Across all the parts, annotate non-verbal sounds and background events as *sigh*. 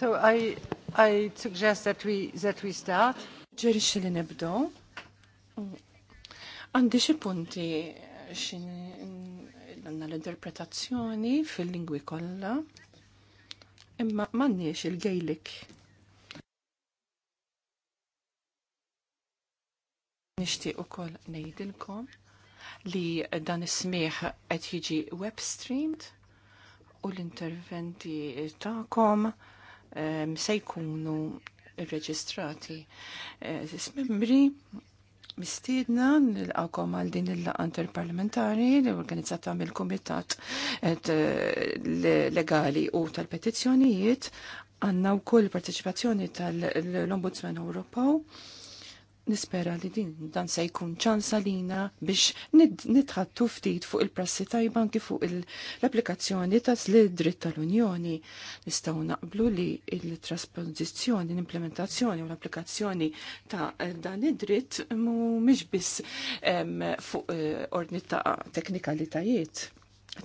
So I, I suggest that we, that we start. Ġerixi li nibdow. Għandi xi punti xin għanna l-interpretazzjoni fil-lingwi kollha. Imma m'għandniex il-Gaelic. Nixtieq ukoll ngħidilkom li dan is-smieħ qed jiġi web streamed u l-interventi tagħkom se jkunu irreġistrati. Eh, membri mistiedna nil-għakom għal din il-laqa parlamentari li organizzata mill kumitat eh, legali u tal-petizzjonijiet għanna u koll partiċipazzjoni tal-Ombudsman Ewropew nispera li din dan se jkun ċansa lina biex nitħattu ftit fuq il-prassi tajban kif fuq l-applikazzjoni ta' dritt tal-Unjoni. Nistgħu naqblu li l-trasposizzjoni, l-implementazzjoni u l-applikazzjoni ta' dan id-dritt mhumiex biss fuq eh, ordni ta' teknikalitajiet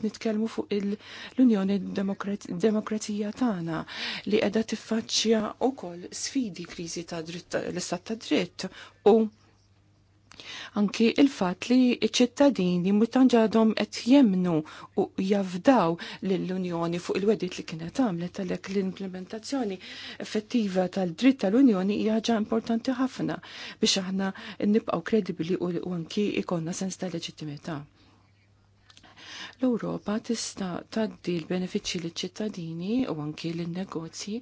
nitkellmu fuq l-Unjoni Demokrazija tagħna li qiegħda tiffaċċja wkoll sfidi kriżi ta' dritt l-istat ta' dritt u Anki il-fat li ċittadini mutanġadhom qed jemnu u javdaw lill-Unjoni fuq il-wedit li kienet għamlet għalhekk l-implementazzjoni effettiva tal-dritt tal-Unjoni hija ħaġa importanti ħafna biex aħna nibqgħu kredibbli u anki ikonna sens ta' leġittimità. L-Ewropa tista' taddi l-benefiċċji liċ-ċittadini u anki lin-negozji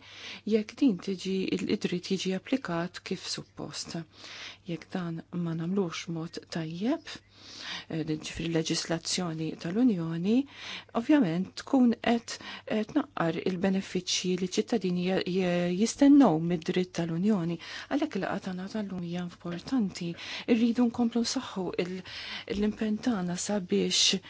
jekk din tiġi l-idrit jiġi applikat kif suppost. Jekk dan ma nagħmlux mod tajjeb, Eh, ġifri leġislazzjoni tal-Unjoni, ovvjament tkun qed tnaqqar il-benefiċċji li ċittadini jistennew mid-dritt tal-Unjoni. Għalhekk il tagħna tal-lum hija importanti, irridu nkomplu nsaħħu l-impentana sabiex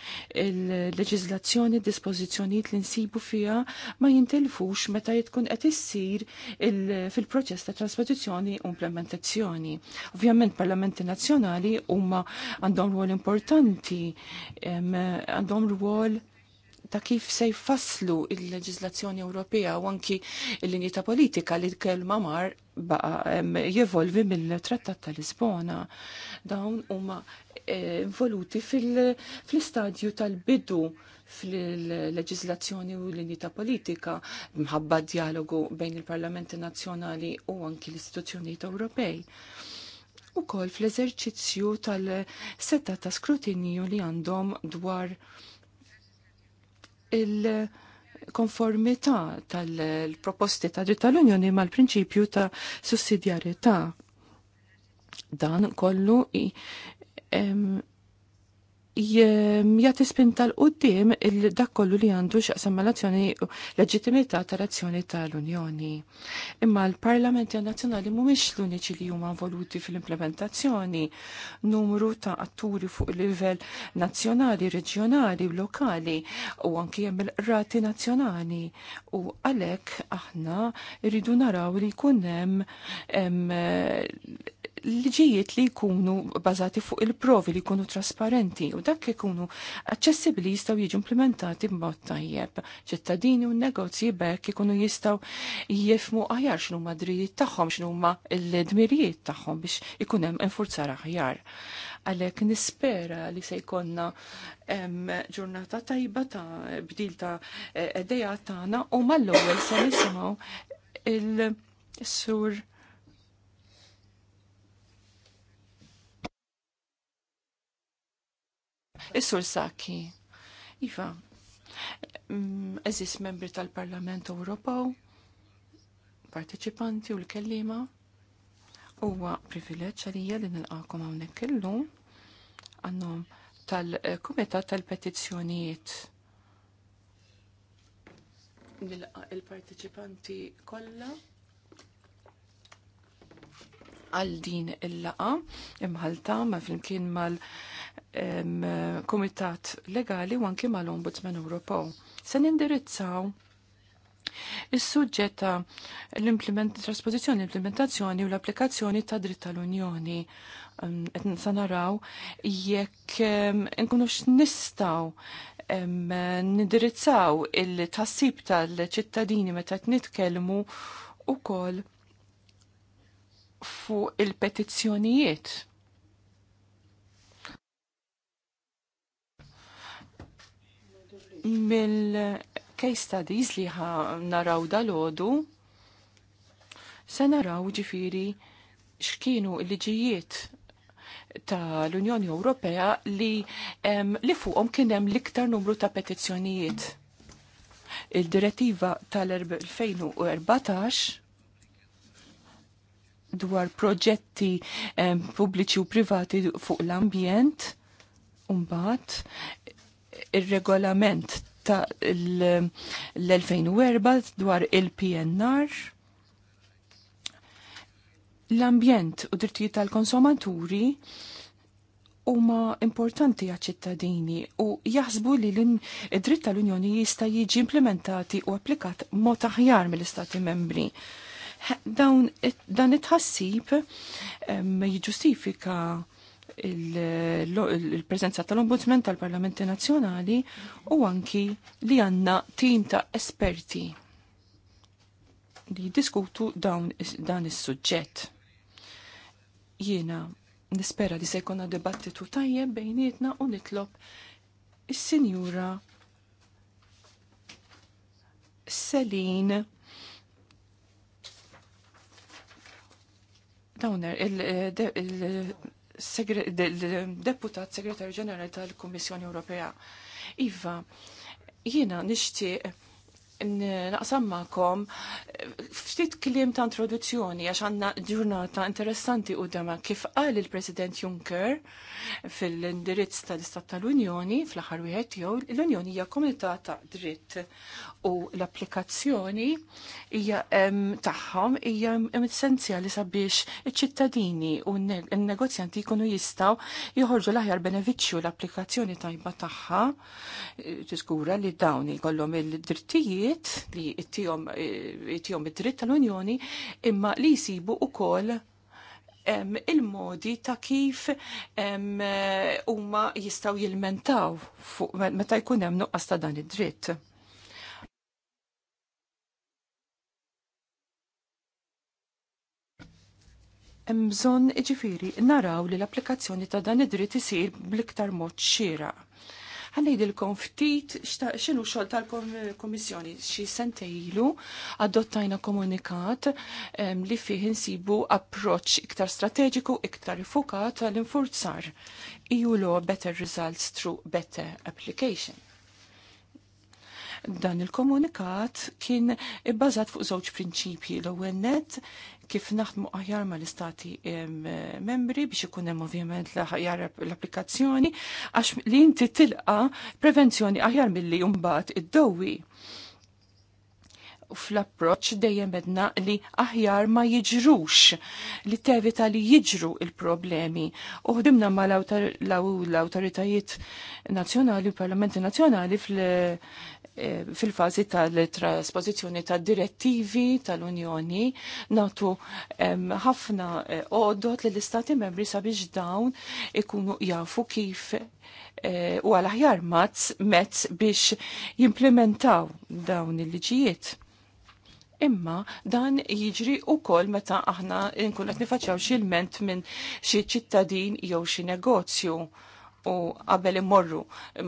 il-leġislazzjoni dispożizzjonijiet li nsibu fiha ma jintilfux meta jitkun qed issir fil-proċess ta' trasposizzjoni u implementazzjoni. Ovvjament parlamenti nazzjonali huma għandhom ruol importanti, għandhom rwol ta' kif se jfasslu il-leġizlazzjoni Ewropea u anki l-linji ta' politika li kelma mar jevolvi mill-Trattat ta' Lisbona. Dawn huma eh, involuti fil-istadju tal-bidu fil-leġizlazzjoni u l-linji ta' politika mħabba dialogu bejn il-Parlamenti Nazzjonali u anki l-istituzzjonijiet Ewropej u kol fl-eżerċizzju tal-setta ta' skrutinju li għandhom dwar il- konformità tal-proposti ta' dritta l-Unjoni mal-prinċipju ta' sussidjarjetà. Dan kollu jgħati spinta l qoddim dak kollu li għandu x'aqsam l azzjoni leġittimità tal-azzjoni tal-Unjoni. Imma l-Parlamenti Nazzjonali mhumiex l-uniċi li huma involuti fil-implementazzjoni. Numru ta' atturi fuq il-livell nazzjonali, reġjonali, lokali u anki hemm il-rati nazzjonali. U għalhekk aħna rridu naraw li jkun hemm liġijiet li jkunu bazati fuq il-provi li jkunu trasparenti u dak jkunu aċċessibbli jistgħu jiġu implementati b'mod tajjeb. ċittadini u negozji bekk ikunu jistgħu jifmu aħjar x'nu ma drijiet tagħhom x'nu ma l-dmirijiet tagħhom biex ikun hemm infurzar aħjar. Għalhekk nispera li se jkollna ġurnata tajba ta' bdil ta' edeja eh, tagħna u mal lowel se nisimgħu il-sur Is-sur Saki. Iva, mm, eżis membri tal-Parlament Ewropew, parteċipanti u l-kellima, huwa privileġġ għalija li nilqakom hawnhekk illum għandhom tal-Kumitat tal-Petizzjonijiet nilqa il-parteċipanti kollha għal din il-laqa imħalta ma flimkien mal-Komitat Legali u anki mal-Ombudsman Ewropew. Se nindirizzaw is suġġetta l-trasposizjoni, l-implementazzjoni u l-applikazzjoni ta' dritt tal-Unjoni. Qed sa naraw jekk nkunu x'nistgħu nindirizzaw il-tassib tal-ċittadini meta qed nitkellmu ukoll fuq il-petizzjonijiet. Mill-case studies li ħa naraw dal-ħodu, se naraw ġifiri xkienu l-liġijiet tal-Unjoni Ewropea li, em, li fuqhom kien hemm l-iktar numru ta' petizzjonijiet. Il-direttiva tal-2014 dwar proġetti um, pubbliċi u privati fuq l-ambjent, umbat il-regolament ta' l-2004 dwar il-PNR, l-ambjent u drittijiet tal-konsumaturi huma importanti għal ċittadini u jaħsbu li l-dritt tal-Unjoni jista' jiġi implementati u applikat mod aħjar mill-Istati membri dawn dan it-ħassib jiġustifika il-prezenza tal-Ombudsman tal-Parlamenti Nazzjonali u anki li għanna tim ta' esperti li diskutu dawn dan is-suġġett. Jiena nispera li se jkollna dibattitu tajjeb bejnietna u nitlob is-Sinjura Selin Downer, il-deputat Segretar ġenerali tal-Kummissjoni Ewropea. Iva, jiena nixtieq naqsam ma'kom ftit kliem ta' introduzzjoni għax għandna ġurnata interessanti u dama kif qal il-President Juncker fil-indirizz tal-Istat tal-Unjoni fl-aħħar wieħed jew, l-Unjoni hija komunità ta' dritt u l-applikazzjoni hija tagħhom hija essenzjali sabiex iċ-ċittadini u n-negozjanti jkunu jistgħu joħorġu l-aħjar benefiċċju l-applikazzjoni tajba tagħha tiskura li dawn ikollhom il-drittijiet dritt li ittijom id-dritt tal-Unjoni imma li jisibu ukoll il-modi ta' kif huma jistaw jilmentaw meta jkun hemm nuqqas ta' dan id-dritt. Mżon ġifiri naraw li l-applikazzjoni ta' dan id-dritt isir bl-iktar mod xieraq Għannejdilkom ftit xinu xol tal-Komissjoni xi sentejlu adottajna komunikat li fih insibu approċ iktar strateġiku, iktar ifukat l-infurzar. EU law better results through better application dan il-komunikat kien ibbażat fuq żewġ prinċipji l ewwel kif naħdmu aħjar ma l-istati membri biex ikun hemm ovvjament l-aħjar l-applikazzjoni għax li inti tilqa prevenzjoni aħjar milli mbagħad id-dowi u fl-approċ dejjem edna li aħjar ma jiġrux li tevita li jiġru il-problemi. Uħdimna ma l-autoritajiet nazjonali, parlamenti nazjonali eh, fil-fazi tal-trasposizjoni tal-direttivi tal-Unjoni natu ħafna eh, għodot li l-istati membri sabiex dawn ikunu jafu kif eh, u għal aħjar mazz mezz biex jimplementaw dawn il-liġijiet. Imma dan jiġri kol meta aħna nkun qed nifaċċaw xi ilment minn xi ċittadin jew xi negozju u qabel imorru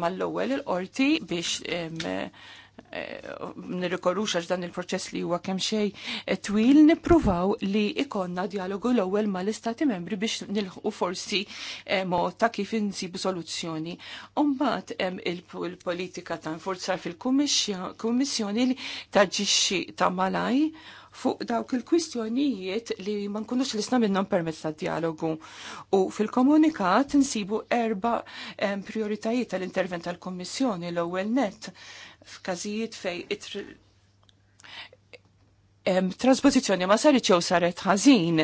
mal-ewwel il-qorti biex Eh, nirrikorrux għax dan il-proċess li huwa kemm xejn eh, twil nippruvaw li ikonna dialogu l-ewwel mal-istati membri biex nilħu forsi eh, mod ta' kif insibu soluzzjoni. Umbagħad hemm il-politika ta' nfurzar fil-kummissjoni li taġixxi ta' malaj fuq dawk il-kwistjonijiet li ma nkunux li sna minnhom permezz ta' dialogu. U fil-komunikat nsibu erba prioritajiet tal-intervent tal kummissjoni l-ewwel net f'każijiet fej trasposizjoni ma sarit jew saret ħażin,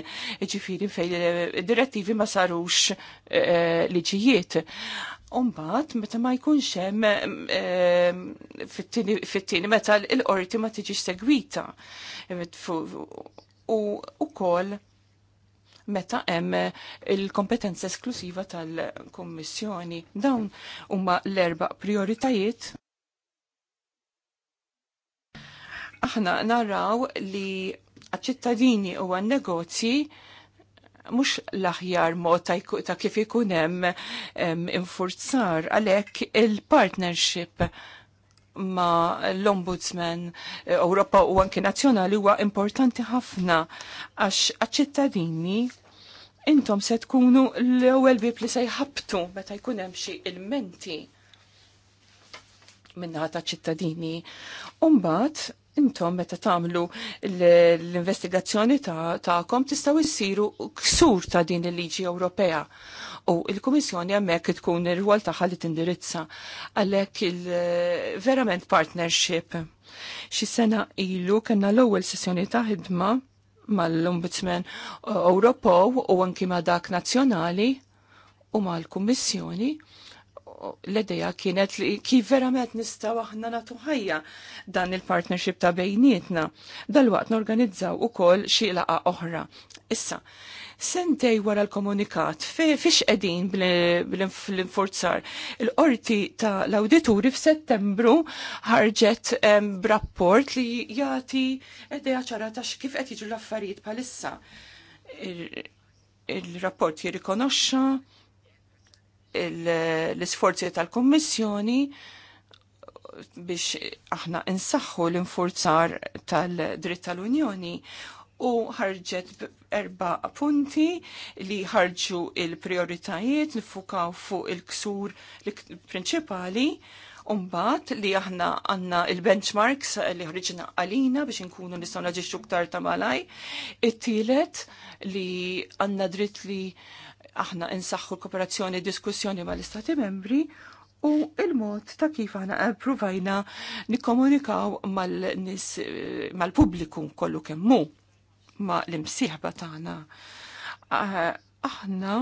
ġifiri fej direttivi ma sarux eh, liġijiet. Umbat, meta ma jkunx hemm fit-tieni meta l-qorti ma tiġix segwita. U wkoll meta hemm il-kompetenza esklusiva tal-Kummissjoni. Dawn huma l-erba' prioritajiet aħna naraw li għal-ċittadini u għal-negozji mux l-aħjar mod ta' kif ikun hemm infurzar għalhekk il-partnership ma l-Ombudsman eh, Ewropa u anke nazzjonali huwa importanti ħafna għax għaċ-ċittadini intom se tkunu l-ewwel bib li se jħabtu meta jkun hemm xi ilmenti minnaħa ta' ċittadini. Umbat, intom meta tagħmlu l-investigazzjoni tagħkom tistgħu issiru ksur ta' din il-liġi Ewropea. U il-Kummissjoni hemmhekk tkun ir-rwol tagħha li tindirizza għalhekk il-verament partnership. Xi sena ilu kellna l-ewwel sessjoni ta' ħidma mal-Ombudsman Ewropew u anki ma' dak nazzjonali u mal-Kummissjoni l-ideja kienet li kif verament nistaw aħna natu ħajja dan il-partnership ta' bejnietna. Dal-waqt norganizzaw u kol xilaqa oħra. Issa, sentej wara l-komunikat, fiex edin bl-inforzar, l-orti ta' l f f'settembru ħarġet b'rapport li jati ideja ċara ta' kif qed jiġu l-affarijiet palissa. Il-rapport jirrikonoxxa l-isforzi tal-Kommissjoni biex aħna insaħħu l-infurzar tal-dritt tal-Unjoni u ħarġet erba punti li ħarġu il-prioritajiet nifukaw fuq il-ksur prinċipali Umbat li aħna għanna il-benchmarks li ħriġna għalina biex nkunu nistaw naġiġu ktar ta' malaj. It-tielet li għanna dritt li aħna insaħħu l-kooperazzjoni diskussjoni mal-Istati membri u il-mod ta' kif aħna provajna nikkomunikaw mal-nis eh, mal-pubbliku kollu kemmu ma' l-imsieħba tagħna. Eh, aħna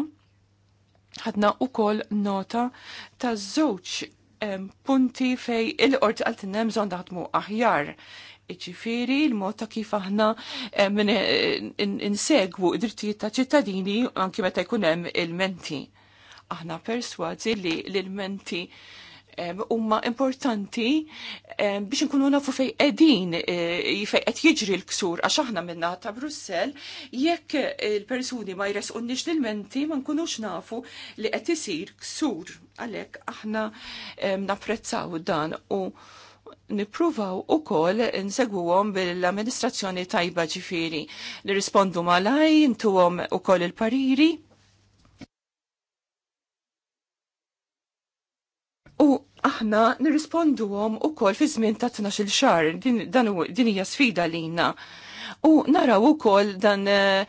ħadna koll nota ta' żewġ eh, punti fej il-qort għaltinem bżon daħdmu aħjar Iċifiri, il-mod ta' kif aħna eh, insegwu id-drittijiet ta' ċittadini anki meta jkun hemm il-menti. Aħna perswazi li l-menti eh, umma importanti eh, biex nkunu nafu fej edin fej qed jiġri l-ksur għax aħna minna ta' Brussel jekk il-persuni ma jresqunnix l-menti ma nkunux nafu li qed isir ksur għalhekk aħna napprezzaw dan u nipruvaw u kol nsegwuhom bil-amministrazzjoni tajba ġifiri. Nirrispondu malaj, intuhom u kol il-pariri. U aħna nirrispondu għom u kol fi żmien ta' 12 xar, din hija sfida lina. U naraw ukoll dan eh,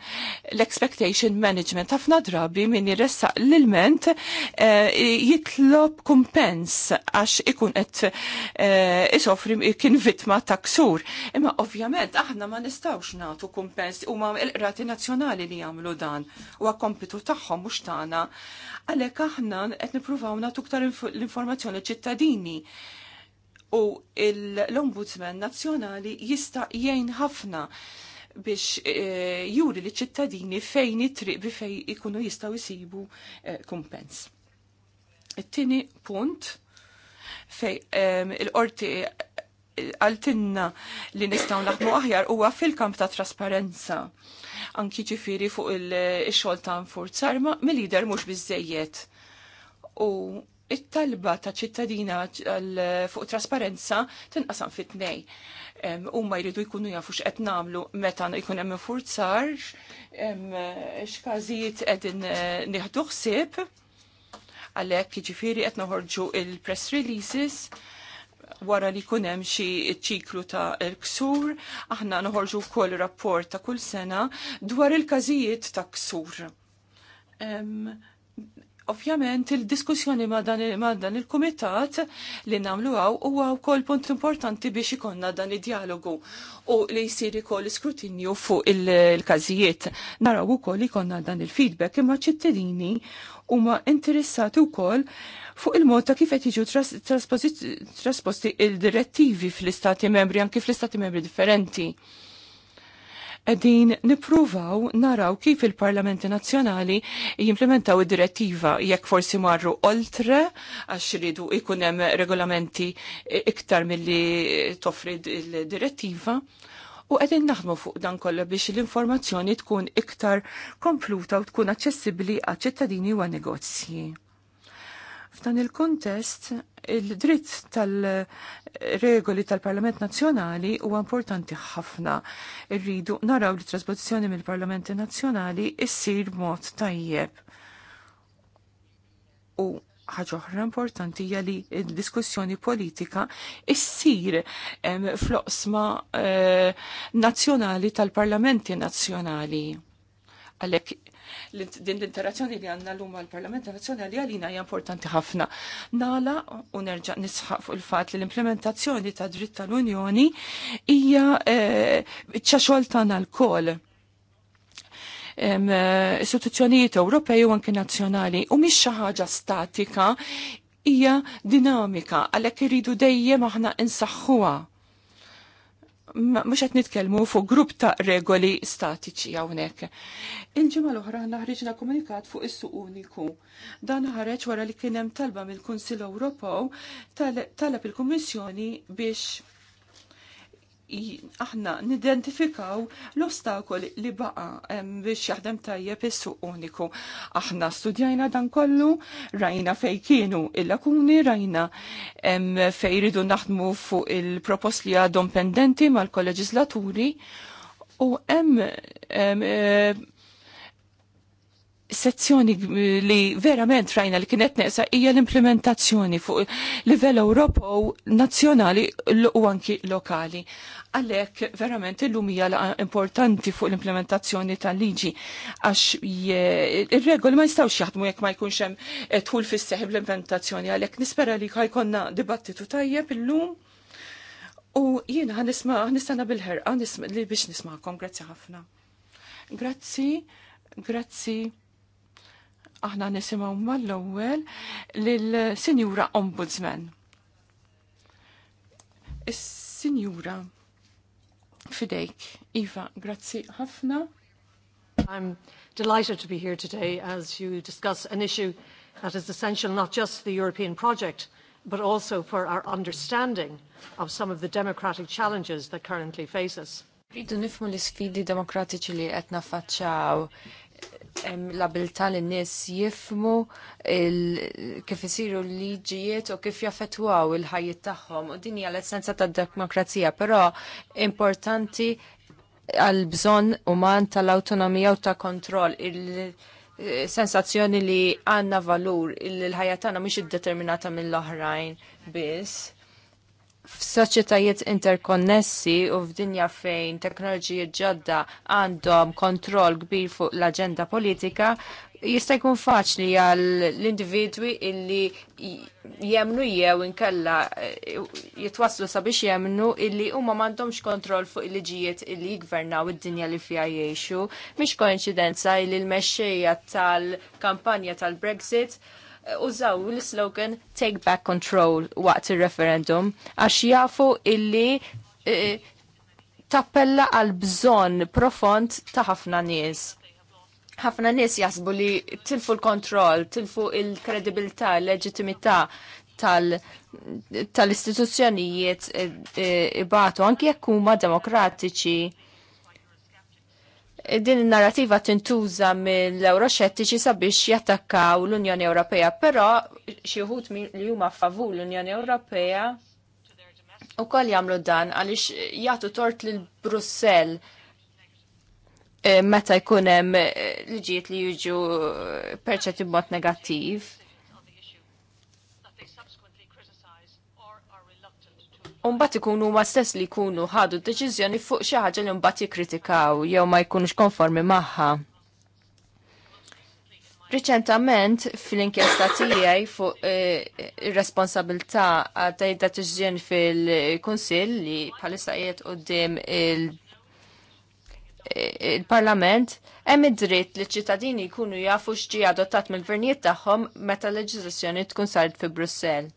l-expectation management ħafna drabi min jirressaq l-ilment eh, jitlob kumpens għax ikun qed eh, isofri kien vittma ta' ksur. Imma ovvjament aħna ma nistawx nagħtu kumpens huma l-qrati nazzjonali li jagħmlu dan u kompitu tagħhom mhux tagħna. Għalhekk aħna qed nippruvaw nagħtu ktar l-informazzjoni ċittadini u l-Ombudsman Nazzjonali jista' jgħin ħafna biex eh, juri li ċittadini fejn it-triq bi fejn ikunu jistaw jisibu eh, kumpens. It-tini punt fej e, il-qorti għaltinna li nistaw naħmu aħjar huwa fil-kamp ta' trasparenza. Anki ġifiri fuq il-xol ta' nfurzar ma' mill-lider mux bizzejiet. U it-talba ta' ċittadina fuq trasparenza tinqasam fit-tnej. Huma jridu jkunu jafu x'qed nagħmlu meta jkun hemm infurzar, x'każijiet qegħdin eh, nieħdu ħsieb għalhekk jiġifieri qed noħorġu il-press releases wara li jkun hemm xi ċiklu ta' ksur, aħna noħorġu wkoll rapport ta' kull sena dwar il-każijiet ta' ksur Ovvjament il-diskussjoni ma' dan il-kumitat li namlu għaw u għaw kol punt importanti biex ikonna dan il-dialogu u li jisir kol skrutinju fuq il-kazijiet. Naraw u kol ikonna dan il-feedback imma ċittadini u ma' interessati u kol fuq il-mod ta' kif qed jiġu trasposti il-direttivi fl-istati membri, anki fl-istati membri differenti edin nipruvaw naraw kif il-Parlamenti Nazzjonali jimplementaw id-direttiva jekk forsi marru oltre għax ridu ikunem regolamenti iktar mill-li toffri il-direttiva u għedin naħdmu fuq dan kollha biex l-informazzjoni tkun iktar kompluta u tkun aċċessibbli għal ċittadini u għan negozji. F'dan il-kontest, il-dritt tal-regoli tal-Parlament Nazzjonali huwa importanti ħafna. Irridu naraw li trasposizzjoni mill-Parlamenti Nazzjonali issir mod tajjeb. U ħaġa oħra importanti hija li d-diskussjoni politika issir fl-oqsma eh, nazzjonali tal-parlamenti nazzjonali. Għalhekk din l-interazzjoni li għanna l umma l parlament Nazzjonali għalina hija importanti ħafna. Nala u nerġa' nisħaq fuq il-fatt li l-implementazzjoni ta' dritt tal-Unjoni hija eh, ċaxol xogħol tagħna l-kol eh, istituzzjonijiet Ewropej u anke nazzjonali u mhix xi ħaġa statika hija dinamika għalhekk iridu dejjem aħna insaħħuha mux għet nitkelmu fuq grupp ta' regoli statiċi għawnek. Il-ġimma l-oħra ħriġna komunikat fuq is-suq uniku. Dan ħareġ wara li kienem talba mill-Kunsil Ewropew talab il-Kummissjoni biex aħna nidentifikaw l-ostakol li baqa biex jaħdem tajjeb is-suq uniku. Aħna studjajna dan kollu, rajna fej kienu il-lakuni, rajna fej ridu naħdmu fuq il-propost li għadhom pendenti mal-kolleġislaturi u em sezzjoni li verament rajna li kienet neqsa hija l-implementazzjoni fuq livell Ewropew nazzjonali u anki lokali. Għalhekk verament illum hija importanti fuq l-implementazzjoni tal-liġi għax ir-regoli ma jistgħux jaħdmu jekk ma jkunx hemm tħul eh, fis seħħ l-implementazzjoni għalhekk nispera li ħajkonna dibattitu tajjeb illum u jiena ħanisma' ħnistana bil-ħerqa li biex nismakom. Grazzi ħafna. Grazzi, grazzi aħna nisimaw mal-ewwel lill-Sinjura Ombudsman. Is-Sinjura fidejk. Iva, grazzi ħafna. I'm delighted to be here today as you discuss an issue that is essential not just for the European project, but also for our understanding of some of the democratic challenges that currently face us. Rridu nifmu l-sfidi demokratiċi li għetna faċċaw l-abilta li n-nis jifmu kif isiru l-liġijiet u kif jaffetwaw il-ħajiet tagħhom u din hija l-essenza tad-demokrazija, però importanti għal bżonn uman tal-awtonomija u ta' kontroll il-sensazzjoni li għanna valur il-ħajja tagħna mhix iddeterminata mill-oħrajn biss f'soċjetajiet interkonnessi u f'dinja fejn teknoloġiji ġodda għandhom kontroll kbir fuq l-aġenda politika, jista' jkun faċli għal l-individwi illi jemnu jew inkella eh, jitwaslu sabiex jemnu illi huma m'għandhomx kontroll fuq il-liġijiet illi jgvernaw id-dinja li fiha jgħixu. Mhix koinċidenza illi l-mexxejja tal-kampanja tal-Brexit użaw l-slogan Take Back Control waqt il-referendum għax jafu illi eh, tappella għal bżon profond ta' ħafna nies. ħafna nies jasbu li tilfu l-kontroll, tilfu il-kredibilità, l-leġitimità tal-istituzzjonijiet tal eh, eh, ibatu, anki jekk huma demokratiċi din il-narrativa tintuża mill-Euroxettiċi sabiex jattakkaw l-Unjoni Ewropea, però xi wħud li huma favur l-Unjoni Ewropea koll jagħmlu dan għaliex jagħtu tort lil Brussell eh, meta jkun hemm eh, liġijiet li jiġu perċetti b'mod negattiv. Umbat ikunu ma stess li jkunu ħadu deċiżjoni fuq xi ħaġa li mbagħad jikkritikaw jew ma jkunux konformi magħha. Riċentament fl inkjesta tiegħi fuq eh, ir-responsabilità għaddej deċiżjoni fil-Kunsill li bħalissa qiegħed quddiem il- eh, parlament hemm id-dritt li ċ-ċittadini jkunu jafu x'ġi adottat mill-gvernijiet tagħhom meta l-leġiżlazzjoni tkun saret fi Brussell.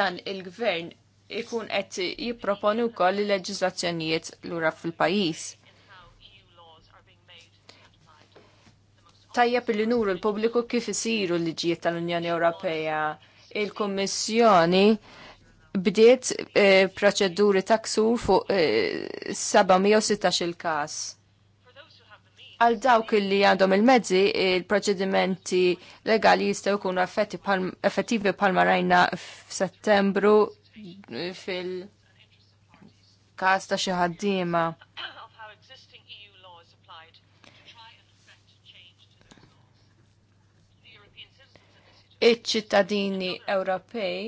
Dan il-gvern ikun qed jipproponi wkoll il-leġiżlazzjonijiet lura fil-pajjiż. Tajjeb li nuru l-pubbliku kif isiru l-liġijiet tal-Unjoni Ewropea. Il-Kummissjoni bdiet eh, proċeduri ta' ksur fuq 716 eh, il-każ. Għal dawk li għandhom il-mezzi, il-proċedimenti legali jistgħu jkunu effettivi palma rajna f'Settembru fil kasta ta' xi ħaddiema. Iċ-ċittadini Ewropej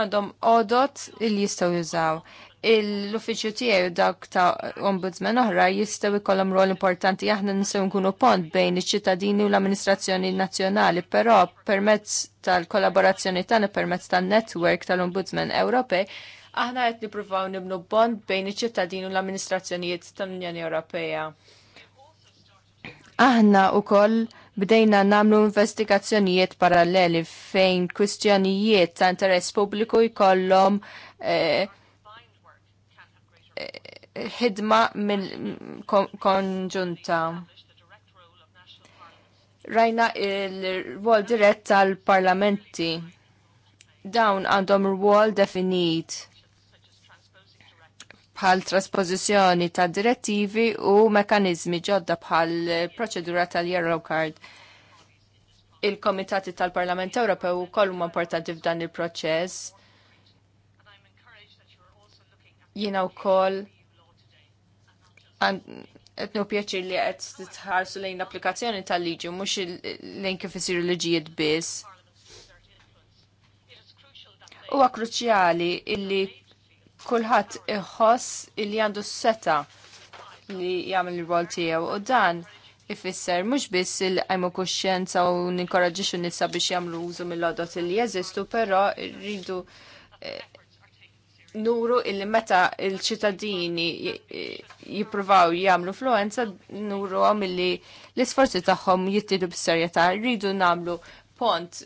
għandhom odot il jistgħu jużaw l-uffiċju tiegħu dak ta' ombudsman oħra jistgħu jkollhom rol importanti aħna nistgħu nkunu pont bejn iċ-ċittadini u l-amministrazzjoni nazzjonali, però permezz tal-kollaborazzjoni tagħna permezz tan-netwerk tal-Ombudsman Ewropej aħna qed nippruvaw nibnu bond bejn iċ-ċittadini u l-amministrazzjonijiet tal-Unjoni Ewropea. Aħna wkoll bdejna namlu investigazzjonijiet paralleli fejn kwistjonijiet ta' interess pubbliku jkollhom eh, ħidma mill konġunta. Rajna il-rwol dirett tal-parlamenti. Dawn għandhom rwol definit bħal trasposizjoni ta' direttivi u mekanizmi ġodda bħal proċedura tal-Eurocard. Il-Komitati tal-Parlament Ewropew kollu importanti f'dan il-proċess. Jina u koll etnu pjaċir li għed titħarsu lejn l-applikazzjoni tal-liġi, mux lejn kif isiru liġijiet biss. Huwa kruċjali illi kulħadd iħoss illi għandu seta li jgħamil l rol tiegħu u dan ifisser mhux biss il għajmu kuxjenza u ninkoraġġixu nisa biex jagħmlu użu mill-għodot li jeżistu, però rridu eh, nuru illi meta il-ċittadini jipruvaw jagħmlu fluenza nuru għom illi l-isforzi tagħhom jittidu b'serjetà rridu nagħmlu pont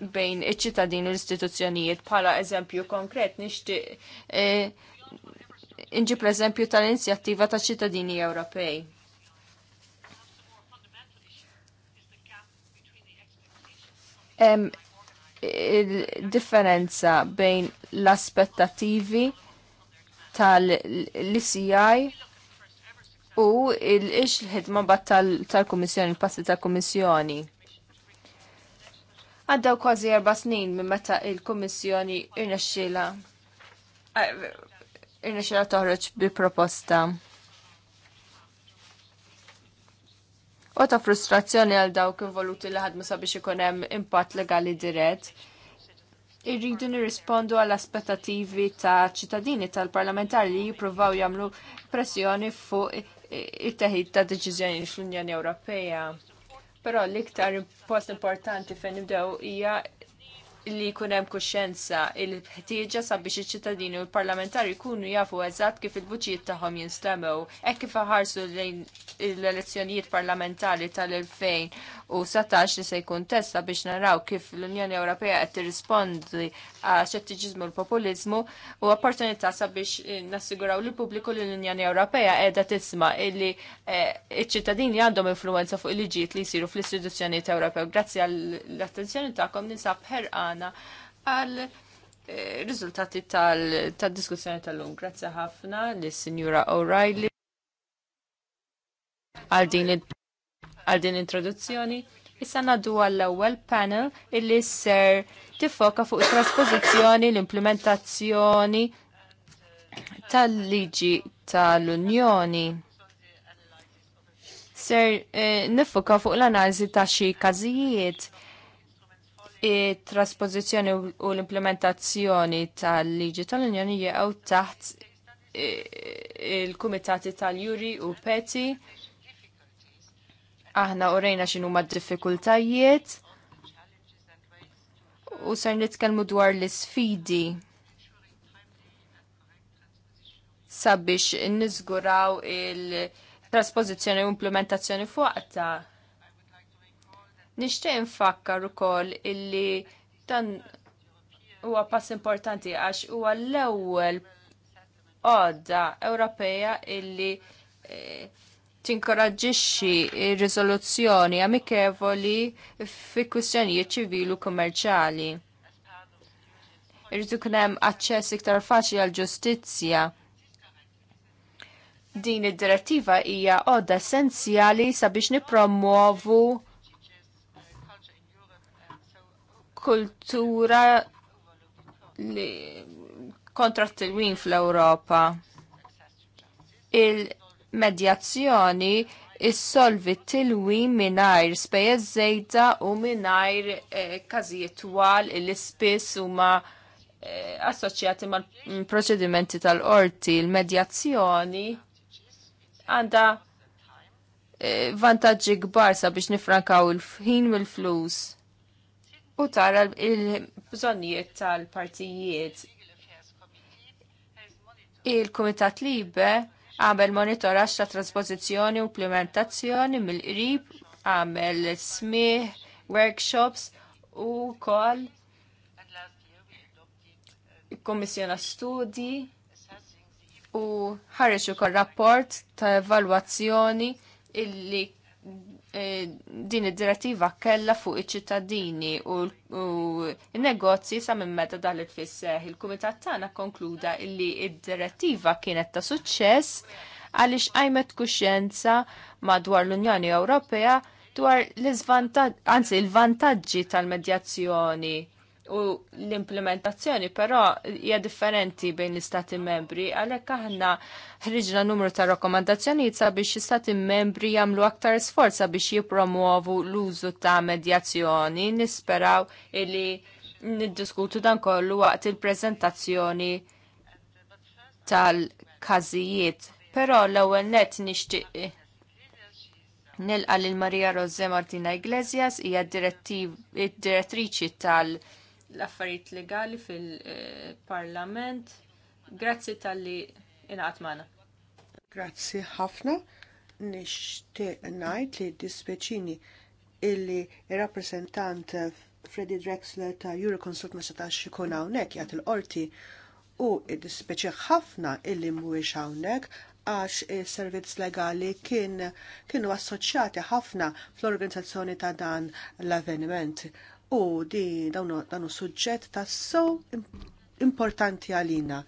bejn iċ-ċittadini u l-istituzzjonijiet bħala eżempju konkret nixtieq eh, inġib l-eżempju tal-inzjattiva ta' ċittadini Ewropej. Um, differenza bejn l-aspettativi tal-ICI u il-ix l-ħidma bat tal-Komissjoni, il-passi tal-Komissjoni. Għaddaw kważi erba snin minn meta il-Komissjoni irnexxila irnexxila toħroġ bi proposta. u ta' frustrazzjoni għal dawk involuti li ħadmu sabiex ikun hemm impatt legali dirett. Irridu nirrispondu għall aspettativi ta' ċittadini tal-parlamentari li jippruvaw jagħmlu pressjoni fuq it-teħid ta' deċiżjoni fl-Unjoni Ewropea. Però l-iktar post importanti fejn nibdew hija li jkun hemm il-ħtieġa sabiex iċ-ċittadini u l-parlamentari jkunu jafu eżatt kif il-vuċijiet tagħhom jinstemmew hekk kif ħarsu lejn l-elezzjonijiet parlamentari tal-2017 li se jkun testa biex naraw kif l-Unjoni Ewropea qed tirrispondi xettiġizmu u l-populizmu u opportunità sabiex eh, nassiguraw li pubbliku l-Unjoni Ewropea edha tisma illi eh, iċ-ċittadini għandhom influenza fuq il-liġijiet li jisiru fl-istituzzjonijiet Ewropea. Grazzi għall-attenzjoni tagħkom ninsab ħerqana għal eh, riżultati tal-diskussjoni tal-lum. Grazzi ħafna lis-Sinjura O'Reilly għal din introduzzjoni. Issa naddu għall-ewwel panel illi ser tifoka fuq trasposizzjoni l-implementazzjoni tal-liġi tal-Unjoni. Ser eh, nifoka fuq l-analiżi ta' xi każijiet it trasposizzjoni u l-implementazzjoni tal-liġi tal-Unjoni jew taħt eh, il-Kumitati tal-Juri u Peti Aħna urejna xinu ma diffikultajiet u ser nitkellmu dwar l-sfidi sabiex nizguraw il-trasposizjoni u implementazzjoni fuqta. Nishtiq nfakkar ukoll illi dan huwa pass importanti għax huwa l-ewwel għodda Ewropea illi eh, tinkoraġġixxi r-riżoluzzjoni amikevoli fi kwistjonijiet ċivili u kummerċjali. Irridu ikun hemm aċċess iktar faċli għall ġustizzja. Din id-direttiva hija għodda essenzjali sabiex nippromuovu kultura li kontra t-tilwin fl-Europa medjazzjoni issolvi tilwi mingħajr spejjeż żejda u mingħajr eh, każijiet twal li spiss huma eh, assoċjati mal-proċedimenti mm, tal-qorti, il-medjazzjoni għandha eh, vantaġġi kbar sabiex nifrankaw il-ħin mill flus u tara il-bżonnijiet tal-partijiet. Il-Kumitat Libe għamel monitoraġġ ta' traspożizzjoni u implementazzjoni mill-qrib, għamel smih, workshops u kol kommissjona studi u ħarreġ ukoll rapport ta' evalwazzjoni illi E, din id-direttiva kella fuq iċ-ċittadini u n-negozji sa minn meta dal fisseħ il-Kumitat tagħna konkluda illi id-direttiva kienet ta' suċċess għaliex qajmet kuxjenza madwar l-Unjoni Ewropea dwar l anzi l-vantaġġi tal-medjazzjoni u l-implementazzjoni però hija differenti bejn l-istati membri għalhekk aħna ħriġna numru ta' rakkomandazzjonijiet sabiex l-istati membri jagħmlu aktar sforza biex jippromuovu l-użu ta' medjazzjoni nisperaw illi niddiskutu dan kollu waqt il-preżentazzjoni tal-każijiet. Però l-ewwel nett nixtieq nilqa lil Maria Rose Martina Iglesias hija direttriċi tal- l-affarijiet legali fil-parlament. Grazzi tal-li inaqat Grazzi ħafna. Nixtieq ngħid li dispeċini illi rappresentant Freddy Drexler ta' Euroconsult ma setax ikun hawnhekk jagħti l qorti u id-dispeċi ħafna illi mhuwiex hawnhekk għax is-servizz legali kien kienu assoċjati ħafna fl-organizzazzjoni ta' dan l-avveniment u di dan ta' so importanti għalina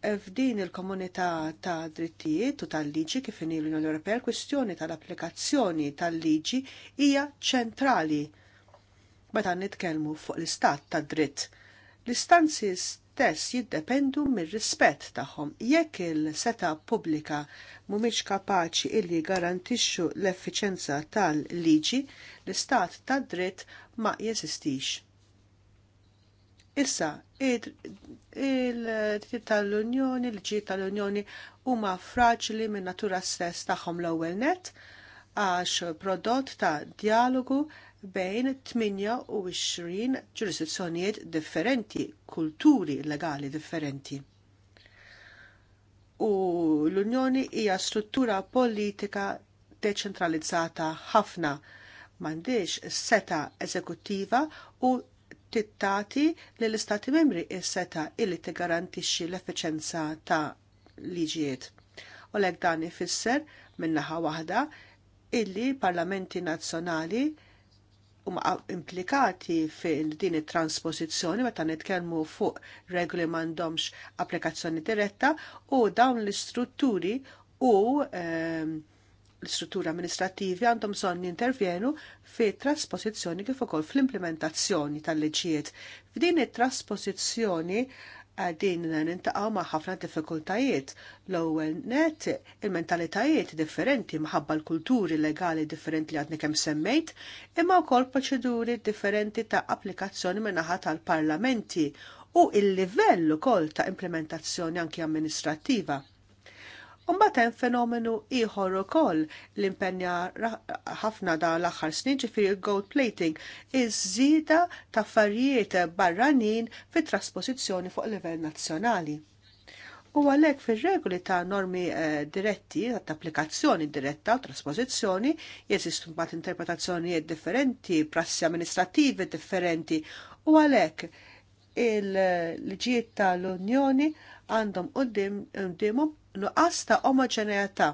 f'din il-komunità ta' drittijiet u tal-liġi kif inhi l-Unjoni Ewropea l-kwistjoni tal-applikazzjoni tal-liġi hija ċentrali. Meta nitkellmu fuq l-istat tad dritt. L-istanzi stess jiddependu mir-rispett tagħhom. Jekk il-seta pubblika mhumiex kapaċi illi garantixxu l-effiċenza tal-liġi, l-istat tad dritt ma jeżistix. Issa, il-dritt tal-Unjoni, l-ġi tal-Unjoni huma fraġli minn natura stess tagħhom l-ewwel net għax prodott ta' dialogu bejn 28 ġurisdizzjonijiet differenti, kulturi legali differenti. U l-Unjoni hija struttura politika deċentralizzata ħafna m'għandix seta eżekuttiva u tittati lill istati membri is-seta illi tigarantixxi l-effiċenza ta' liġijiet. U lek dan ifisser minnaħa waħda illi parlamenti nazzjonali huma implikati fil-din it-transpożizzjoni meta nitkellmu fuq regoli m'għandhomx applikazzjoni diretta u dawn l-istrutturi u ehm, l-istrutturi amministrativi għandhom bżonn jintervjenu fi trasposizzjoni kif ukoll fl-implementazzjoni tal-liġijiet. F'din it-trasposizzjoni għadin nintaqaw ma' ħafna diffikultajiet. L-ewwel net il-mentalitajiet differenti maħabba l-kulturi legali differenti li għadni kemm semmejt, imma wkoll proċeduri differenti ta' applikazzjoni minnaħa tal-parlamenti u il-livell ukoll ta' implementazzjoni anki amministrattiva Umbat hemm fenomenu ieħor ukoll l-impenja ħafna da l-aħħar snin ġifiri gold plating iż żida ta' affarijiet barranin fit trasposizjoni fuq livell nazzjonali. U għalhekk fir-regoli ta' normi eh, diretti, ta' applikazzjoni diretta u trasposizzjoni, jeżistu mbagħad interpretazzjonijiet differenti, prassi amministrativi differenti, u għalhekk il-liġijiet tal-Unjoni għandhom qudiemhom nuqqas ta' omoġeneità.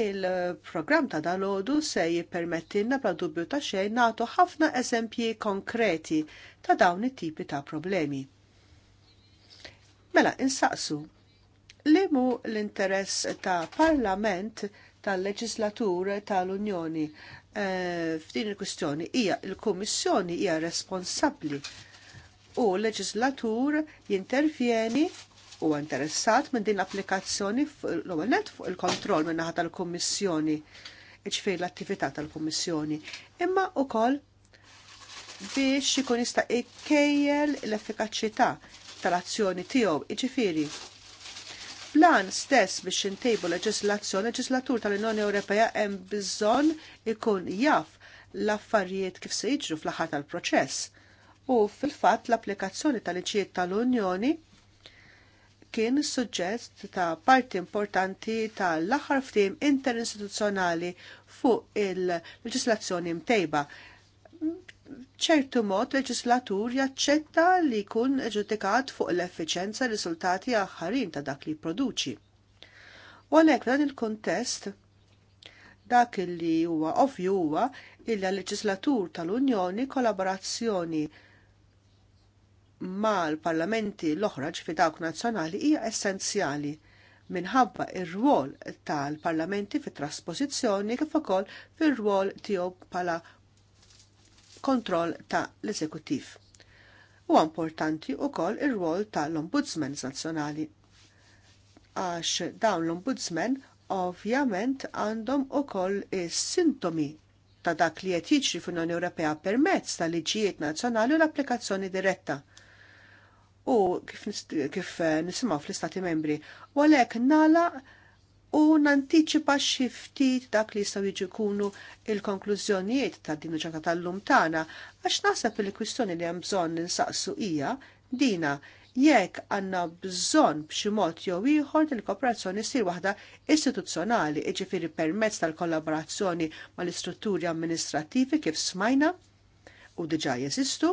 Il-programm ta' dalodu se jippermettilna bla dubju ta' xejn nagħtu ħafna eżempji konkreti ta' dawn it-tipi ta' problemi. Mela, insaqsu, li mu l-interess ta' parlament tal-leġislatur tal-Unjoni e, f'din il-kwistjoni hija il-Kummissjoni hija responsabbli u l-leġislatur jintervjeni huwa interessat minn din l-applikazzjoni l-ewwel net fuq il-kontroll minn naħa tal-Kummissjoni iġfej l-attività tal-Kummissjoni, imma wkoll biex ikun jista' ikkejjel l-effikaċità tal-azzjoni tiegħu iġifieri. Plan stess biex intejbu leġislazzjoni, leġislatur tal-Unjoni Ewropea hemm bżonn ikun jaf l-affarijiet kif se jiġru fl-aħħar tal-proċess. U fil-fatt l-applikazzjoni tal iċijiet tal-Unjoni kien suġġett ta' parti importanti tal-aħħar ftim interinstituzzjonali fuq il-leġislazzjoni mtejba. ċertu mod leġislatur jaċċetta li jkun ġudikat fuq l-effiċenza e riżultati aħħarin ta' dak li produċi. U għalhekk dan il-kontest dak li huwa ovvju huwa il leġislatur tal-Unjoni kollaborazzjoni mal-parlamenti l-oħra fi dawk nazzjonali hija essenzjali minħabba ir-rwol tal-parlamenti fit trasposizzjoni kif ukoll fir-rwol tiegħu bħala kontroll ta' l-eżekutiv. U importanti wkoll ir-rwol tal-ombudsman nazzjonali. Għax dawn l-ombudsman ovvjament għandhom ukoll is-sintomi ta' dak li qed jiġri fl-Unjoni Ewropea permezz tal-liġijiet nazzjonali u l-applikazzjoni diretta u kif, kif eh, nisimgħu fl-Istati Membri. U għalhekk nala u nantiċipa xi ftit dak li jistgħu jiġi jkunu il-konklużjonijiet ta' din ġaka tal-lum tagħna għax nasab li kwistjoni li hemm ninsaqsu hija dina jekk għandna bżonn b'xi mod jew ieħor il-kooperazzjoni ssir waħda istituzzjonali, jiġifieri permezz tal-kollaborazzjoni mal-istrutturi amministrativi kif smajna u diġà jeżistu,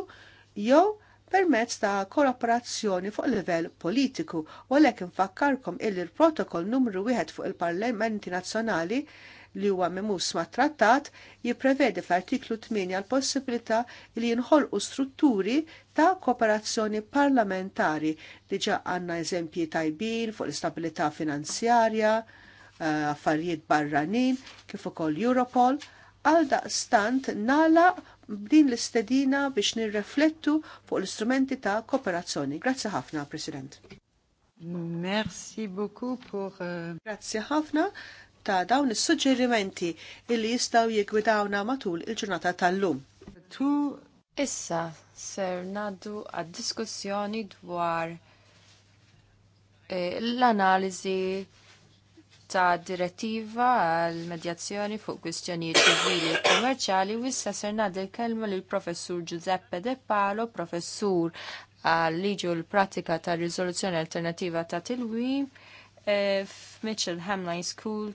jew permezz ta' kollaborazzjoni fuq livell politiku u għalhekk infakkarkom illi l-protokoll numru wieħed fuq il-Parlamenti Nazzjonali li huwa memus ma' trattat jipprevedi fl-artiklu 8 għal possibilità li jinħolqu strutturi ta' kooperazzjoni parlamentari li ġa għandna eżempji tajbin fuq l-istabilità finanzjarja, eh, affarijiet barranin, kif ukoll Europol, għal stant nala b'din l-istedina biex nirreflettu fuq l-istrumenti ta' kooperazzjoni. Grazzi ħafna, President. Merci beaucoup pour... Euh, Grazzi ħafna ta' dawn is-suġġerimenti illi jistgħu jigwidawna matul il-ġurnata tal-lum. Tu issa ser naddu għad-diskussjoni dwar eh, l-analiżi ta' direttiva għal medjazzjoni fuq kwistjonijiet ċivili u kummerċali u issa ser nagħdi kelma lil professur Giuseppe De Palo, professur għal liġi u l-pratika ta' riżoluzzjoni alternativa ta' tilwim eh, f'Mitchell Hamline School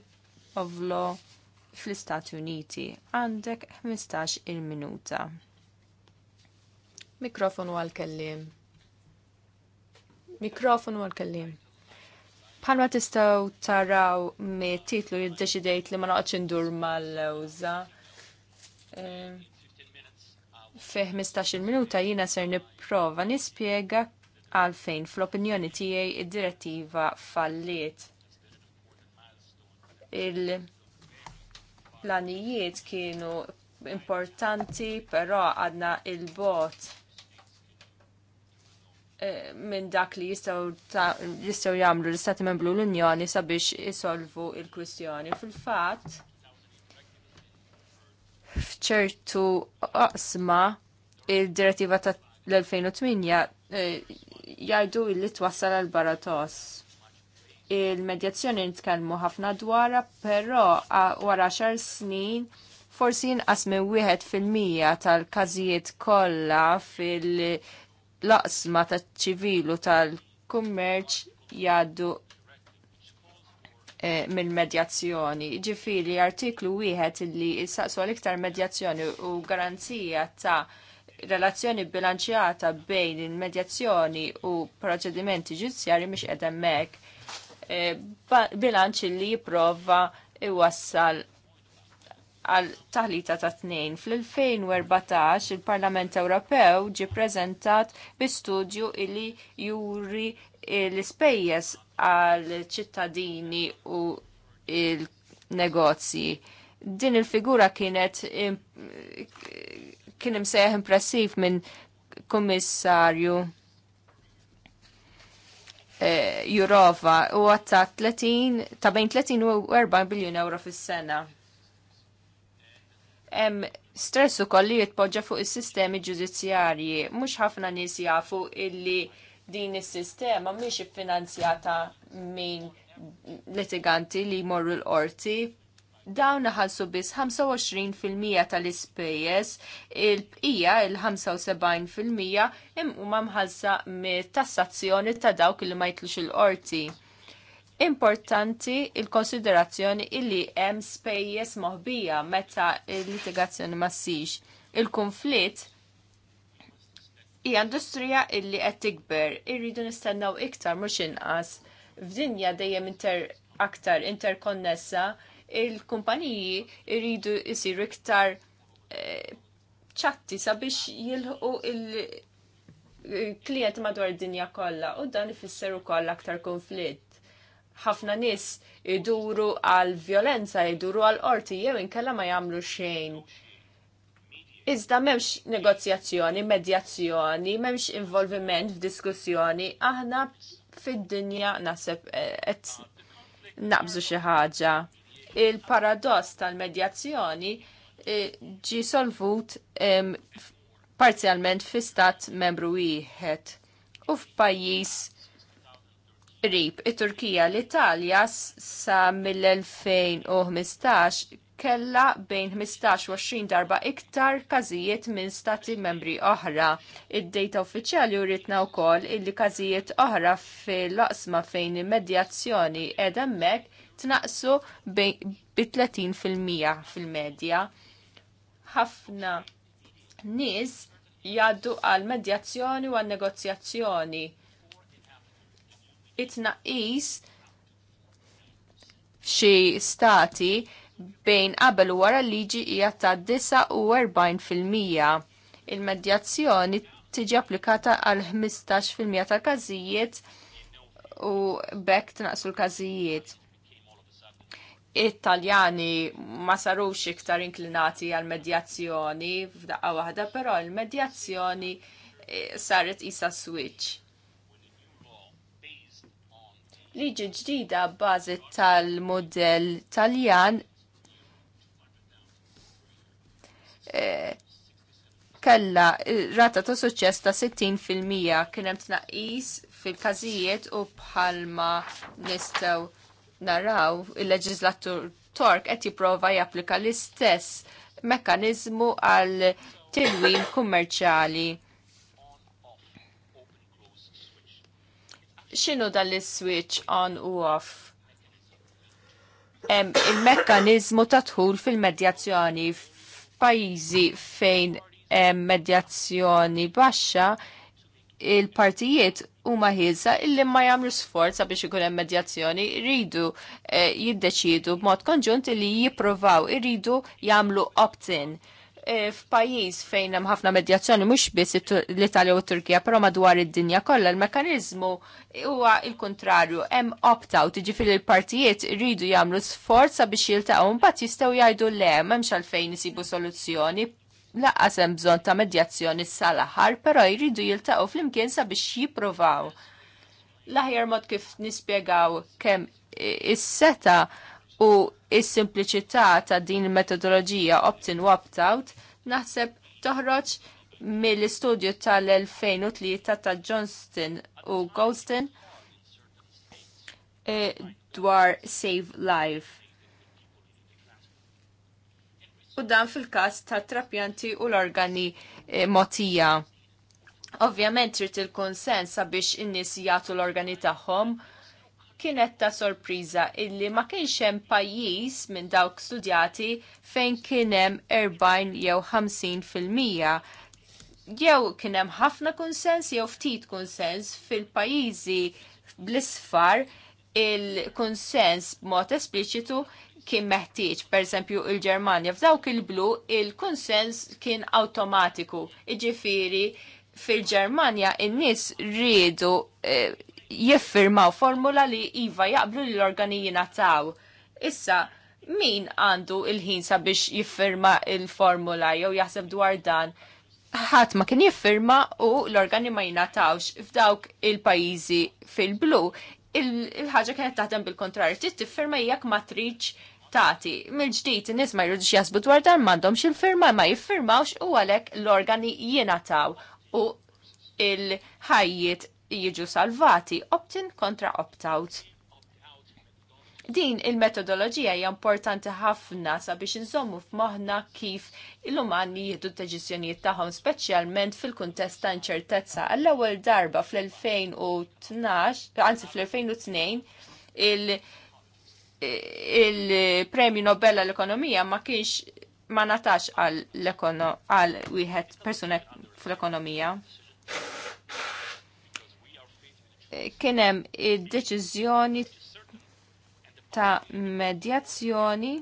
of Law fl-Istati Uniti. Għandek 15 il-minuta. Mikrofonu għal-kellim. Mikrofonu għal-kellim. Bħalma tistaw taraw me titlu jiddeċidejt li ma noqgħodx indur mal-lewża. Eh, Fi 15 minuta jiena ser nipprova nispjega għalfejn fl-opinjoni tiegħi id-direttiva falliet. Il-planijiet kienu importanti, però għadna il-bot Eh, minn dak li jistaw jamlu l-Istati Membru l-Unjoni sabiex isolvu il-kwistjoni. Fil-fat, fċertu qasma il-direttiva ta' l-2008 eh, jgħidu li twassal għal baratos. Il-medjazzjoni nitkellmu ħafna dwarha, però wara xar snin forsi inqas minn wieħed fil-mija tal-każijiet kollha fil-, -mija tal każijiet kollha fil laqsma taċ ċivilu tal-kummerċ jgħaddu eh, mill medjazzjoni. Ġifiri, artiklu wieħed li jissaqsu għal-iktar medjazzjoni u garanzija ta' relazzjoni bilanċjata bejn il-medjazzjoni u proċedimenti ġudizzjari mhix qed hemmhekk. Eh, bilanċ li jipprova iwassal għal taħlita ta' tnejn. Fl-2014 il-Parlament Ewropew ġi prezentat bi studju illi juri l-ispejjeż għal ċittadini u il-negozji. Din il-figura kienet kien imsejħ impressiv minn kummissarju eh, Jurova u għatta 30, ta' bejn 30 u 40 biljon euro fis-sena hemm stress ukoll li jitpoġġa fuq is-sistemi ġudizzjarji. Mhux ħafna nies jafu illi din is-sistema mhix iffinanzjata minn litiganti li jmorru l-qorti. Dawn naħalsu biss 25% tal-ispejjeż, il-bqija il-75% huma mħalsa mit-tassazzjoni ta' dawk li ma jitlux il-qorti. Importanti il-konsiderazzjoni illi hemm spejjeż moħbija meta il-litigazzjoni ma ssix. Il-konflitt hija industrija illi qed tikber, irridu nistennew iktar mhux inqas. F'dinja dejjem inter aktar interkonnessa, il-kumpaniji irridu jisiru iktar eh, ċatti sabiex jilħu il-klient madwar id-dinja kollha u dan ifisser ukoll aktar konflitt ħafna nis iduru għal violenza, iduru għal orti, jew inkella ma jagħmlu xejn. Iżda memx negozjazzjoni, medjazzjoni, memx involviment f'diskussjoni, aħna fid-dinja naseb qed naqbżu xi ħaġa. Il-paradoss tal-medjazzjoni e, ġi solvut parzjalment fi stat membru wieħed u f'pajjiż qrib it-Turkija l-Italja sa mill-2015 kella bejn 15 u 20 darba iktar każijiet minn stati membri oħra. Id-data uffiċjali uritna wkoll illi każijiet oħra fil-laqsma fejn il-medjazzjoni ed hemmhekk tnaqsu bi 30% fil-mija fil-medja. Ħafna nies jaddu għal medjazzjoni u għal negozjazzjoni it-naqis f'xi stati bejn qabel u wara liġi hija ta' 49%. fil-mija. Il-medjazzjoni tiġi applikata għal 15% tal-każijiet u bekk tnaqsu l-każijiet. It-Taljani ma sarux iktar inklinati għal medjazzjoni f'daqqa waħda, però il medjazzjoni eh, saret isa switch liġi ġdida bbażi tal-modell Taljan eh, kella rata ta' suċċess ta' 60% kien hemm tnaqqis fil-każijiet u bħalma nistgħu naraw il leġizlatur Tork qed jipprova japplika l-istess mekkaniżmu għal tilwim kummerċjali xinu dan switch on u off? Il-mekkanizmu ta' tħul fil-medjazzjoni f'pajjiżi fejn medjazzjoni baxxa il-partijiet huma ħielsa illi ma jagħmlu sforz biex ikun hemm medjazzjoni jridu eh, jiddeċidu b'mod konġunt li jippruvaw iridu jagħmlu opt-in Eh, f'pajjiż fejn hemm ħafna medjazzjoni mhux biss l-Italja u t-Turkija, però madwar id-dinja kollha l-mekkaniżmu huwa l-kuntrarju, hemm opt-out, jiġifieri l-partijiet iridu jagħmlu sforz sabiex jiltaqgħu mbagħad jistgħu jgħidu le m'hemmx għalfejn isibu soluzzjoni laqqas hemm bżonn ta' medjazzjoni sal-aħħar, però jridu jiltaqgħu flimkien sabiex jippruvaw. L-aħjar mod kif nispjegaw kemm is-seta u is-simpliċità ta' din il-metodoloġija opt-in u opt-out naħseb toħroġ mill-istudju tal-2003 ta' Johnston u Goldstein eh, dwar Save Life. U dan fil-kas ta' trapjanti u l-organi eh, motija. Ovvjament trid il-konsens sabiex in-nies jagħtu l-organi tagħhom kienet ta' sorpriża illi ma kienx hemm pajjiż minn dawk studjati fejn kien hemm 40 jew 50 fil-mija. Jew kien hemm ħafna kunsens jew ftit kunsens fil-pajjiżi bl-isfar il-konsens b'mod espliċitu kien meħtieġ, pereżempju il-Ġermanja, f'dawk il-blu il-konsens kien awtomatiku. Iġifiri fil-Ġermanja in-nies riedu eh, jiffirmaw formula li iva jaqblu li l-organi jinataw. Issa, min għandu il-ħin sabiex jiffirma il-formula jew jaħseb dwar dan? ħadd ma kien jiffirma u l-organi ma jingħatawx f'dawk il-pajjiżi fil-blu. Il-ħaġa kienet taħdem bil-kontrarju, trid tiffirma jekk ma tridx tagħti. Mill-ġdid in-nies ma jridux jasbu dwar dan m'għandhomx il-firma ma jiffirmawx u għalhekk l-organi jingħataw u il-ħajjiet jiġu salvati opt-in kontra opt-out. Din il-metodoloġija hija importanti ħafna sabiex inżommu f'moħħna kif il-umani jieħdu d-deċiżjonijiet tagħhom speċjalment fil-kuntest ta' inċertezza. Għall-ewwel darba fl-2012, anzi fl-2002, il- il-premju Nobel għall ekonomija ma kienx ma natax għal wieħed persuna fl-ekonomija kienem id-deċizjoni ta' medjazzjoni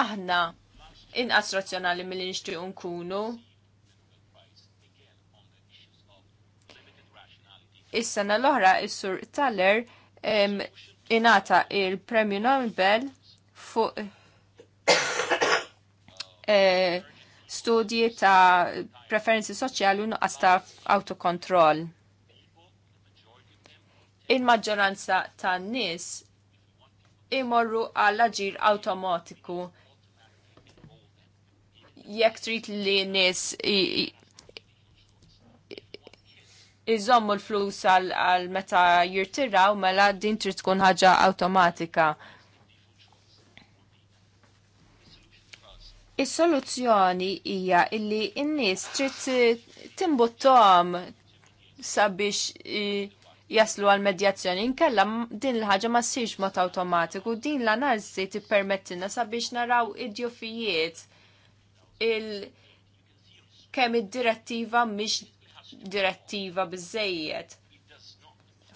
aħna inqas razzjonali mill nixtieq nkunu. Is-sena l-oħra is-Sur Taller inata il-Premju Nobel fuq *coughs* eh, studji ta' preferenzi soċjali u nuqqas ta' autokontroll. Il-maġġoranza ta' nis imorru għall aġir automatiku jekk trid li nis iżommu l-flus għal meta jirtiraw mela din trid tkun ħaġa awtomatika. Is-soluzzjoni hija illi n-nies trid timbuttom sabiex e, jaslu għal medjazzjoni inkella din l-ħaġa ma ssirx mod awtomatiku, din l-analiżi tippermettilna sabiex naraw id-djufijiet il kemm id-direttiva mhix direttiva biżejjed.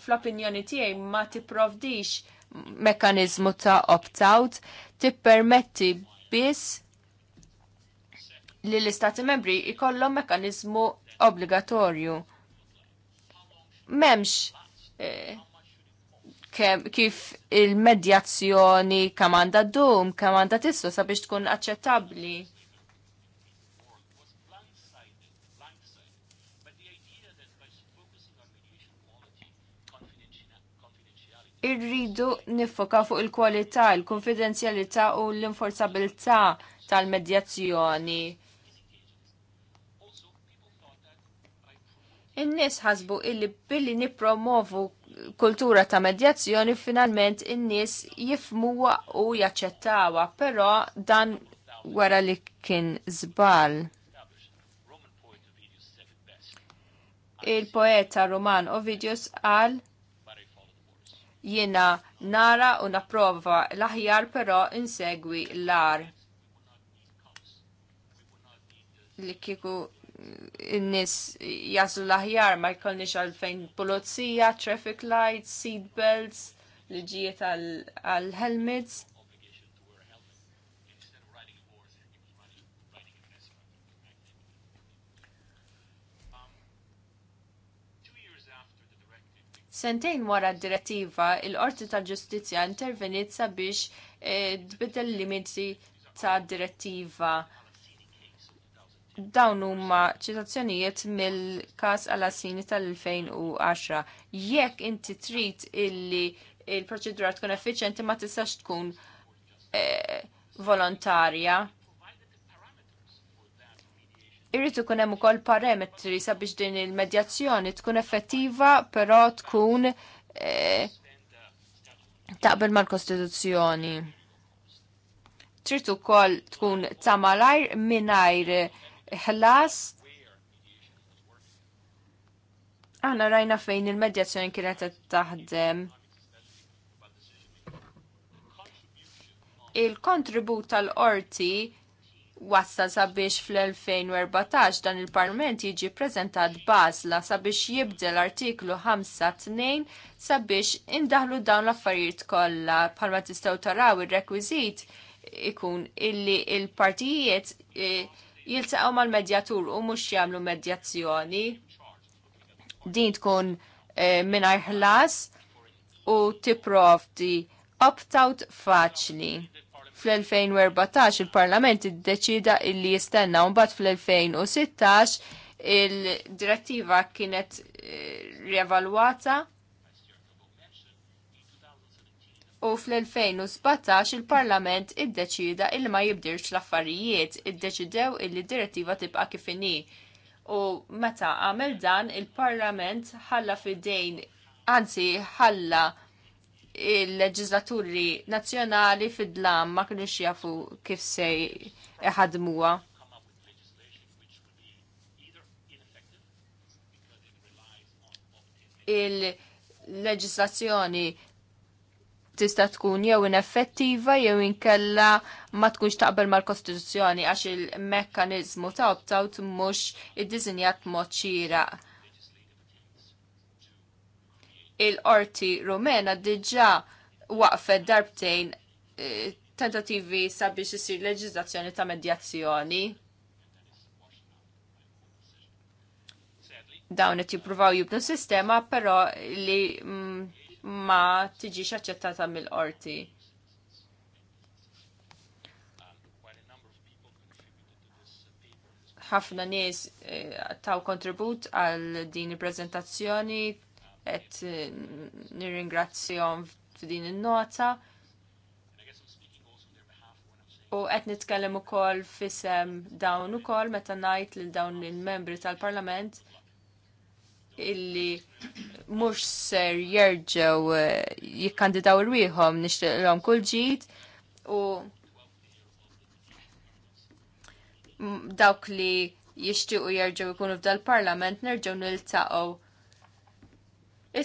Fl-opinjoni tiegħi ma tipprovdix mekkaniżmu ta' opt-out, tippermetti biss li l-istati membri ikollhom mekkaniżmu obbligatorju. Memx eh, kif il-medjazzjoni kemm għandha dum, kemm għandha tissu sabiex tkun aċċettabbli. irridu nifoka fuq il-kwalità, il-konfidenzjalità u l-inforzabilità tal-medjazzjoni in-nies ħasbu illi billi nippromovu kultura ta' medjazzjoni finalment in-nies jifmuwa u jaċċettawa, però dan wara li kien żbal. Il-poeta Roman Ovidius qal jiena nara u napprova l-aħjar però insegwi l-ar li kiku n-nis jaslu laħjar ma jkollniex għalfejn pulizija, traffic lights, seat belts, liġijiet għal-helmets. Sentejn wara d-direttiva, il-Qorti tal ġustizja intervenit sabiex eh, tbidel limiti ta' direttiva dawn huma ċitazzjonijiet mill-każ għal-assini tal-2010. Jekk inti trid illi il-proċedura tkun effiċjenti ma tistax tkun eh, volontarja. Irrid ikun hemm ukoll parametri sabiex din il-medjazzjoni tkun effettiva, però tkun eh, taqbel mal-Kostituzzjoni. Trid ukoll tkun ta' malajr mingħajr ħlas. Aħna rajna fejn il-medjazzjoni kienet taħdem. Il-kontribut tal-orti wassal sabiex fl-2014 dan il-Parlament jiġi prezentat bazla sabiex jibdel l artiklu 5-2 sabiex indaħlu dawn l-affarijiet kollha bħalma tistgħu taraw ir-rekwiżit ikun illi il-partijiet il eh, partijiet jiltaqgħu mal-medjatur u mhux jagħmlu medjazzjoni. Din tkun eh, mingħajr ħlas u tipprovdi opt-out faċli. Fl-2014 il-Parlament iddeċida illi jistenna u mbagħad fl-2016 il-direttiva kienet eh, rievalwata u fl-2017 il-Parlament iddeċida il ma jibdirx l-affarijiet, iddeċidew il-li direttiva tibqa' kif inhi. U meta għamel dan il-Parlament ħalla fidejn, anzi ħalla il-leġislaturi nazzjonali fid-dlam ma kienux jafu kif se jħadmuha. il-leġislazzjoni tista' tkun jew ineffettiva jew inkella ma tkunx taqbel mal-Kostituzzjoni għax il-mekkaniżmu ta' opt-out mhux iddiżinjat mod xieraq. Il-qorti Rumena diġà waqfet darbtejn eh, tentativi sabiex isir leġiżlazzjoni ta' medjazzjoni. Dawn qed jippruvaw jibnu sistema, però li mm, ma tiġix aċċettata mill-qorti. ħafna nies eh, taw kontribut għal din il-prezentazzjoni et eh, nirringrazzjom f'din il-nota u qed nitkellem ukoll fisem dawn ukoll meta ngħid lil dawn il-membri tal-Parlament illi mhux ser jerġgħu eh, jikkandidaw irwieħhom nixtieqlhom kull ġid u dawk li jixtiequ jerġgħu jkunu f'dal parlament nerġgħu niltaqgħu.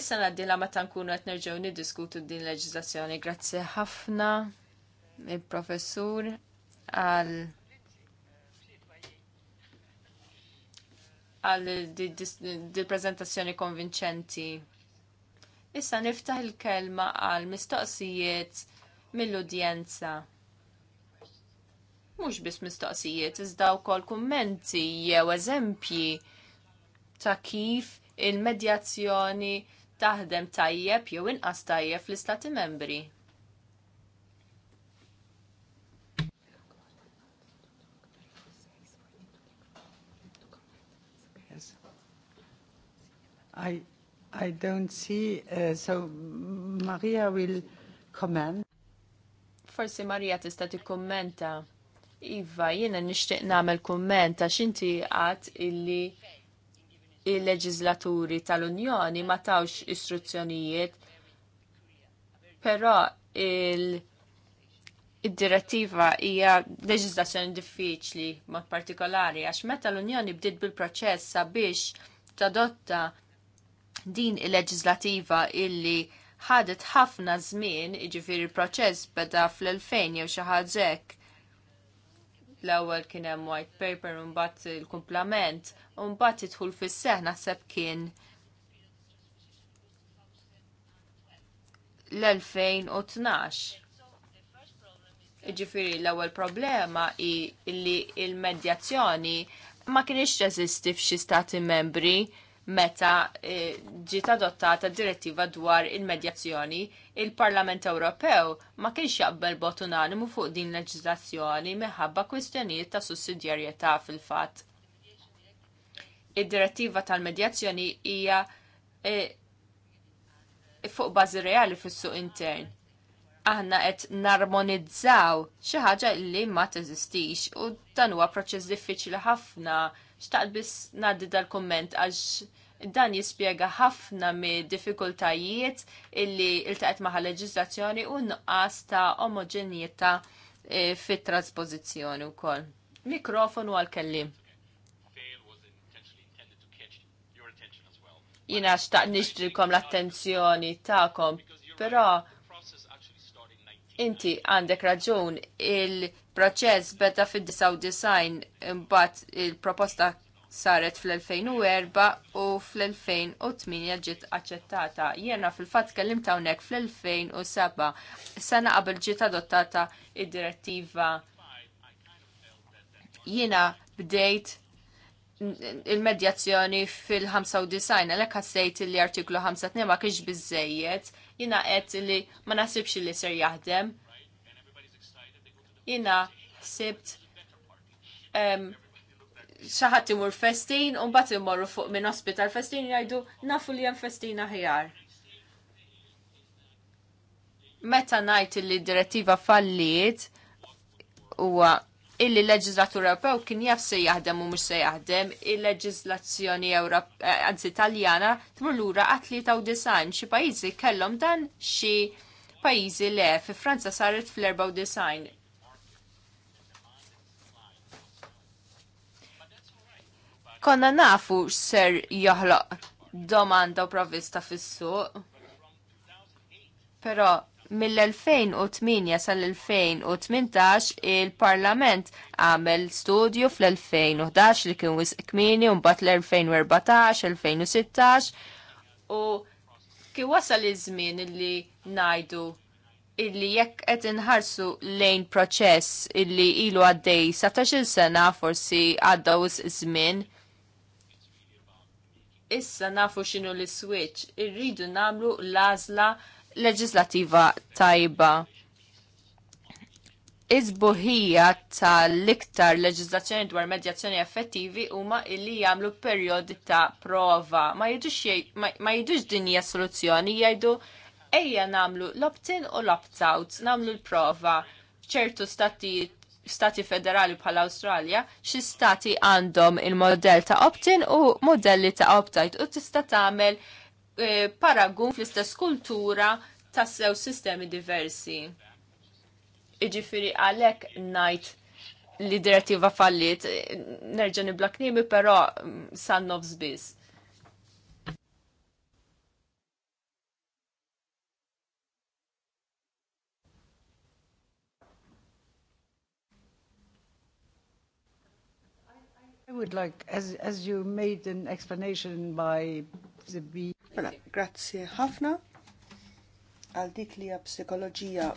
Issa naddi la meta nkunu qed nerġgħu niddiskutu din leġizazzjoni. Grazzi ħafna il-professur għal għal di prezentazzjoni konvinċenti. Issa niftaħ il-kelma għal mistoqsijiet mill-udjenza. Mhux biss mistoqsijiet, iżda wkoll kummenti jew eżempji ta' kif il-medjazzjoni taħdem tajjeb jew inqas tajjeb fl-istati membri. I, I don't see, uh, so Maria will comment. Forsi Maria tista' tikkummenta. Iva, jiena nixtieq nagħmel kumment xinti għat illi il-leġislaturi tal-Unjoni ma tawx istruzzjonijiet, però il- Id-direttiva hija leġislazzjoni diffiċli, mod partikolari, għax meta l-Unjoni bdiet bil-proċess sabiex tadotta din il-leġislativa illi ħadet ħafna żmien, jiġifieri l proċess beda fl-2000 jew xi L-ewwel kien hemm white paper u mbagħad il-kumplament u mbagħad idħul fis-seħ naħseb kien l-2012. Ġifiri, l-ewwel problema hi li l-medjazzjoni ma kienx teżisti f'xi stati membri meta eh, ġiet adottata direttiva dwar il-medjazzjoni, il-Parlament Ewropew ma kienx jaqbel bot unanimu fuq din leġislazzjoni minħabba kwistjonijiet ta' sussidjarjetà fil-fatt. Id-direttiva tal-medjazzjoni hija eh, fuq bażi reali fis-suq intern. Aħna qed narmonizzaw xi ħaġa li ma teżistix u dan huwa proċess diffiċli ħafna Xtaqt biss naddi dal-komment għax dan jispjega ħafna mid diffikultajiet illi iltaqet maħa leġizzazzjoni u nqas ta' omoġenjità e, fit traspożizzjoni wkoll. Mikrofonu għal kelli Jina xtaqt nixtrikom l-attenzjoni ta'kom, però inti għandek raġun il- Proċess beda fid-99 imbagħad il-proposta saret fl-2004 u fl-2008 ġiet aċċettata. Jiena fil-fatt kellimt hawnhekk fl-2007 sena qabel ġiet adottata id-direttiva jiena bdejt il-medjazzjoni fil-95 għalhekk ħassejt li artiklu 52 ma kienx biżejjed jiena qed li ma naħsibx li ser jaħdem jina sibt xaħat imur festin, un bat imorru fuq minn ospital festin jgħidu nafu li jem festin aħjar. Meta najt li direttiva falliet u illi leġizlatur Ewropew kien jaf se jaħdem u mhux se jaħdem, il-leġizlazzjoni eh, anzi Taljana tmur lura għat li taw design xi pajjiżi kellhom dan xi pajjiżi le fi Franza saret fl-94 konna nafu ser joħloq domanda u provvista fis-suq. Però mill-2008 sal-2018 il-Parlament għamel studju fl-2011 li kien kmini un bat l-2014, 2016 u kien wasal iż-żmien li najdu illi jekk qed inħarsu lejn proċess illi ilu għaddej 17 sena forsi għadda żmien issa nafu xinu li switch irridu namlu lazla leġislativa tajba. Iżbuħija tal-iktar leġislazzjoni dwar medjazzjoni effettivi huma illi jagħmlu perjodi ta' prova. Ma jidux din hija soluzzjoni jgħidu ejja namlu l-opt-in u l-opt-out, namlu l-prova ċertu statijiet stati federali bħal Awstralja, xi stati għandhom il-modell ta' opt-in u modelli ta' opt-out u tista' tagħmel eh, paragun fl-istess kultura ta' sew sistemi diversi. Iġifiri għalek najt li direttiva fallit, nerġan niblaknimi, pero mm, san nofs biss. I would like, as, as you made an explanation by the B. Mela, grazie ħafna għal dik li psikoloġija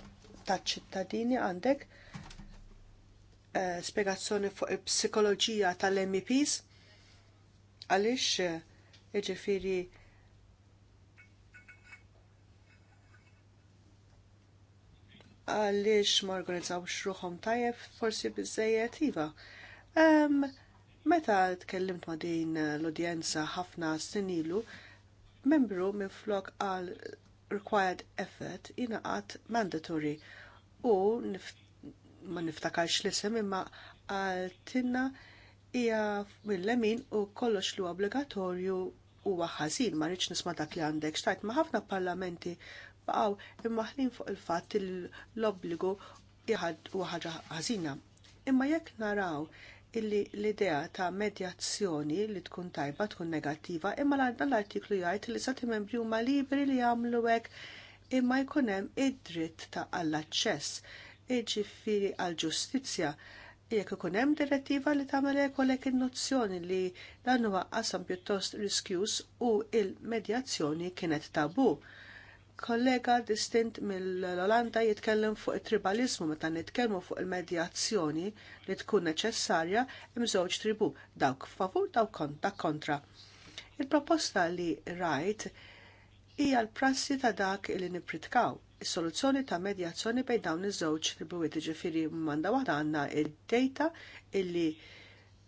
ta' ċittadini għandek eh, spiegazzjoni fuq il-psikoloġija tal-MEPs għalix eh, iġifiri għalix ma organizzawx ruħom tajjeb forsi bizzejiet iva. Um, Meta tkellimt ma' din l-udjenza ħafna sinilu, membru minn flok għal required effort jinaqat mandatory u nif ma niftakarx l-isem imma għal tinna hija mill-lemin u kollox li obbligatorju huwa ħażin ma rridx nisma' dak li għandek xtajt ma ħafna parlamenti baqgħu ħlin fuq il-fatt l-obbligu huwa ħaġa ħażina. Imma jekk naraw illi l-idea ta' medjazzjoni li tkun tajba tkun negattiva imma l dan l-artiklu jgħid li stati membri huma liberi li jagħmlu hekk imma jkun hemm id-dritt ta' għall-aċċess iġifieri għall-ġustizzja jekk ikun hemm direttiva li tagħmel hekk għalhekk in-nozzjoni li dan huwa qasam pjuttost riskjuż u l medjazzjoni kienet tabu kollega distint mill-Olanda jitkellem fuq it-tribalizmu meta nitkellmu fuq il-medjazzjoni li tkun neċessarja żewġ tribu dawk favur dawk konta kontra. Il-proposta li rajt hija l-prassi ta' dak li nipritkaw is-soluzzjoni ta' medjazzjoni bejn dawn iż-żewġ tribujiet ġifieri manda waħda għandna id-dejta illi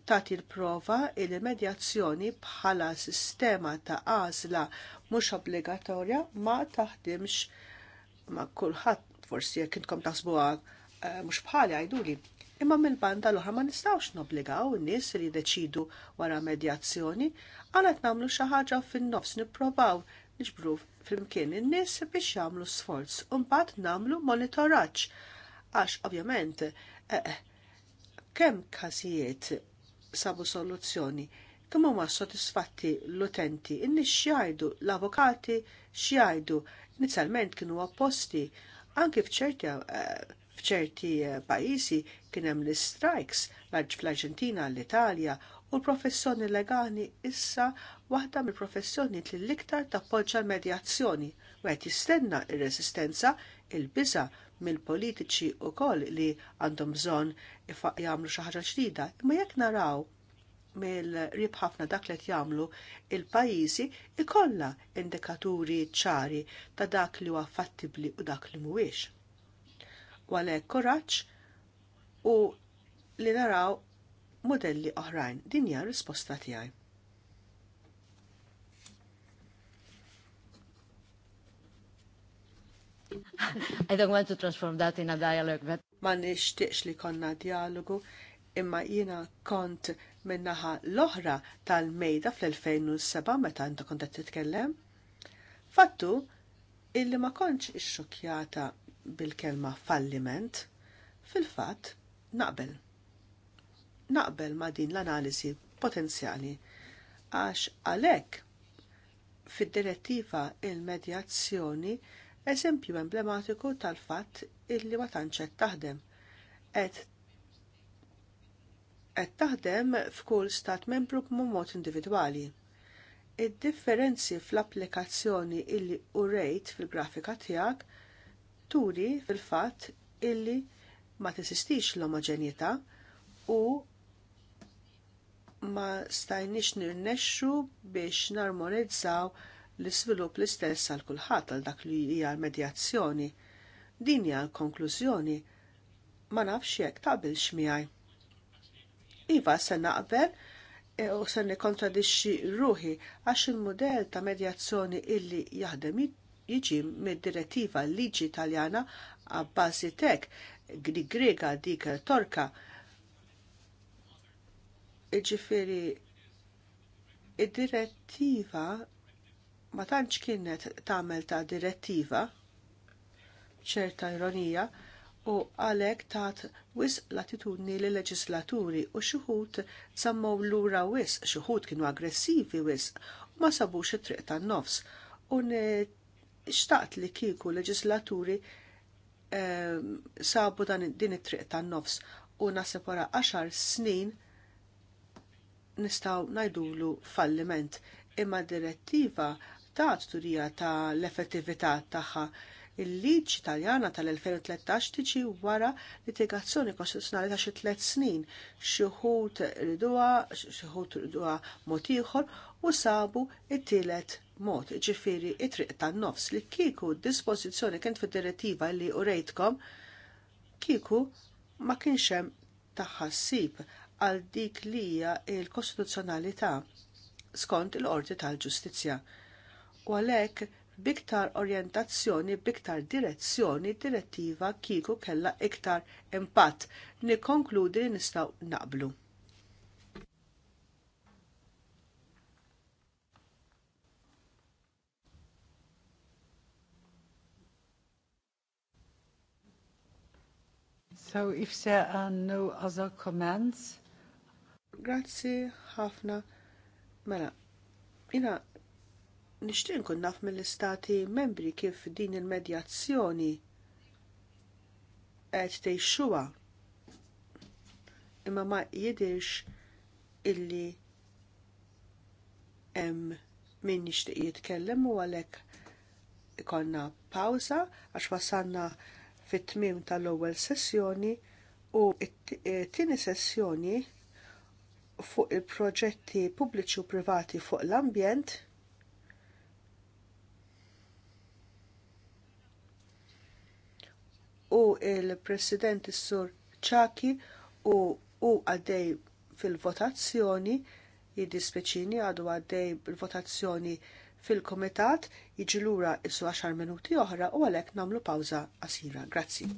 tagħti l-prova il medjazzjoni bħala sistema ta' għażla mhux obbligatorja ma taħdimx ma' kulħadd forsi jekk intkom taħsbuha eh, mhux bħali għajduli. Imma mill-banda l-oħra ma nistgħux nobbligaw in-nies li jiddeċidu wara medjazzjoni għal qed nagħmlu xi ħaġa fin-nofs nipprovaw niġbru flimkien in-nies biex jagħmlu sforz u mbagħad nagħmlu monitoraġġ għax ovvjament eh, eh, kemm każijiet sabu soluzzjoni. Kemm huma sodisfatti l-utenti, inni xjajdu, l-avokati xjajdu, inizjalment kienu opposti, anki fċerti eh, f'ċerti eh, pajjiżi kien hemm l-strikes fl-Arġentina l-Italja u l-professjoni legali issa waħda mill-professjoni li l-iktar tappoġġa l-medjazzjoni u qed jistenna r-resistenza il-biża' mill-politiċi wkoll li għandhom bżonn jagħmlu xi ħaġa ġdida, imma jekk naraw mill-rib ħafna dak li jagħmlu il-pajjiżi ikollha indikaturi ċari ta' dak li huwa fattibbli u dak li mhuwiex. Għalhekk kuraġġ u li naraw modelli oħrajn. Din hija r risposta tiegħi. *laughs* I don't want to transform that in a dialogue, but... Ma nishtiqx li konna dialogu, imma jina kont minnaħa l-oħra tal-mejda fl-2007 meta inta kont qed titkellem. Fattu illi ma kontx ixxokjata bil-kelma falliment, fil-fatt naqbel. Naqbel ma din l-analisi potenzjali għax għalhekk fid-direttiva il-medjazzjoni il medjazzjoni eżempju emblematiku tal-fatt illi ma tantx qed taħdem. Qed qed taħdem f'kull stat membru b'mod individwali. Id-differenzi fl-applikazzjoni illi urejt fil-grafika tiegħek turi fil-fatt illi ma tesistix l-omoġenjità u ma stajniex nirnexxu biex narmonizzaw l-iżvilupp l-istess għal kulħadd għal dak li hija l-medjazzjoni. Din hija l-konklużjoni ma nafx jekk taqbilx miegħi. Iva se naqbel e, u se nikkontradixxi ruħi għax il-mudell ta' medjazzjoni illi jaħdem jiġi mid-direttiva l-liġi Taljana għabbażi tek di grega dik torka Iġifieri id-direttiva ma tantx kienet tagħmel ta' direttiva ċerta ironija u għalhekk tat wisq latitudni lill leġislaturi u wħud sammew lura wisq, wħud kienu aggressivi wisq u ma sabux it-triq tan-nofs. U xtaqt li kieku leġislaturi ehm, sabu dan din it-triq tan-nofs u nasib wara 10 snin nistgħu ngħidulu falliment imma direttiva studija ta' tal-effettività tagħha. Il-liġ Taljana tal-2013 tiġi wara litigazzjoni kostituzzjonali ta' xi tliet snin, xi wħud riduha, xi wħud riduha mod ieħor u sabu it-tielet mod, ġifieri it-triq tan-nofs li kieku d-dispożizzjoni kien fid-direttiva li urejtkom kieku ma kienx hemm taħassib għal dik li hija l kostituzzjonalità skont il-Qorti tal-Ġustizzja. U għalhekk biktar orjentazzjoni, biktar direzzjoni, direttiva kieku kellha iktar impatt. Nikkonkludi li nistgħu naqblu. So if there are no other comments. Grazzi ħafna. Mela, jina Nixtieq kun naf mill-istati membri kif din il-medjazzjoni qed tgħixuha imma ma jidhirx illi hemm min nishtiq jitkellem u għalhekk ikonna pausa għax wasanna fit tmiem tal-ewwel sessjoni u t-tieni e, sessjoni fuq il-proġetti pubbliċi u privati fuq l-ambjent u il-President Sur ċaki u u għaddej fil-votazzjoni jiddispeċini għadu għaddej fil votazzjoni fil-komitat iġilura lura isu 10 minuti oħra u għalhekk nagħmlu pawża għasira. Grazzi.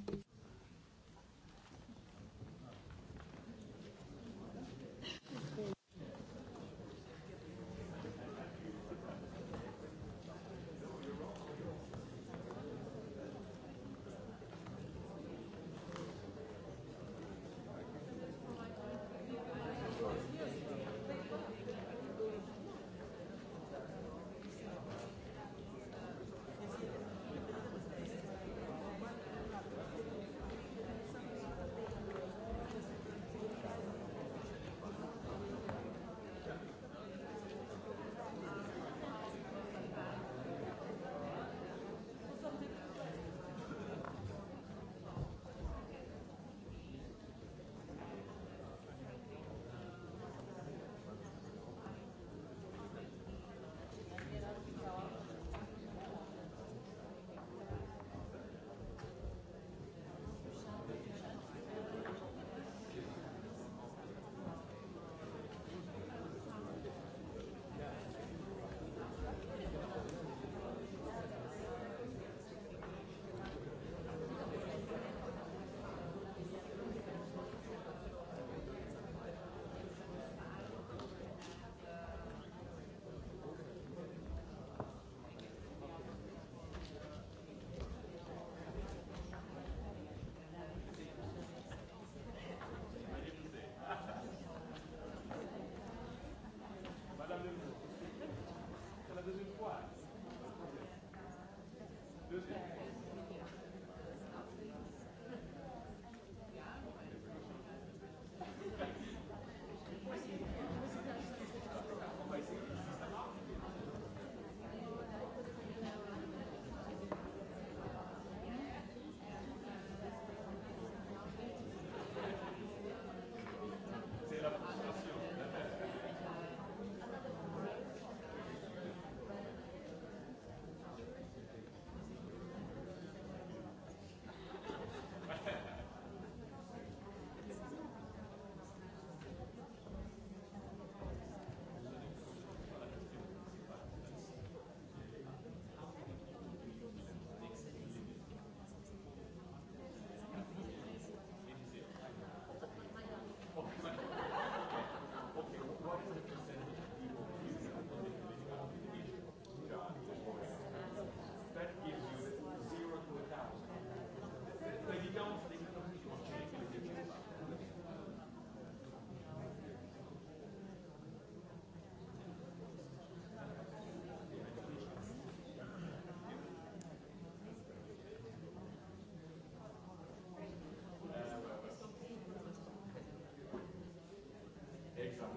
Exactly.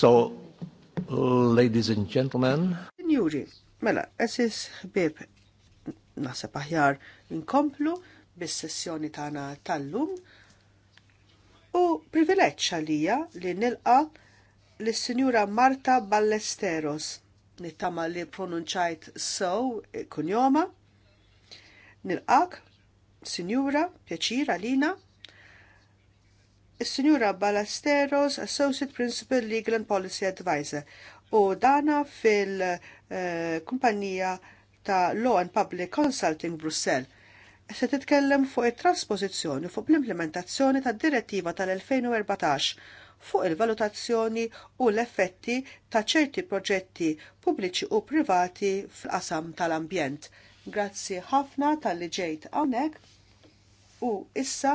So, ladies and gentlemen. Signori, mela, esis bib nasa aħjar inkomplu bis-sessjoni tagħna tal-lum u privileġġ għalija li nilqa lis-Sinjura Marta Ballesteros nittama li pronunċajt so kunjoma. Nilqak, Sinjura, pjaċira lina Signora sinjura Balasteros, Associate Principal Legal and Policy Advisor, u dana fil-kumpanija eh, ta' Law and Public Consulting Bruxelles. Se titkellem fuq it-trasposizzjoni fuq l-implementazzjoni tad direttiva tal-2014 fuq il-valutazzjoni u l-effetti ta' ċerti proġetti pubbliċi u privati fl-qasam tal-ambjent. Grazzi ħafna tal-li ġejt hawnhekk u issa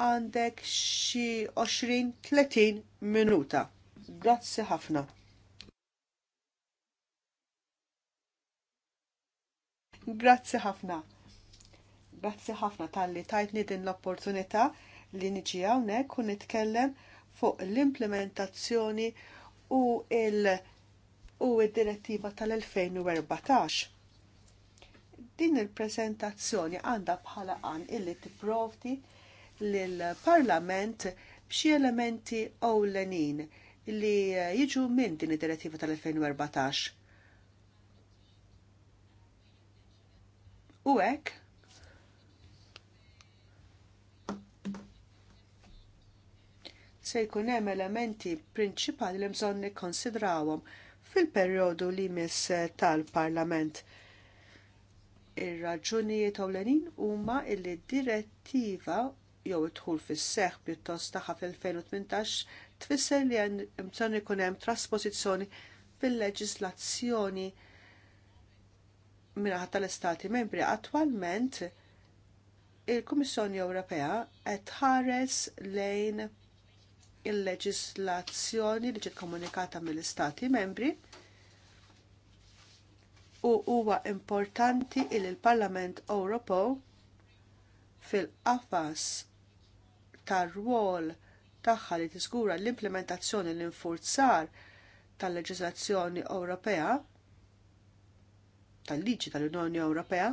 għandek xi 20-30 minuta. Grazzi ħafna. Grazzi ħafna. Grazzi ħafna tal-li tajtni din l-opportunità li niġi hawnhekk u nitkellem fuq l-implementazzjoni u il- u id-direttiva tal-2014. Din il-prezentazzjoni għandha bħala għan illi tipprovdi lill-Parlament b'xi elementi ewlenin li eh, jiġu minn din id-direttiva tal-2014. U hekk se jkun hemm elementi prinċipali li bżonn nikkonsidrawhom fil-perjodu li jmiss eh, tal-Parlament. Ir-raġunijiet ewlenin huma li d direttiva jew idħul fis-seħħ pjuttost tagħha fil-2018 tfisser li hemm bżonn ikun hemm trasposizzjoni fil-leġislazzjoni mingħata tal-Istati Membri. Attwalment il-Kummissjoni Ewropea qed ħares lejn il-leġislazzjoni li ġiet komunikata mill-Istati Membri u huwa importanti il-Parlament Ewropew fil-qafas tar-rwol tagħha li tiżgura l-implementazzjoni l-infurzar tal-leġiżlazzjoni Ewropea tal-liġi tal-Unjoni Ewropea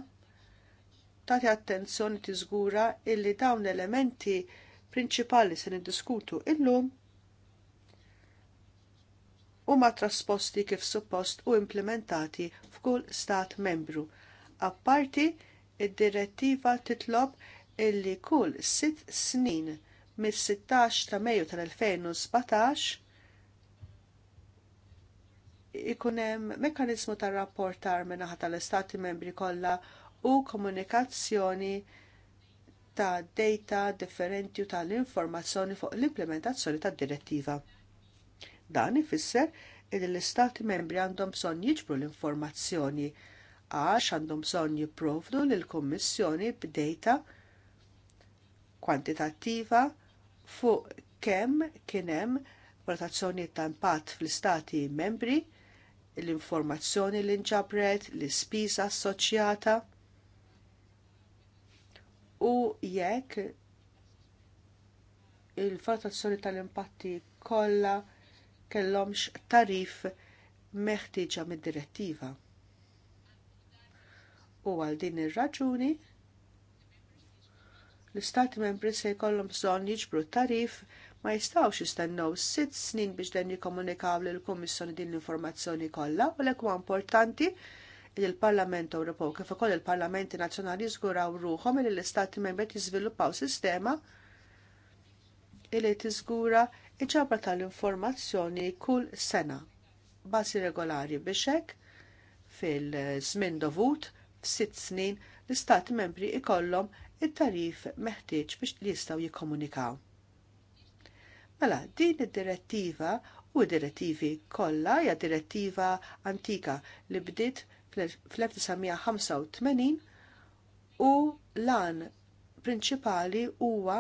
tagħti attenzjoni tiżgura illi dawn l-elementi prinċipali se niddiskutu illum huma trasposti kif suppost u implementati f'kull stat membru. Apparti, id-direttiva titlob illi kull sitt snin mis-16 ta' Mejju tal-2017 ikun hemm mekkaniżmu ta' rapportar minnaħa tal-Istati membri kollha u komunikazzjoni ta' data differenti u tal-informazzjoni fuq l-implementazzjoni tad-direttiva. Dan ifisser li l-Istati membri għandhom bżonn jiġbru l-informazzjoni għax għandhom bżonn jipprovdu lill kummissjoni b'data kwantitattiva fuq kemm kien hemm valutazzjoni ta' impatt fl-istati membri, l-informazzjoni li nġabret, l-ispiża assoċjata u jekk il-valutazzjoni tal-impatti kollha kellhomx tarif meħtieġa mid-direttiva. U għal din ir-raġuni l-istati membri se jkollhom bżonn jiġbru t tarif ma jistawx jistennew sitt snin biex dan jikkomunikaw lill kummissjoni din l-informazzjoni kollha u l huwa importanti li l-Parlament Ewropew kif ukoll il-Parlamenti Nazzjonali żguraw ruhom li l-Istati Membri jiżviluppaw sistema li tiżgura iġabra tal-informazzjoni kull sena bażi regolari biex hekk fil-żmien dovut f'sitt snin l-Istati Membri ikollhom it-tarif meħtieġ biex li jistgħu jikkomunikaw. Mela, din id-direttiva u direttivi kollha hija direttiva antika li bdiet fl-1985 u lan prinċipali huwa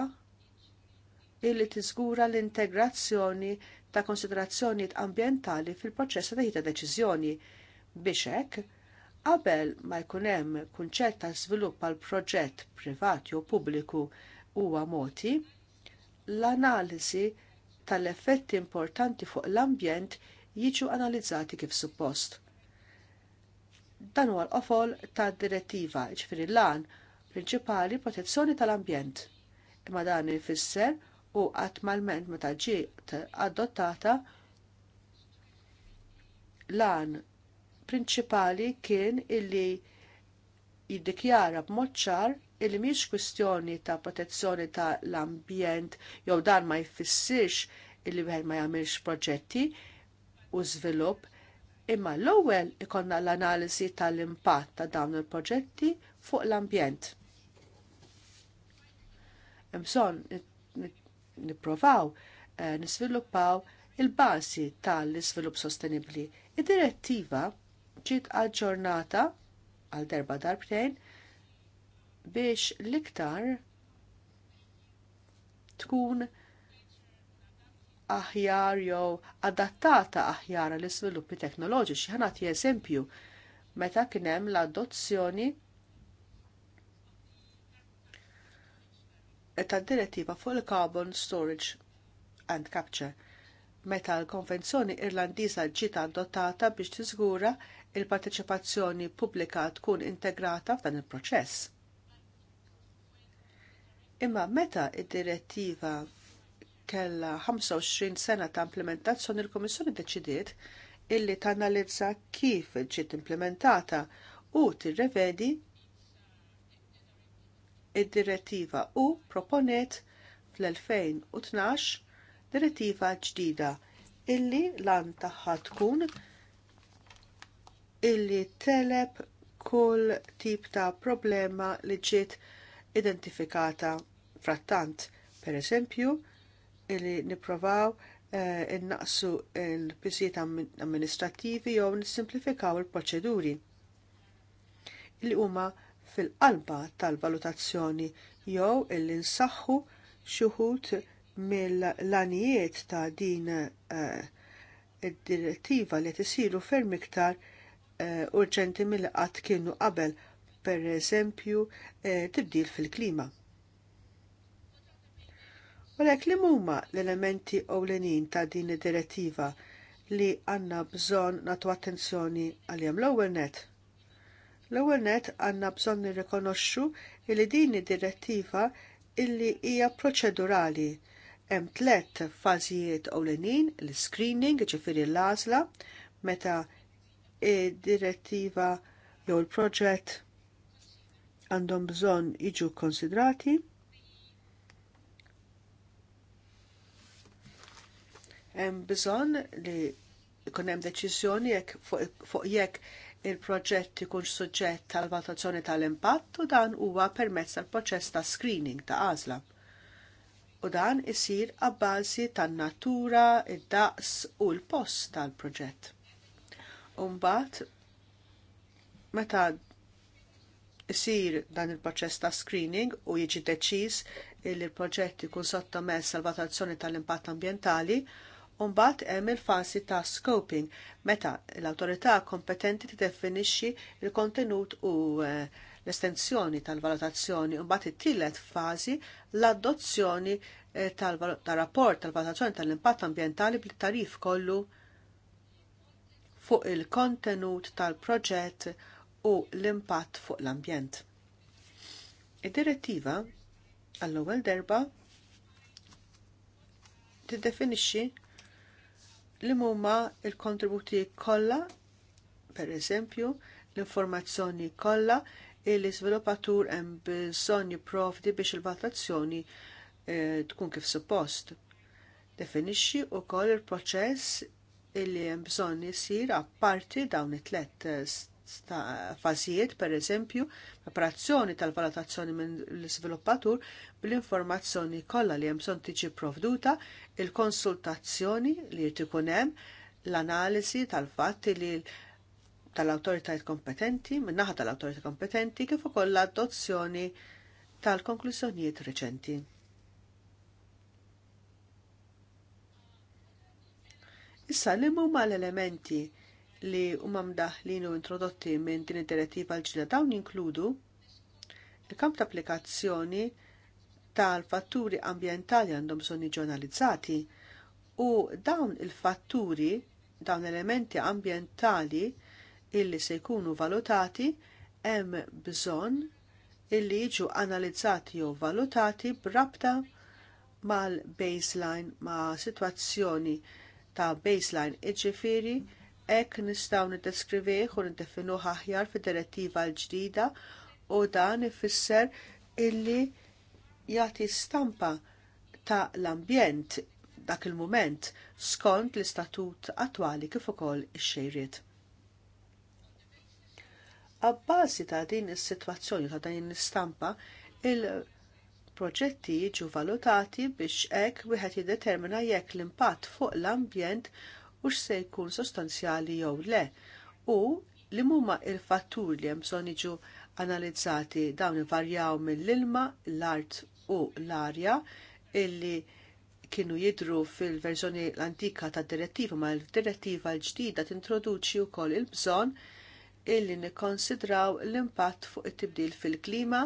illi tiżgura l-integrazzjoni ta' konsiderazzjonijiet ambjentali fil-proċess ta' ħita deċiżjoni biex hekk Qabel ma jkun hemm kunċett ta' żvilupp għal proġett privat jew pubbliku huwa moti, l-analiżi tal-effetti importanti fuq l-ambjent jiġu analizzati kif suppost. Dan huwa l-qofol tad direttiva ġifieri l-għan, prinċipali protezzjoni tal-ambjent. Imma dan ifisser u attmalment meta ġiet adottata l l-għan prinċipali kien illi jiddikjara b'mod ċar illi miex kwistjoni ta' protezzjoni ta' l-ambjent jew dan ma jfissirx illi wieħed ma jagħmilx proġetti u żvilupp, imma l-ewwel ikonna l-analiżi tal-impatt ta' dawn il-proġetti fuq l-ambjent. Imson nipprovaw eh, nisviluppaw il-bażi tal-iżvilupp sostenibbli. Id-direttiva ġiet aġġornata għal darba darbtejn biex l-iktar tkun aħjar jew adattata aħjar għall iżviluppi teknoloġiċi. Ħanati eżempju, meta kien hemm l-adozzjoni tad direttiva fuq il-carbon storage and capture meta l-konvenzjoni irlandiża ġiet adottata biex tiżgura il-parteċipazzjoni pubblika tkun integrata f'dan il-proċess. Imma meta id-direttiva kellha 25 sena ta' implementazzjoni il-Komissjoni deċidiet illi tanalizza kif ġiet implementata u tirrevedi id-direttiva u proponiet fl-2012 direttiva ġdida illi lan tagħha tkun illi teleb kull tip ta' problema li ġiet identifikata frattant. Per eżempju, illi niprovaw eh, innaqsu il pizziet amministrativi jew nissimplifikaw il-proċeduri. Illi huma fil-qalba tal-valutazzjoni jew illi nsaħħu xuħut mill-lanijiet ta' din eh, id-direttiva li tisiru ferm iktar Eh, urġenti mill qatt kienu qabel, per eżempju, eh, tibdil fil-klima. U l li huma l-elementi ewlenin ta' din id-direttiva li għandna bżonn nagħtu attenzjoni għaljem l-ewwel net. L-ewwel net għandna bżonn nirrikonoxxu li din id-direttiva illi hija proċedurali hemm tlet fażijiet ewlenin, l-screening, ġifieri l-għażla, meta id-direttiva jew il-proġett għandhom bżonn jiġu konsidrati. Hemm bżonn li jkun hemm deċiżjoni jekk fuq jekk il-proġett ikun suġġett tal-valutazzjoni tal-impatt u dan huwa permezz tal-proċess ta' screening ta' għażla. U dan isir għabbażi tan-natura, id-daqs u l-post tal-proġett. Umbat, meta isir dan il-proċess ta' screening u jiġi deċiż li l-proġett ikun sottomess għal valutazzjoni tal-impatt ambjentali, Umbat hemm il-fasi ta' scoping meta l-awtorità kompetenti tiddefinixxi l kontenut u eh, l-estensjoni tal-valutazzjoni u mbagħad it-tielet fażi l-adozzjoni eh, tar rapport tal-valutazzjoni tal-impatt ambjentali bit tarif kollu fuq il-kontenut tal-proġett u l-impatt fuq l-ambjent. Id-direttiva għall-ewwel derba tiddefinixxi li huma l-kontributi kollha, pereżempju, l-informazzjoni kollha li l-iżviluppatur hemm bżonn jipprovdi biex il-valutazzjoni eh, tkun kif suppost. Definixxi wkoll il-proċess illi hemm bżonn isir apparti dawn it-tlet eh, fażijiet, pereżempju, operazzjoni tal-valutazzjoni minn l-iżviluppatur bl-informazzjoni kollha li hemm bżonn tiġi provduta, il-konsultazzjoni li jrid ikun hemm, l-analiżi tal-fatti li tal-awtoritajiet kompetenti, min-naħa tal-awtoritajiet kompetenti, kif ukoll l-adozzjoni tal-konklużjonijiet reċenti. Issa li huma l-elementi li huma mdaħlin u introdotti minn din id-direttiva l-ġdida dawn jinkludu il-kamp ta' applikazzjoni tal-fatturi ambjentali għandhom bżonn ġurnalizzati u dawn il-fatturi dawn elementi ambjentali illi se jkunu valutati hemm bżonn illi jiġu analizzati jew valutati b'rabta mal-baseline ma' sitwazzjoni ta' baseline iġifiri hekk nistgħu niddeskrivih u niddefinuh aħjar fid-direttiva l-ġdida u dan ifisser illi jagħti stampa ta' l-ambjent dak il mument skont l-istatut attwali kif ukoll ix-xejriet. Abbażi ta' din is-sitwazzjoni ta' din l-istampa il- proġetti jiġu valutati biex hekk wieħed jiddetermina jekk l-impatt fuq l-ambjent u se jkun sostanzjali jew le u li huma il-fatturi li hemm bżonn jiġu analizzati dawn ivarjaw mill-ilma, l-art u l-arja illi kienu jidhru fil-verżjoni l-antika tad direttiva ma l-direttiva l-ġdida tintroduċi wkoll il-bżonn illi nikkonsidraw l-impatt fuq it-tibdil fil-klima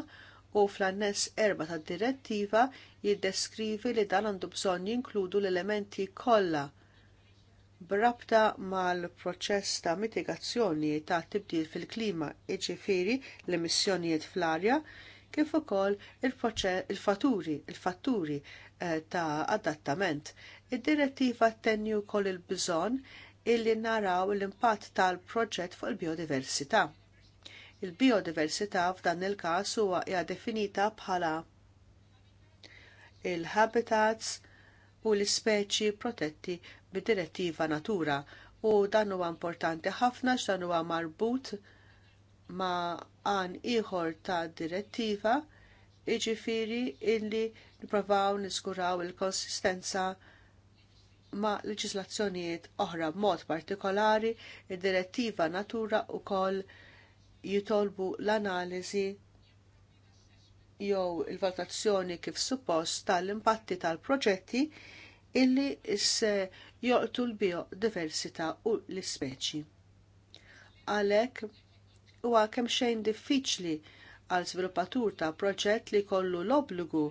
u fl-annes erba tad direttiva jiddeskrivi li dan għandu bżonn jinkludu l-elementi kollha b'rabta mal-proċess ta' mitigazzjoni ta' tibdil fil-klima jiġifieri l-emissjonijiet fl-arja kif ukoll il-fatturi il-fatturi eh, ta' adattament. Id-direttiva tenni wkoll il-bżonn illi naraw l-impatt tal-proġett fuq il-biodiversità. Il-biodiversità f'dan il-każ huwa hija definita bħala il-habitats u l-ispeċi protetti bid-direttiva natura u dan huwa importanti ħafna x'dan huwa marbut ma' għan ieħor ta' direttiva iġifiri illi nipprovaw niskuraw il-konsistenza ma' leġislazzjonijiet oħra b'mod partikolari id-direttiva natura wkoll jitolbu l-analiżi jew il-valutazzjoni kif suppost tal-impatti tal-proġetti illi se joqtu l-biodiversità u l-ispeċi. Għalhekk huwa kemm xejn diffiċli għal sviluppatur ta' proġett li jkollu l-obbligu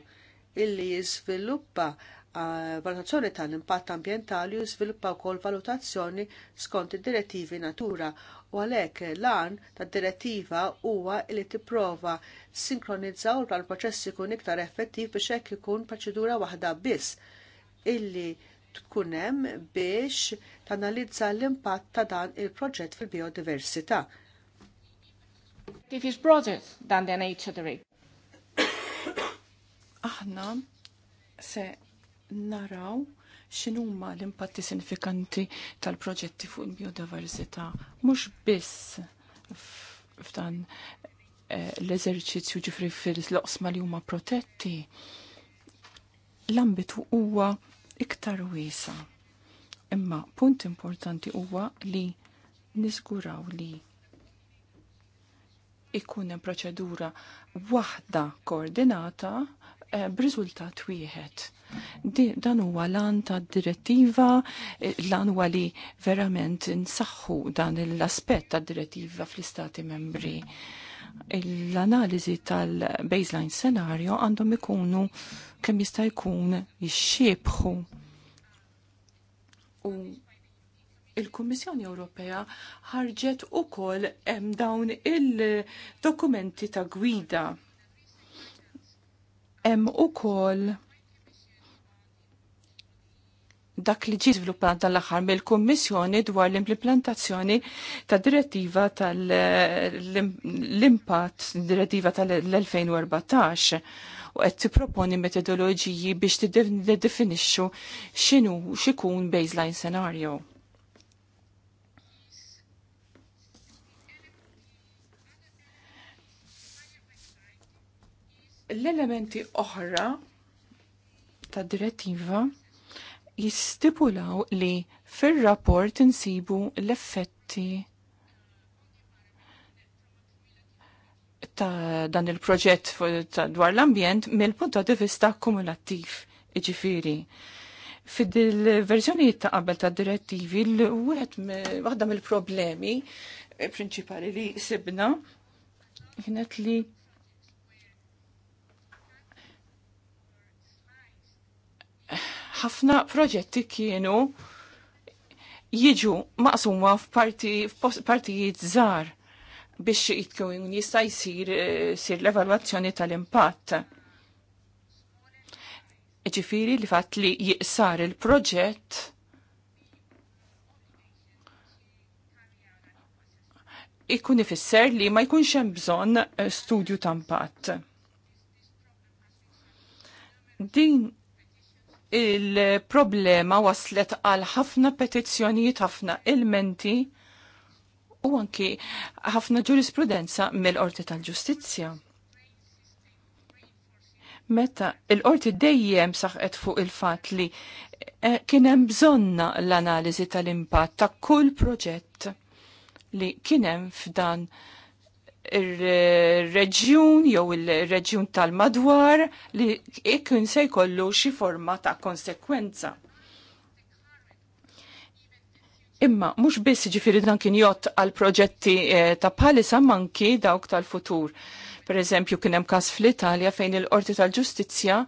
illi jiżviluppa valutazzjoni tal-impatt ambjentali u sviluppa wkoll valutazzjoni skont id-direttivi natura u għalhekk lan tad-direttiva huwa li tipprova u l proċess ikun iktar effettiv biex hekk ikun proċedura waħda biss illi tkun hemm biex tanalizza l-impatt ta' dan il-proġett fil-biodiversità. If broader than the nature *coughs* Aħna se naraw x'inhuma l-impatti sinifikanti tal-proġetti fuq il-biodiversità mhux biss f'dan eh, l-eżerċizzju ġifri fil-loqsma li huma protetti l-ambitu huwa iktar wiesa. Imma punt importanti huwa li niżguraw li ikun hemm proċedura waħda koordinata Eh, b'riżultat wieħed. Dan huwa lan ta' direttiva, eh, lan huwa li verament nsaħħu dan l-aspett ta' direttiva fl-istati membri. L-analiżi tal-baseline scenario għandhom ikunu kemm jista' jkun jixxiebħu. U il-Kummissjoni Ewropea ħarġet ukoll hemm dawn il-dokumenti ta' gwida hemm ukoll dak li ġi żviluppat dal aħħar mill-Kummissjoni dwar l-implementazzjoni ta' direttiva tal-impatt direttiva tal-2014 u qed tipproponi metodoloġiji biex tiddefinixxu x'inhu x'ikun baseline scenario. L-elementi oħra ta' direttiva jistipulaw li fil-rapport insibu l-effetti ta' dan il-proġett dwar l-ambjent mill-punt ta' vista kumulattiv iġifiri. Fid-verżjoni il ta' qabel ta' direttivi, waħda mill-problemi eh, prinċipali li sibna kienet li ħafna proġetti kienu jiġu maqsuma f'partijiet żgħar biex jitkun jista' jsir eh, sir l-evalwazzjoni tal-impatt. Ġifiri li fatt li jiqsar il-proġett ikun ifisser li ma jkunx hemm bżonn eh, studju ta' impatt. Din il-problema waslet għal ħafna petizzjonijiet, ħafna ilmenti u anki ħafna ġurisprudenza mill-Qorti tal-Ġustizzja. Meta il-Qorti dejjem saħqet fuq il-fatt li eh, kien hemm bżonna l-analiżi tal-impatt ta' kull proġett li kien hemm f'dan il-reġjun jew il-reġjun tal-madwar li ikun se jkollu xi forma ta' konsekwenza. Imma mhux biss ġifieri dan kien jott għal proġetti eh, ta' palisa manki dawk tal-futur. Per eżempju kien hemm każ fl-Italja fejn il-Qorti tal-Ġustizzja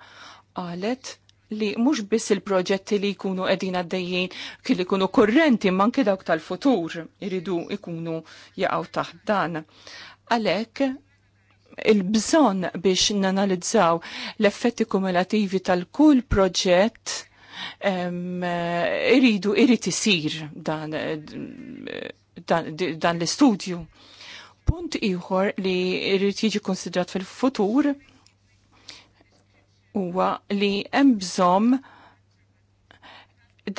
qalet li mhux biss il-proġetti li jkunu qegħdin għaddejjin kien li jkunu korrenti manki dawk tal-futur iridu jkunu jaqgħu taħt dan. Għalek, il-bżon biex nanalizzaw l-effetti kumulativi tal-kull proġett iridu irid isir dan, dan, dan l-istudju. Punt ieħor li irid jiġi konsidrat fil-futur huwa li hemm bżonn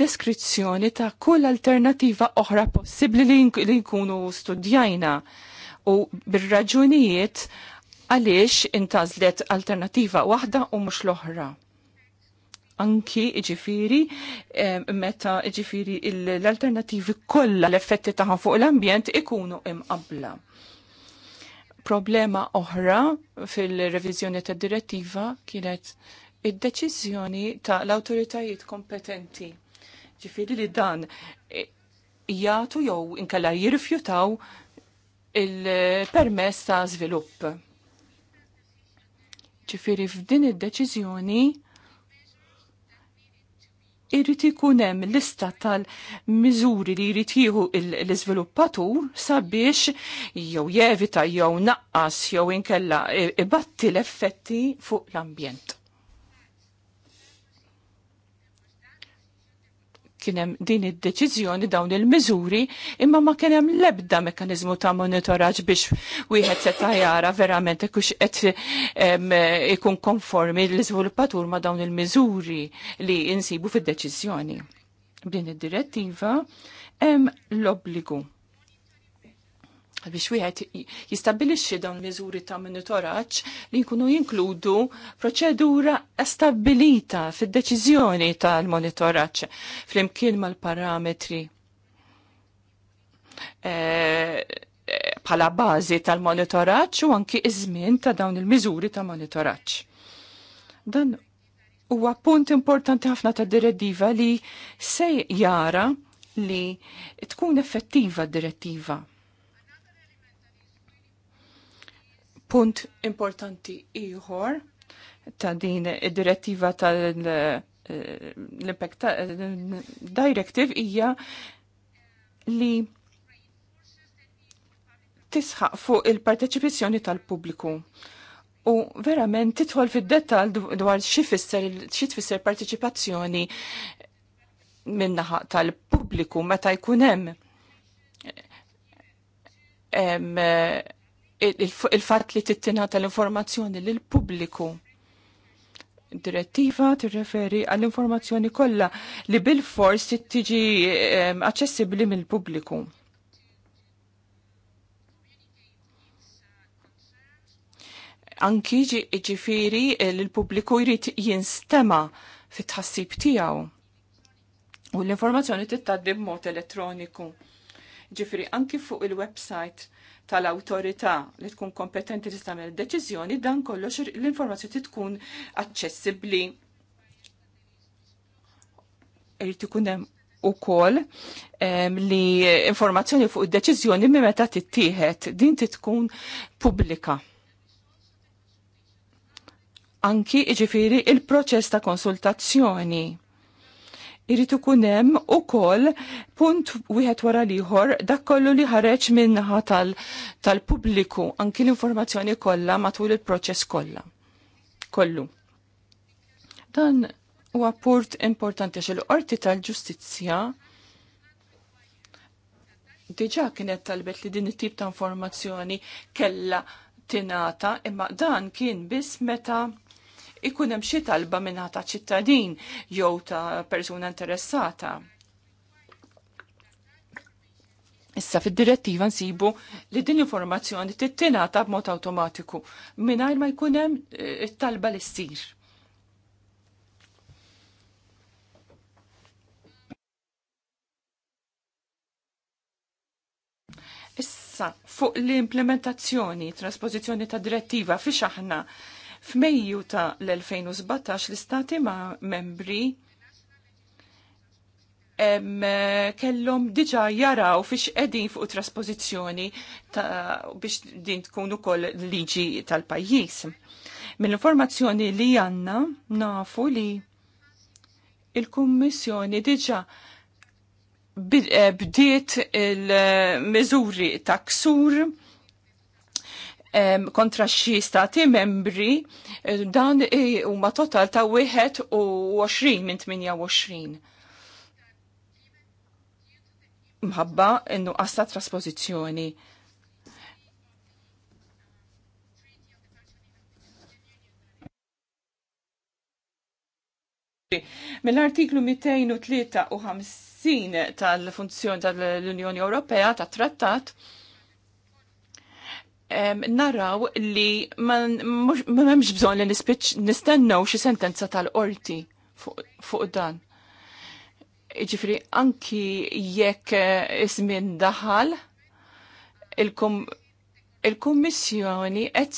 deskrizzjoni ta' kull alternativa oħra possibbli li nkunu studjajna u bir-raġunijiet għaliex intażlet alternativa waħda u mhux l-oħra. Anki iġifiri, meta iġifiri l-alternativi kollha l-effetti tagħha fuq l-ambjent ikunu imqabla. Problema oħra fil-reviżjoni tad-direttiva kienet id-deċiżjoni ta' l-autoritajiet kompetenti. Ġifiri li dan e, jgħatu jew inkella jirrifjutaw il-permess ta' żvilupp. Ġifieri f'din id-deċiżjoni irrit ikun hemm lista tal-miżuri li jrid jieħu l-iżviluppatur sabiex jew jevita jew naqqas jew inkella ibatti l-effetti fuq l-ambjent. kienem din id-deċizjoni dawn il-miżuri imma ma kienem lebda mekanizmu ta' monitoraġ biex wieħed seta' jara verament kux qed ikun konformi l-iżviluppatur ma' dawn il-miżuri li insibu fid-deċizjoni. Din id-direttiva hemm l-obbligu biex wieħed jistabbilixxi dawn miżuri ta' monitoraġġ li jkunu jinkludu proċedura stabilita fid-deċiżjoni tal-monitoraġġ flimkien mal-parametri eh, eh, bħala bażi tal-monitoraġġ u anki iż-żmien ta' dawn il-miżuri ta' monitoraġġ. Dan huwa punt importanti ħafna ta' direttiva li se jara li tkun effettiva d direttiva Punt importanti ieħor ta' din id-direttiva tal-impact eh, eh, directive hija li tisħaq fuq il-parteċipazzjoni tal-pubbliku. U verament titħol fid-dettal dwar xi tfisser parteċipazzjoni minnaħa tal-pubbliku meta jkun hemm eh, il-fatt li tittina tal-informazzjoni l pubbliku direttiva tirreferi għall-informazzjoni kollha li bil-fors tiġi ehm, aċċessibbli mill-pubbliku. Anki ġifiri eh, l-pubbliku jrid jinstema fit tħassib tiegħu. U l-informazzjoni tittaddi b'mod elettroniku. Ġifiri anki fuq il-website tal-autorità li tkun kompetenti li tagħmel deċiżjoni dan kollox l-informazzjoni tkun aċċessibbli. Irid ikun hemm ukoll li informazzjoni fuq id-deċiżjoni minn meta tittieħed din tkun pubblika anki iġifiri il-proċess ta' konsultazzjoni irrit ikun hemm ukoll punt wieħed wara liħor dak kollu li ħareġ minnaħa tal-pubbliku tal anki l-informazzjoni kollha matul il-proċess kollha. Kollu. Dan huwa punt importanti għax il-qorti tal-ġustizzja diġà kienet talbet li din it-tip ta' informazzjoni kella tinata imma dan kien biss meta ikun hemm xi talba minnha ta' ċittadin jew ta' persuna interessata. Issa fid-direttiva nsibu li din informazzjoni tittinata b'mod awtomatiku mingħajr ma jkun hemm eh, it-talba li ssir. Issa fuq l-implementazzjoni, trasposizzjoni ta' direttiva fiex aħna F'Mejju ta' l-2017 l-istati ma' membri kellhom diġà jaraw fiex qegħdin fuq ta' biex din tkun ukoll liġi tal-pajjiż. Mill-informazzjoni li għandna nafu li il-Kummissjoni diġà eh, bdiet il-miżuri ta' ksur kontra xi stati membri eh, dan eh, huma total ta' wieħed u 20 minn 28. Mħabba innu għasta ta' traspożizzjoni. Mill-artiklu 253 tal-funzjoni tal-Unjoni Ewropea tat trattat naraw li m'hemmx bżonn li nistennew xi sentenza tal-qorti fuq dan. Iġifri, anki jekk eh, ismin daħal, il-Kummissjoni qed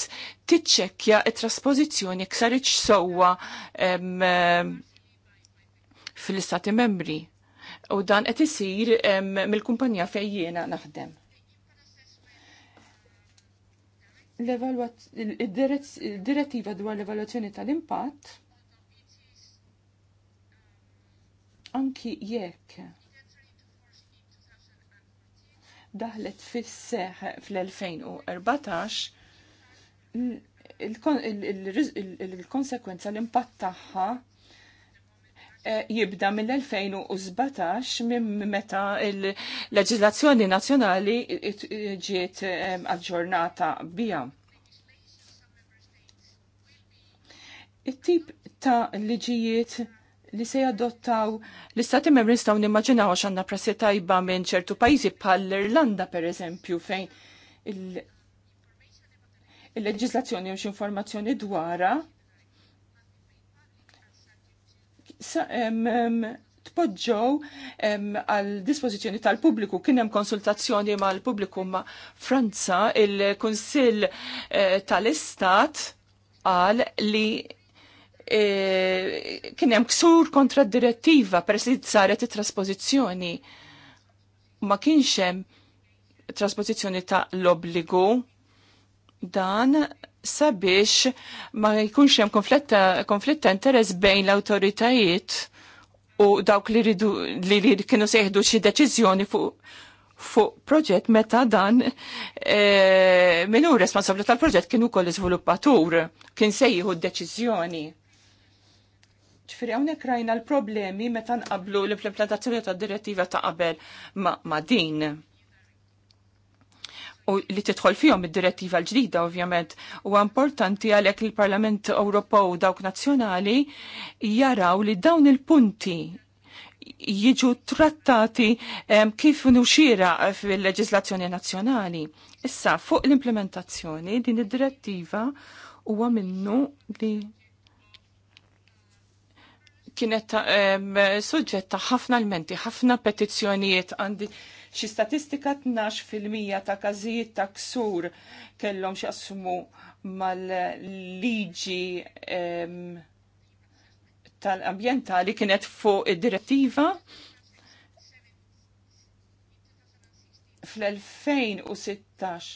tiċċekkja it-traspożizzjoni ksariċ sewwa fil-Istati Membri. U dan qed isir mill-kumpanija fejn jiena naħdem. il-direttiva dwar l-evaluazzjoni tal-impatt anki jekk daħlet fis-seħ fl-2014 il-konsekwenza l-impatt tagħha E, jibda mill-2017 minn meta il-leġislazzjoni nazzjonali e, ġiet e, aġġornata bija. It-tip ta' liġijiet li se jadottaw l-istati membri nistaw nimmaġinaw għax għandna prassi tajba minn ċertu pajjiżi bħall irlanda pereżempju fejn il-leġislazzjoni u informazzjoni dwara tpoġġow għal dispożizzjoni tal-pubbliku kien hemm konsultazzjoni mal-pubbliku ma' Franza il-Kunsill eh, tal-Istat qal li eh, kien hemm ksur kontra direttiva peress li saret it-trasposizzjoni ma kienx hemm trasposizzjoni ta' l-obbligu dan sabiex ma jkunx hemm konflitt ta' interess bejn l-awtoritajiet u dawk li ridu li, li kienu seħdu xi deċiżjoni fuq fuq proġett meta dan e, hu responsabbli tal-proġett kienu kol iżviluppatur, kien jieħu d-deċiżjoni. Ġifieri hawnhekk rajna l-problemi meta nqablu l-implementazzjoni tad-direttiva ta' qabel ma, ma din u li tidħol fihom id-direttiva l-ġdida ovvjament u importanti għalhekk il-Parlament Ewropew u dawk nazzjonali jaraw li dawn il-punti jiġu trattati kif nuxira fil-leġislazzjoni nazzjonali. Issa, fuq l-implementazzjoni din id-direttiva huwa minnu li kienet um, suġġetta ħafna l-menti, ħafna petizzjonijiet għandi Xi statistika 12% ta' każijiet ta' ksur kellhom x'assumu mal-liġi tal-ambjentali kienet fuq id-direttiva fl-2016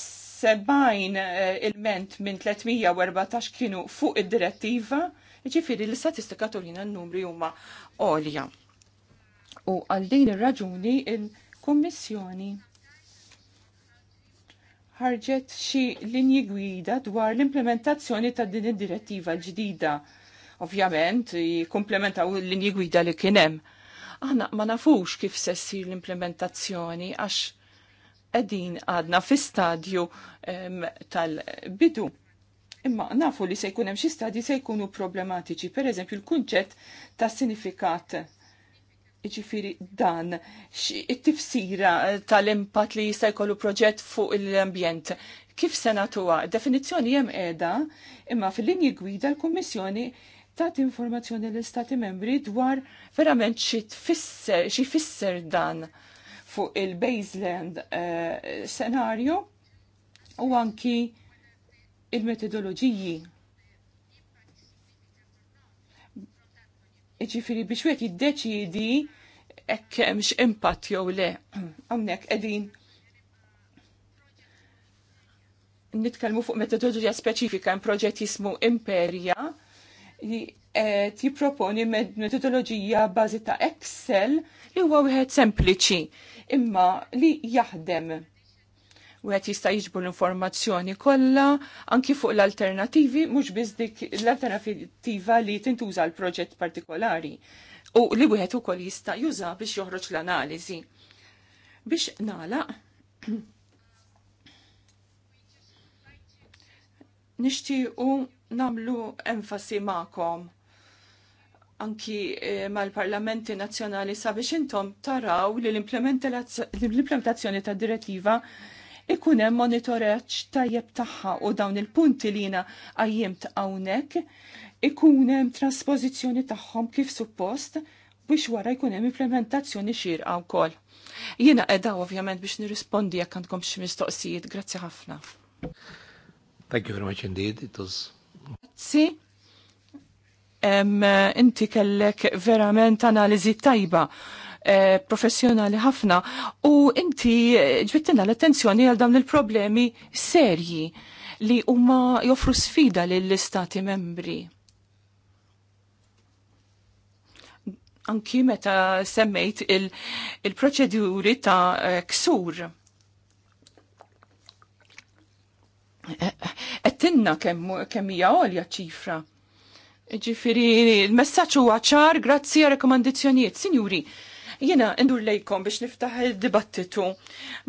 sebajn eh, il-ment minn 314 kienu fuq id-direttiva, ġifiri l-istatistika turina n-numri huma għolja. U għal din ir-raġuni il-Kummissjoni ħarġet xi linji gwida dwar l-implementazzjoni ta' din id-direttiva ġdida. Ovvjament, jikkumplementaw l-linji gwida li kien hemm. Aħna ma nafux kif se ssir l-implementazzjoni għax qegħdin għadna fi stadju tal-bidu. Imma nafu li se jkun hemm xi stadji se jkunu problematiċi, pereżempju l-kunċett ta' sinifikat Iġifiri dan, it-tifsira tal-impat li jista' jkollu proġett fuq l-ambjent. Kif se natuha? Definizzjoni hemm qiegħda, imma fil-linji gwida l-Kummissjoni tat informazzjoni l-Istati membri dwar verament xi tfisser, xi fisser dan fuq il-baseland uh, eh, scenario u anki il-metodoloġiji Iġifiri biex wieħed jiddeċidi hekk mx impatt jew le. *clears throat* Hawnhekk qegħdin nitkellmu fuq metodologija speċifika hemm proġett jismu Imperja li qed jipproponi metodoloġija bażi ta' Excel li huwa wieħed sempliċi imma li jaħdem u għet jista jiġbu l-informazzjoni kollha anki fuq l-alternativi, mhux biss dik l-alternativa li tintuża l-proġett partikolari u li wieħed ukoll jista' juża biex joħroġ l-analiżi. Biex nagħlaq *clears throat* nixtiequ nagħmlu enfasi ma'kom anki eh, mal-parlamenti nazjonali sabiex intom taraw li l-implementazzjoni ta' direttiva ikun hemm monitoraġġ tajjeb tagħha u dawn il-punti li jiena qajjimt hawnhekk ikun hemm trasposizzjoni tagħhom kif suppost biex wara jkun hemm implementazzjoni xierqa wkoll. Jiena qiegħda ovvjament biex nirrispondi jekk għandkom xi mistoqsijiet. Grazzi ħafna. Thank you very much indeed. It was Grazzi. Eh, inti kellek verament analiżi tajba Eh, professjonali ħafna u inti eh, ġbittina l-attenzjoni għal dawn il-problemi serji li huma joffru sfida lill-istati membri. Anki meta semmejt il-proċeduri il ta' eh, ksur. Ettinna kemm hija għolja ċifra. Ġifiri, il messaġġ huwa ċar grazzi għal rekomandizzjonijiet. Sinjuri, jina ndur lejkom biex niftaħ il-dibattitu.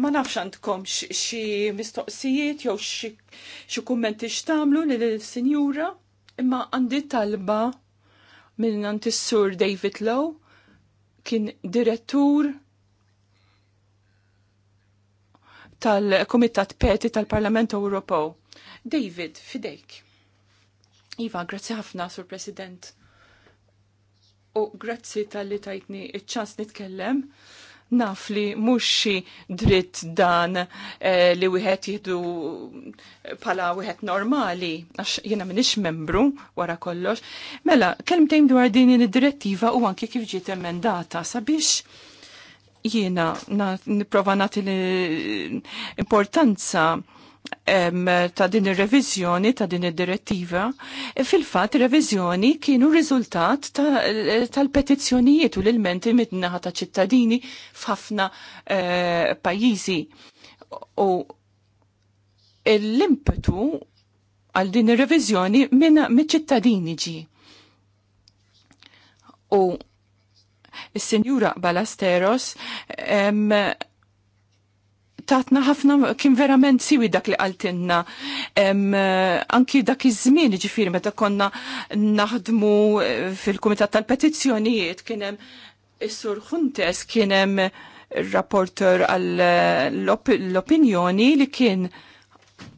Ma nafx għandkom xi mistoqsijiet jew xi kummenti x'tamlu lill-sinjura, imma għandi talba minn antissur sur David Lowe kien direttur tal-Komitat Peti tal-Parlament Ewropew. David, fidejk. Iva, grazzi ħafna, Sur President u grazzi tal-li tajtni iċ-ċans nitkellem. Naf li muxi dritt dan eh, li wieħed jihdu eh, pala wieħed normali, għax jena minix membru wara kollox. Mela, kelmtejn dwar din id-direttiva u anki kif ġiet emendata sabiex jiena na, nagħti importanza ta' din ir-reviżjoni ta' din id-direttiva, e fil-fatt reviżjoni kienu riżultat tal-petizzjonijiet u l-ilmenti mid-naħa ta' ċittadini f'ħafna e, pajjiżi. U l-impetu għal din ir-reviżjoni minn ċittadini ġi. U s-Sinjura Balasteros tatna ħafna kien verament siwi dak li għaltinna. Anki dak iż-żmien ġifieri meta konna naħdmu eh, fil-Kumitat tal-Petizzjonijiet kien hemm is-Sur Huntes kien hemm rapporter għall-opinjoni li kien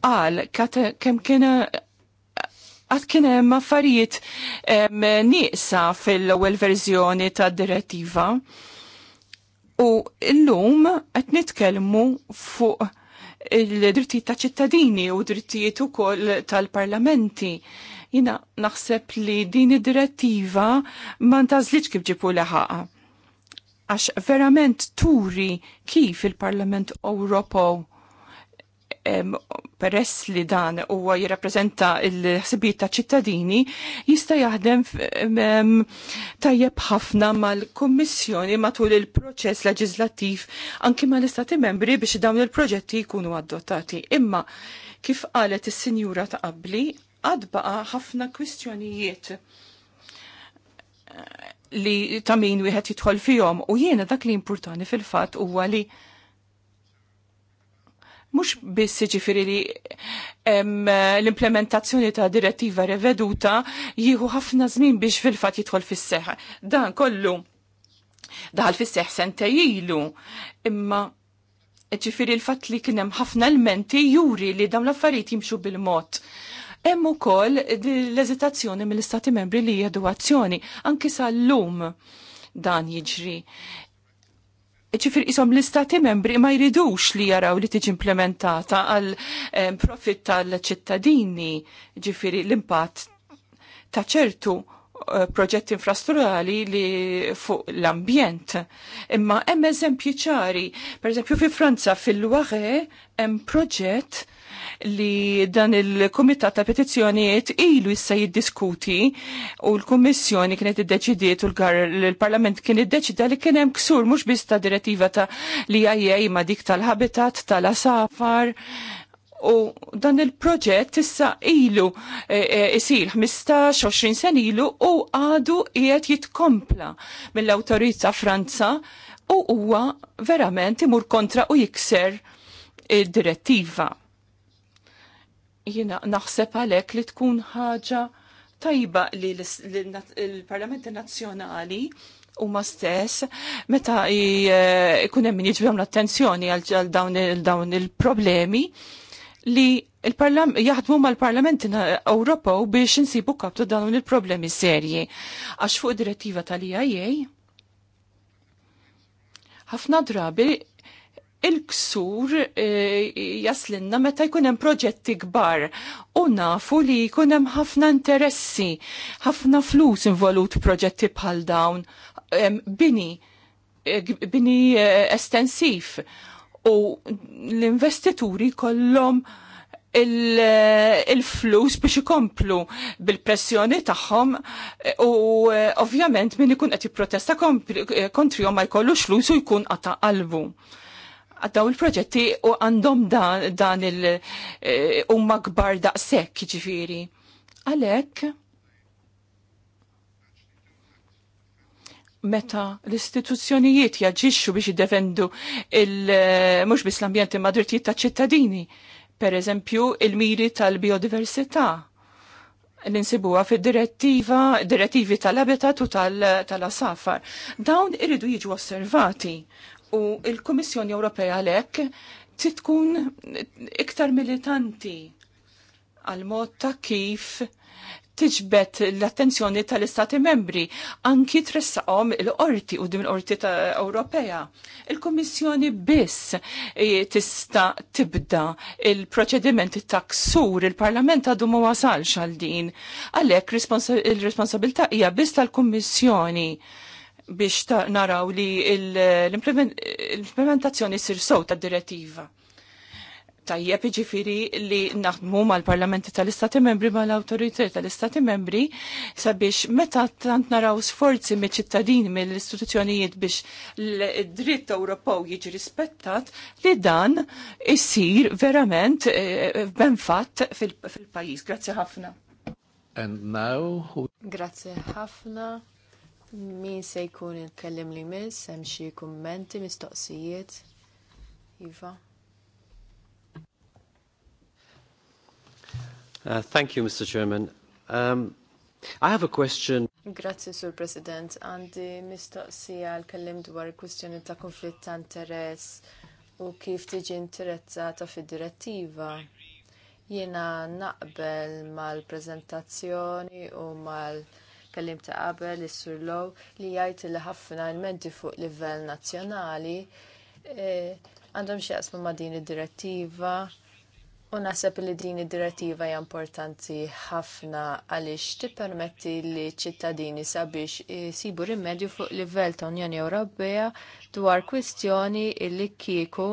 qal kemm kien għad kien hemm affarijiet nieqsa fil-ewwel verżjoni tad-direttiva. U l-lum qed nitkellmu fuq il-drittijiet ta' ċittadini u drittijiet ukoll tal-parlamenti. Jina naħseb li din id-direttiva ma ntażlitx kif ġipu leħaqa. Għax verament turi kif il-Parlament Ewropew peress li dan huwa jirrappreżenta l-ħsibijiet ta' ċittadini jista' jaħdem tajjeb ħafna mal-Kummissjoni matul il-proċess leġislattiv anki mal-Istati membri biex dawn il-proġetti jkunu adottati. Imma kif qalet is-sinjura ta' qabli, għad baqa' ħafna kwistjonijiet eh, li ta' min wieħed jidħol fihom u jiena dak li importani fil-fatt huwa li mux biss ġifiri li l-implementazzjoni ta' direttiva reveduta jieħu ħafna żmien biex fil-fat jidħol fis-seħ. Dan kollu daħal fis-seħ jilu imma ġifiri l-fat li kienem ħafna l-menti juri li dawn l-affarijiet jimxu bil-mod. Hemm ukoll l-eżitazzjoni mill-Istati membri li jieħdu azzjoni anki sal-lum dan jiġri ċifir isom l-istati membri ma jridux li jaraw li tiġi implementata għal profit tal-ċittadini, ġifir l-impatt ta' ċertu eh, proġetti infrastrutturali li fuq l-ambjent. Imma hemm eżempji ċari, per eżempju fi Franza fil-Loire hemm proġett li dan il-Kumitat ta' Petizzjonijiet ilu issa jiddiskuti u l-Kummissjoni kienet iddeċidiet u l-Parlament kien iddeċida li kien hemm ksur mhux biss ta' direttiva ta' li għajja ma' dik tal-habitat tal-asafar u dan il-proġett issa ilu eh, eh, isil 15-20 sen ilu u għadu qiegħed jitkompla mill-awtorità Franza u huwa verament imur kontra u jikser id-direttiva Jina naħseb għalek li tkun ħaġa tajba li l-Parlamenti Nazzjonali u ma stess meta eh, ikun hemm min jiġbihom l-attenzjoni għal dawn il-problemi li jaħdmu mal-Parlament Ewropew biex insibu kaptu dawn il-problemi serji. Għax fuq direttiva tal-IAJ, e, ħafna drabi il-ksur eh, jaslinna meta jkun hemm proġetti kbar u nafu li jkun hemm ħafna interessi, ħafna flus involut proġetti bħal dawn, bini, eh, bini eh, estensiv u l-investituri kollom il-flus il biex ikomplu bil-pressjoni tagħhom u ovvjament min ikun qed jipprotesta kontrihom ma jkollux flus u jkun qata qalbu għaddaw il-proġetti u għandhom dan, dan il- e, umma kbar daqsek ġifiri. Għalek, meta l-istituzzjonijiet jaġixxu biex jiddefendu il-mhux e, biss l-ambjent imma drittijiet ta' ċittadini, per eżempju il-miri tal-biodiversità l-insibuwa fid direttiva direttivi tal-abitat u tal-asafar. Dawn iridu jiġu osservati U il-Komissjoni Ewropea lek tkun iktar militanti għal mod ta' kif tiġbet l-attenzjoni tal-Istati membri anki tressaqom il-qorti u dim il-qorti ta' Ewropea. il komissjoni biss tista tibda il-proċediment ta' ksur il-Parlament għadu ma wasalx għal din. Għalek il-responsabilta hija biss tal komissjoni biex naraw li l-implementazzjoni sir sow ta' direttiva. Tajjeb ġifiri li naħdmu mal-parlamenti tal-istati membri mal-autoritet tal-istati membri sabiex meta tant naraw sforzi me ċittadini mill-istituzzjonijiet biex l-dritt Ewropew jiġi rispettat li dan isir verament eh, eh, ben fatt fil-pajjiż. Grazzi ħafna. And now Grazzi ħafna. Min se jkun il-kellim li mis, hemm xi kummenti, mistoqsijiet? Iva. Uh, thank you, Mr. Chairman. Um, I have a question. Grazzi, Sur President. Għandi mistoqsija għal kellim dwar kwistjoni ta' konflitt ta' interess u kif tiġi interessata fid-direttiva. Jiena naqbel mal-prezentazzjoni u mal-prezentazzjoni kellim ta' qabel is-Sur Low li jgħid li ħafna elementi fuq livell nazzjonali e, għandhom xi jaqsmu ma' din id-direttiva u naħseb li din id-direttiva hija importanti ħafna għaliex tippermetti li ċittadini sabiex sibu rimedju fuq livell ta' Unjoni Ewropea dwar kwistjoni li kieku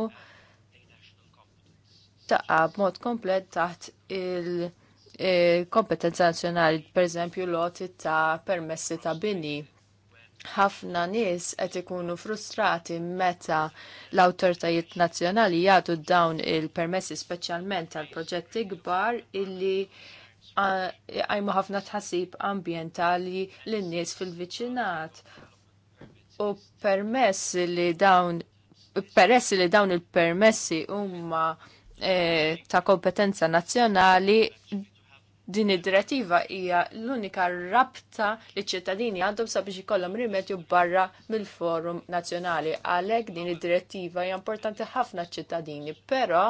taqqa mod komplet taħt il- E, kompetenza nazzjonali, per eżempju loti ta' permessi ta' bini. Ħafna nies qed ikunu frustrati meta l-awtoritajiet nazzjonali jagħtu dawn il-permessi speċjalment għal proġetti kbar illi għajmu ħafna tħassib ambientali l-nies fil-viċinat. U permess li dawn peress li dawn il-permessi huma e, ta' kompetenza nazzjonali din id-direttiva hija l-unika rabta li ċittadini għandhom sabiex ikollhom rimedju barra mill-forum nazzjonali. Għalhekk din id-direttiva hija importanti ħafna ċittadini, però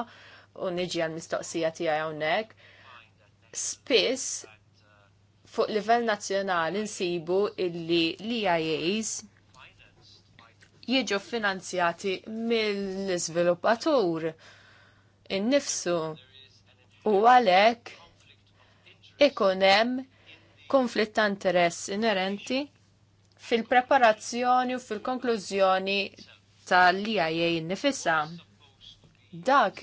u niġi għall mistoqsija tiegħi hawnhekk, spiss fuq livell nazzjonali nsibu illi l-IAs jiġu finanzjati mill-iżviluppatur innifsu u għalhekk ikun hemm konflitt ta' interess inerenti fil-preparazzjoni u fil-konklużjoni tal-IAA e nifissa. Dak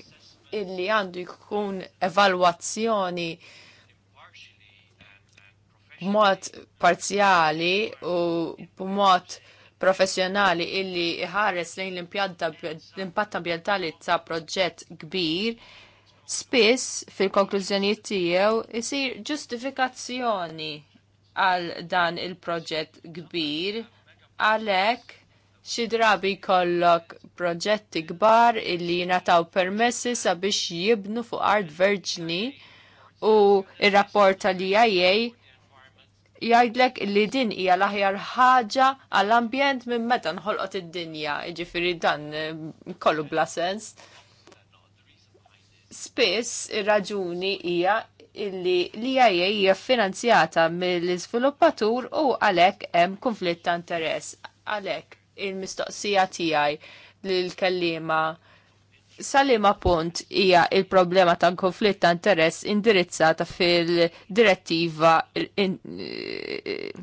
illi għandu jkun evalwazzjoni b'mod parzjali u b'mod professjonali illi ħares lejn l-impatt ambjentali ta' proġett kbir Spiss fil-konklużjonijiet tiegħu isir ġustifikazzjoni għal dan il-proġett kbir għalhekk xi drabi jkollok proġetti kbar illi jingħataw permessi sabiex jibnu fuq art verġni u ir-rapport tal-IAA jgħidlek li din hija l-aħjar ħaġa għall-ambjent minn meta nħolqot id-dinja, jiġifieri dan kollu bla sens spiss ir-raġuni hija illi l-IA hija finanzjata mill-iżviluppatur u għalhekk hemm konflitt ta' interess. Għalhekk il-mistoqsija tiegħi lill-kellima Salima punt hija il-problema ta' konflitt ta' interess indirizzata fil-direttiva reviżjonata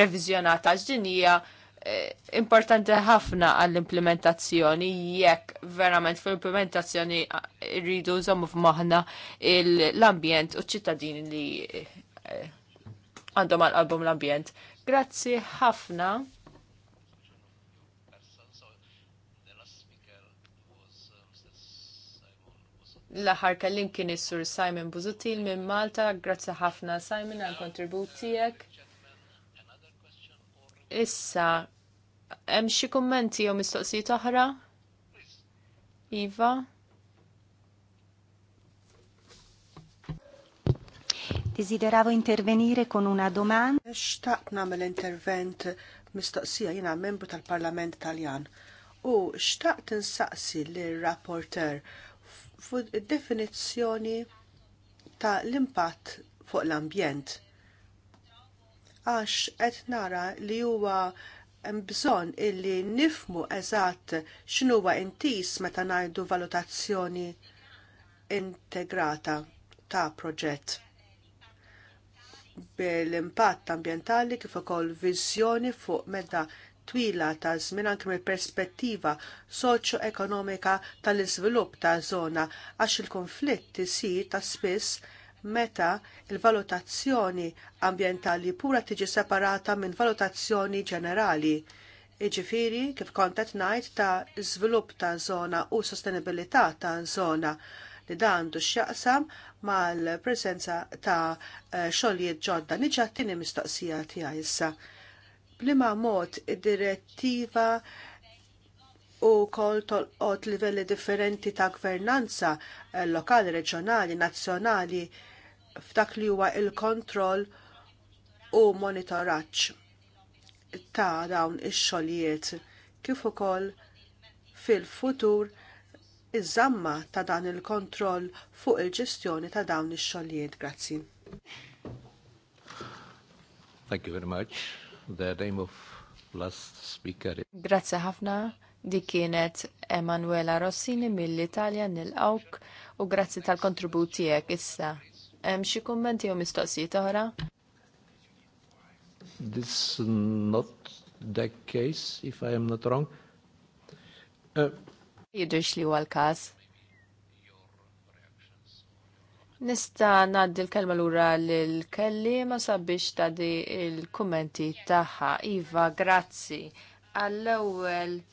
revizjonata ġdinija Eh, importanti ħafna għall-implementazzjoni jekk verament fl-implementazzjoni eh, rridu zommu f'maħna l-ambjent u ċittadini li eh, għandhom għal album l-ambjent. Grazzi ħafna. L-aħħar kellim kien is-Sur Simon Buzutil minn Malta, grazzi ħafna Simon għal kontribut tiegħek Issa, hemm xi kummenti jew mistoqsijiet oħra? Iva? Desideravo intervenire con una domanda. Xtaqt nagħmel intervent mistoqsija jiena membru tal-Parlament Taljan. U xtaqt insaqsi lir rapporter id definizzjoni ta' l-impatt fuq l-ambjent għax qed nara li huwa bżonn illi nifmu eżatt x'inhuwa intis meta ngħidu valutazzjoni integrata ta' proġett bil-impatt ambjentali kif ukoll viżjoni fuq medda twila ta' żmien anke mill-perspettiva soċjo-ekonomika tal-iżvilupp ta' żona għax il-konflitt isir ta' spiss meta il-valutazzjoni ambjentali pura tiġi separata minn valutazzjoni ġenerali. Iġifiri, kif kontet najt ta' żvilupp ta' zona u sostenibilità ta' zona li dandu x'jaqsam mal-preżenza ta' eh, xogħlijiet ġodda. Niġa mistoqsija tiegħi issa. Blima mod id-direttiva u kol tolqot livelli differenti ta' gvernanza eh, lokali, reġjonali, nazzjonali f'dak li huwa il-kontroll u monitoraġġ ta' dawn ix-xogħlijiet kif ukoll fil-futur iż-żamma ta' dan il-kontroll fuq il-ġestjoni ta' dawn ix-xogħlijiet. Grazzi. Thank you very much. The name of last speaker. Grazzi ħafna. Dik kienet Emanuela Rossini mill-Italja nil-Awk u grazzi tal tiegħek issa Hemm xi kummenti jew mistoqsijiet oħra? This not the case if I am not wrong. Uh, Jidrix li huwa l-każ. Nista ngħaddi l-kelma lura lill-kelliema sabiex tadi l-kummenti tagħha. Iva, grazzi. għall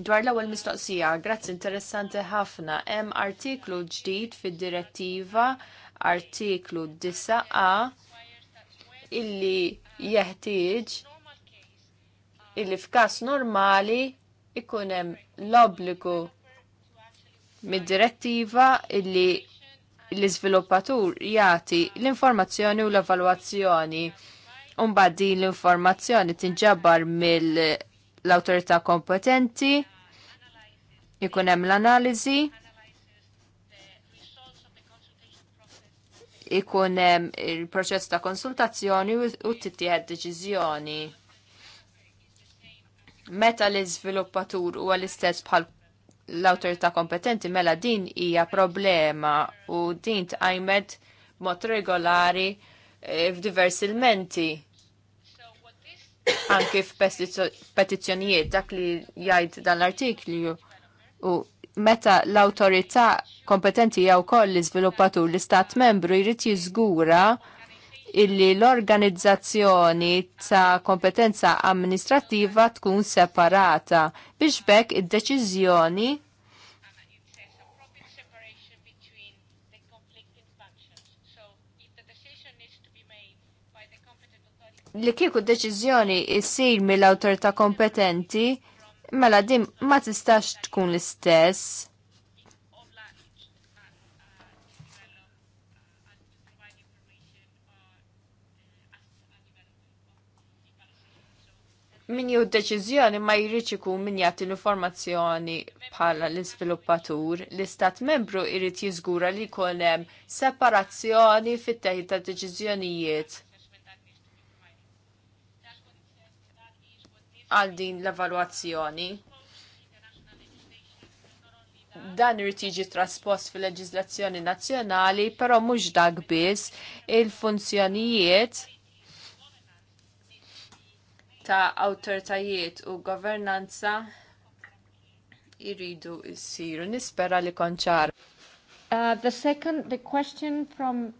Dwar l-ewwel mistoqsija, grazzi interessanti ħafna. Hemm artiklu ġdid fid-direttiva artiklu 9a illi jeħtieġ illi f'każ normali ikun hemm l-obbligu mid-direttiva illi l-iżviluppatur jagħti l-informazzjoni u l-evalwazzjoni. Umbad din l-informazzjoni tinġabar mill- l-autorità kompetenti, jkun hemm l-analiżi, ikun hemm il-proċess ta' konsultazzjoni u tittieħed deċiżjoni. Meta l-iżviluppatur huwa l-istess bħal l-awtorità kompetenti mela din hija problema u din tqajmet mod regolari eh, f'diversi ilmenti anki f'petizzjonijiet dak li jgħid dan l artikli u meta l-autorità kompetenti jew koll l-iżviluppatur l-istat membru jrid jiżgura illi l-organizzazzjoni ta' kompetenza amministrattiva tkun separata biex bekk id-deċiżjoni li kieku deċiżjoni jsir mill-awtorità kompetenti, mela dim ma tistax tkun l-istess. min jew deċiżjoni ma jridx ikun min jagħti l-informazzjoni bħala l isviluppatur l-istat membru jrid jiżgura li jkun hemm separazzjoni fit-teħid ta' deċiżjonijiet għal din l-evalwazzjoni. Dan irid jiġi traspost fil-leġiżlazzjoni nazzjonali, però mhux dak biss il-funzjonijiet ta' awtoritajiet u governanza iridu jsiru. Nispera li konċar. Uh, the second, the question from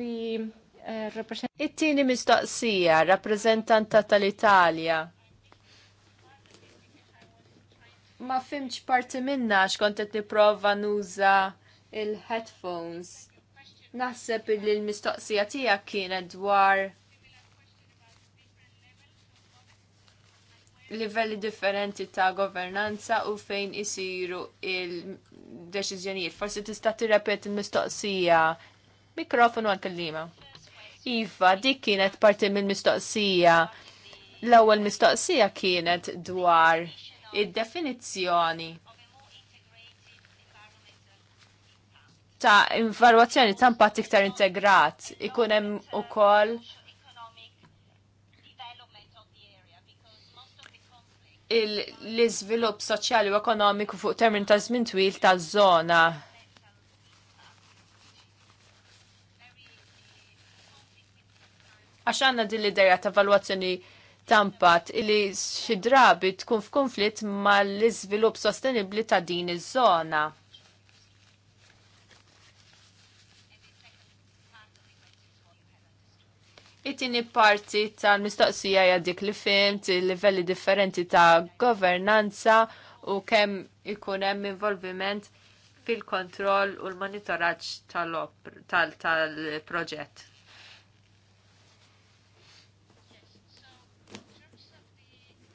the uh, representative. It-tieni mistoqsija, rappreżentanta tal-Italja ma fimx parti minna xkont qed nipprova nuża il-headphones. Naħseb li l-mistoqsija tiegħek kienet dwar livelli differenti ta' governanza u fejn isiru il-deċiżjonijiet. Forsi tista' tirrepet il-mistoqsija. Mikrofonu għal-kellima. Iva, dik kienet parti mill-mistoqsija. L-ewwel mistoqsija kienet dwar id-definizzjoni ta' invalwazzjoni ta' impatt iktar integrat ikun hemm ukoll l-iżvilupp soċjali u ekonomiku fuq termin ta' żmien twil taż żona. Għax għandna din l-idea ta' valwazzjoni tampat illi xi drabi tkun f'konflitt mal-iżvilupp sostenibbli ta' din iż-żona. It-tieni parti tal-mistoqsija hija dik li fimt livelli differenti ta' governanza u kemm ikun hemm involviment fil-kontroll u l-monitoraġġ tal-proġett.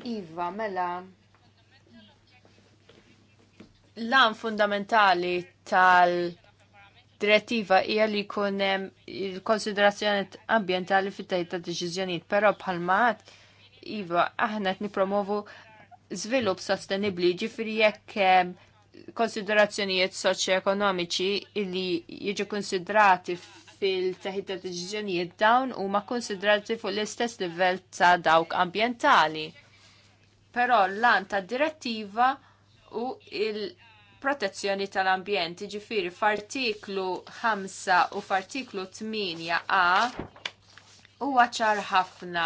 Iva, mela, l L-għan fundamentali tal-direttiva hija li jkun hemm konsiderazzjoni ambjentali fit-tajt ta' deċiżjonijiet, però bħalma iva aħna qed nipromovu żvilupp sostenibbli, ġifieri jekk hemm konsiderazzjonijiet soċjoekonomiċi li jiġu konsidrati fil-teħid ta' deċiżjonijiet dawn huma konsidrati fuq l-istess livell ta' dawk ambjentali però l lan ta' direttiva u il-protezzjoni tal-ambjent, ġifiri f'artiklu 5 u f'artiklu 8 a huwa ċar ħafna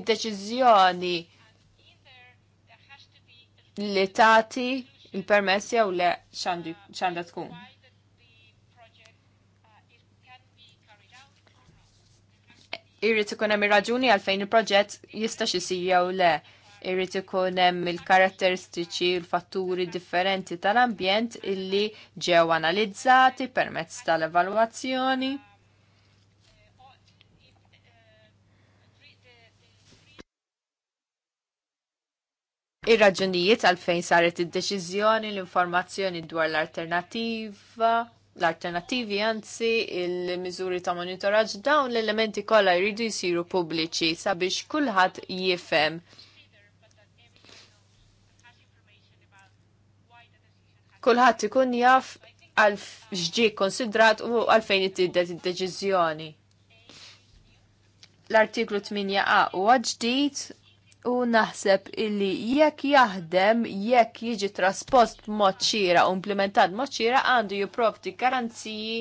id-deċiżjoni li tati il permessja jew le xandu tkun. irrid ikun hemm ir-raġuni għalfejn il-proġett jista' isir jew le. Irrid ikun hemm il-karatteristiċi u l-fatturi differenti tal-ambjent illi ġew analizzati permezz tal-evalwazzjoni. Ir-raġunijiet għalfejn saret id-deċiżjoni, l-informazzjoni dwar l-alternattiva, l-alternativi, anzi il-miżuri ta' monitoraġ dawn l-elementi kollha jridu jsiru pubbliċi sabiex kulħadd jifhem. Kulħadd ikun jaf għal xġi konsidrat u għalfejn ittidet id-deċiżjoni. L-artiklu 8a huwa ġdid u naħseb illi jekk jaħdem, jekk jiġi traspost b'mod xira u implementat b'mod xira għandu jipprovdi garanziji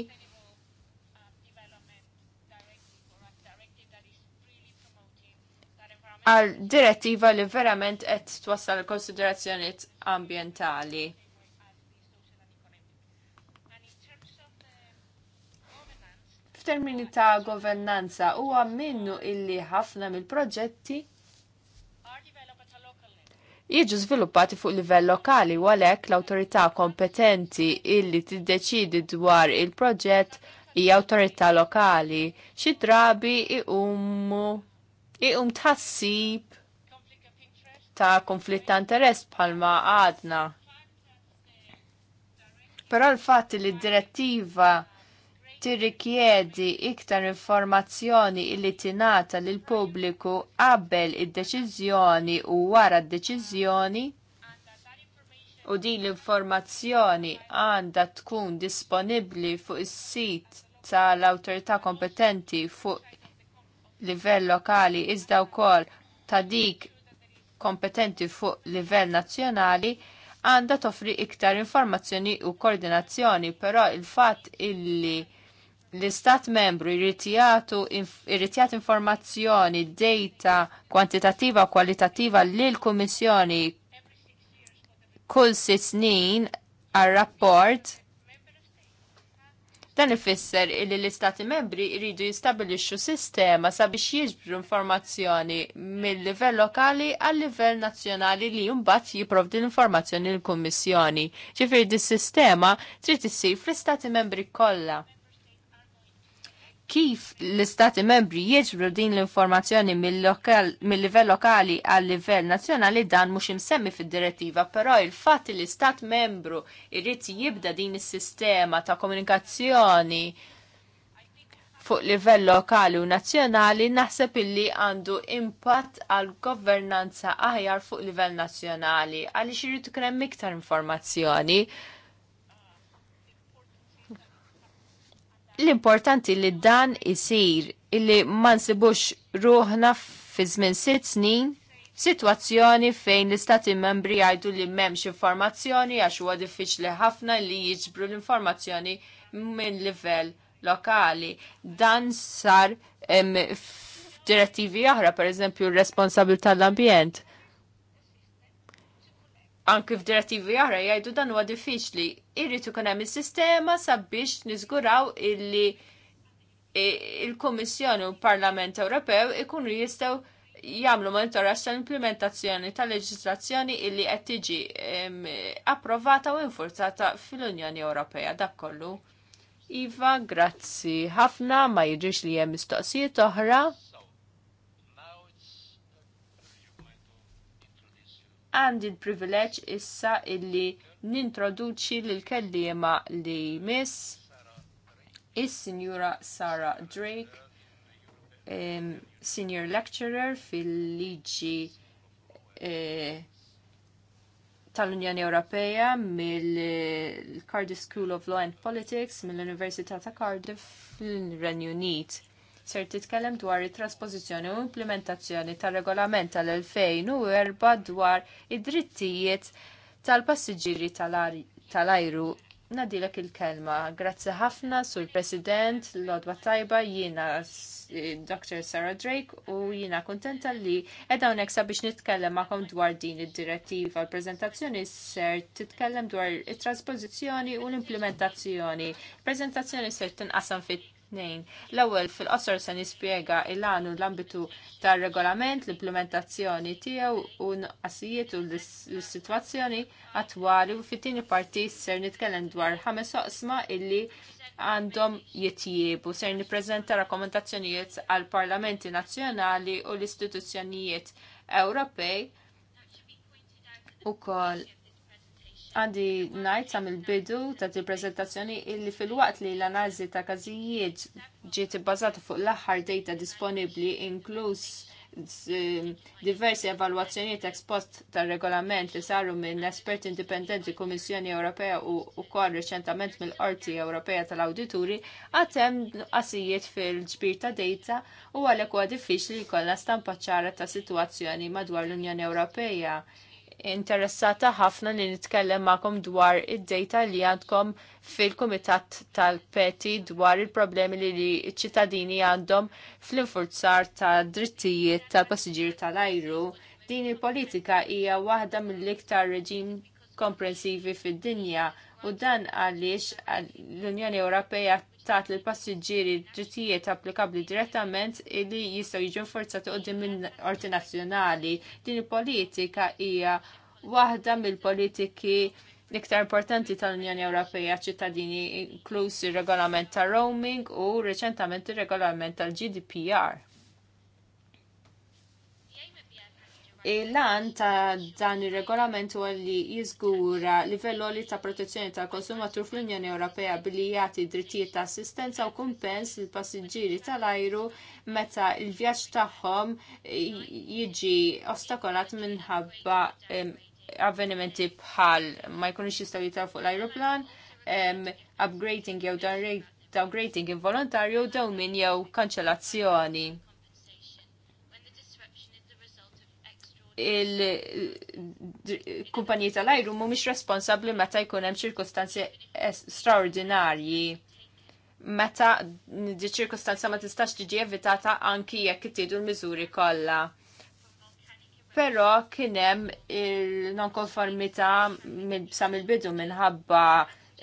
għal direttiva li verament qed twassal konsiderazzjonijiet ambjentali. F'termini ta' governanza huwa minnu illi ħafna mill-proġetti jiġu sviluppati fuq livell lokali u għalhekk l-awtorità kompetenti illi tiddeċidi dwar il-proġett hija awtorità lokali. Xi drabi iqumu iqum tħassib ta' konflitt ta' interess bħalma għadna. Però l-fatt li d-direttiva tirrikjedi iktar informazzjoni li tingħata lil pubbliku qabel id-deċiżjoni u wara d-deċiżjoni u din l-informazzjoni għandha tkun disponibbli fuq is-sit tal-awtorità kompetenti fuq livell lokali iżda wkoll ta' dik kompetenti fuq livell nazzjonali għanda toffri iktar informazzjoni u koordinazzjoni, però il-fatt illi l-istat membru irritjatu irritjat informazzjoni, data kwantitativa u kwalitativa lil kummissjoni kull sitt snin għal rapport dan ifisser li l-istati membri jridu jistabilixxu sistema sabiex jiġbru informazzjoni mill-livell lokali għal livell nazzjonali li jumbat jiprovdi l-informazzjoni l-Kummissjoni. Ġifieri di sistema trid issir fl-istati membri kollha kif l-istati membri jiġbru din l-informazzjoni mill-livell lokali għal livell nazzjonali dan mhux imsemmi fid-direttiva, però il fat li l-istat membru irrit jibda din is-sistema ta' komunikazzjoni fuq livell lokali u nazzjonali naħseb illi għandu impatt għal governanza aħjar fuq livell nazzjonali għaliex irid ikun miktar iktar informazzjoni L-importanti li dan isir illi ma nsibux ruħna fi żmien sitt snin Situazzjoni fejn l-istati membri għajdu li memx informazzjoni għax huwa diffiċli ħafna li jiġbru l-informazzjoni minn livell lokali. Dan sar direttivi oħra, per eżempju, responsabilità tal-ambjent anki f'direttivi oħra jgħidu dan huwa diffiċli. Irrid ikun hemm is-sistema sabiex niżguraw illi il-Kummissjoni u l-Parlament Ewropew ikunu jistgħu jagħmlu monitoraġġ tal-implementazzjoni tal-leġislazzjoni illi qed tiġi approvata u infurzata fil-Unjoni Ewropea dak kollu. Iva, grazzi ħafna ma jiġix li hemm mistoqsijiet oħra. għandi l-privileġġ issa illi nintroduċi l kelliema li miss is signora Sara Drake, um, Senior Lecturer fil-liġi eh, tal-Unjoni Ewropea mill-Cardiff School of Law and Politics mill-Università ta' Cardiff fil-Renju Unit ser titkellem dwar it-traspożizzjoni u implementazzjoni tal-regolament tal-2004 dwar id-drittijiet tal-passiġġieri tal-ajru. Nadilek il-kelma. Grazzi ħafna sur President Lodwa Tajba jiena eh, Dr. Sarah Drake u jiena kontenta li edha unek sabiex nitkellem maħom dwar din id-direttiva. L-prezentazzjoni ser titkellem dwar it-traspożizzjoni u l-implementazzjoni. Prezentazzjoni ser tinqasam fit tnejn. L-ewwel fil-qosor se nispjega il-għanu l-ambitu tar-regolament, l-implementazzjoni tiegħu u nuqqasijiet u l-sitwazzjoni attwali u fit-tieni parti ser nitkellem dwar ħames oqsma illi għandhom jitjiebu. Ser nippreżenta rakkomandazzjonijiet għal parlamenti nazzjonali u l-istituzzjonijiet Ewropej u għandi najt sam il-bidu ta' il-prezentazzjoni illi fil-waqt li l-analizi ta' kazijiet ġiet bbażata fuq l-aħħar data disponibli inkluż eh, diversi evalwazzjonijiet ta' ekspost ta' regolament li saru minn esperti indipendenti Kummissjoni Ewropea u wkoll riċentament mill-Qorti Ewropea tal-Awdituri għatem qasijiet fil-ġbir ta' data u għalhekk huwa diffiċli jkollna stampa ċara ta' sitwazzjoni madwar l-Unjoni Ewropea interessata ħafna li nitkellem magħkom dwar id-data li għandkom fil-Kumitat tal-Peti dwar il-problemi li ċ-ċittadini għandhom fl-infurzar ta' drittijiet tal passiġir tal-ajru. Din il-politika hija waħda mill-iktar reġim komprensivi fid-dinja u dan għaliex l-Unjoni Ewropea tat li l-passiġġieri drittijiet applikabbli direttament li jistgħu jiġu forzati qudiem minn orti nazzjonali. Din il-politika hija waħda mill-politiki l-iktar importanti tal-Unjoni Ewropea ċittadini inklusi regolament tar roaming u reċentament ir-regolament tal-GDPR. Il-lan ta' dan il-regolament huwa li jiżgura livelloli ta' protezzjoni tal konsumatur fl-Unjoni Ewropea billi jagħti drittijiet ta' assistenza u kumpens il passiġġieri tal-ajru meta l-vjaġġ tagħhom jiġi ostakolat minħabba avvenimenti bħal ma jkunux jistgħu jitaw fuq l-ajruplan, upgrading jew downgrading involontarju, dawmin jew kanċellazzjoni il-kumpaniji tal-ajru mhumiex responsabbli meta jkun hemm ċirkostanzi straordinarji. Meta di ċirkostanza ma tistax tiġi evitata anki jekk ittiedu l-miżuri kollha. Però kien hemm il-nonkonformità sa mill-bidu minħabba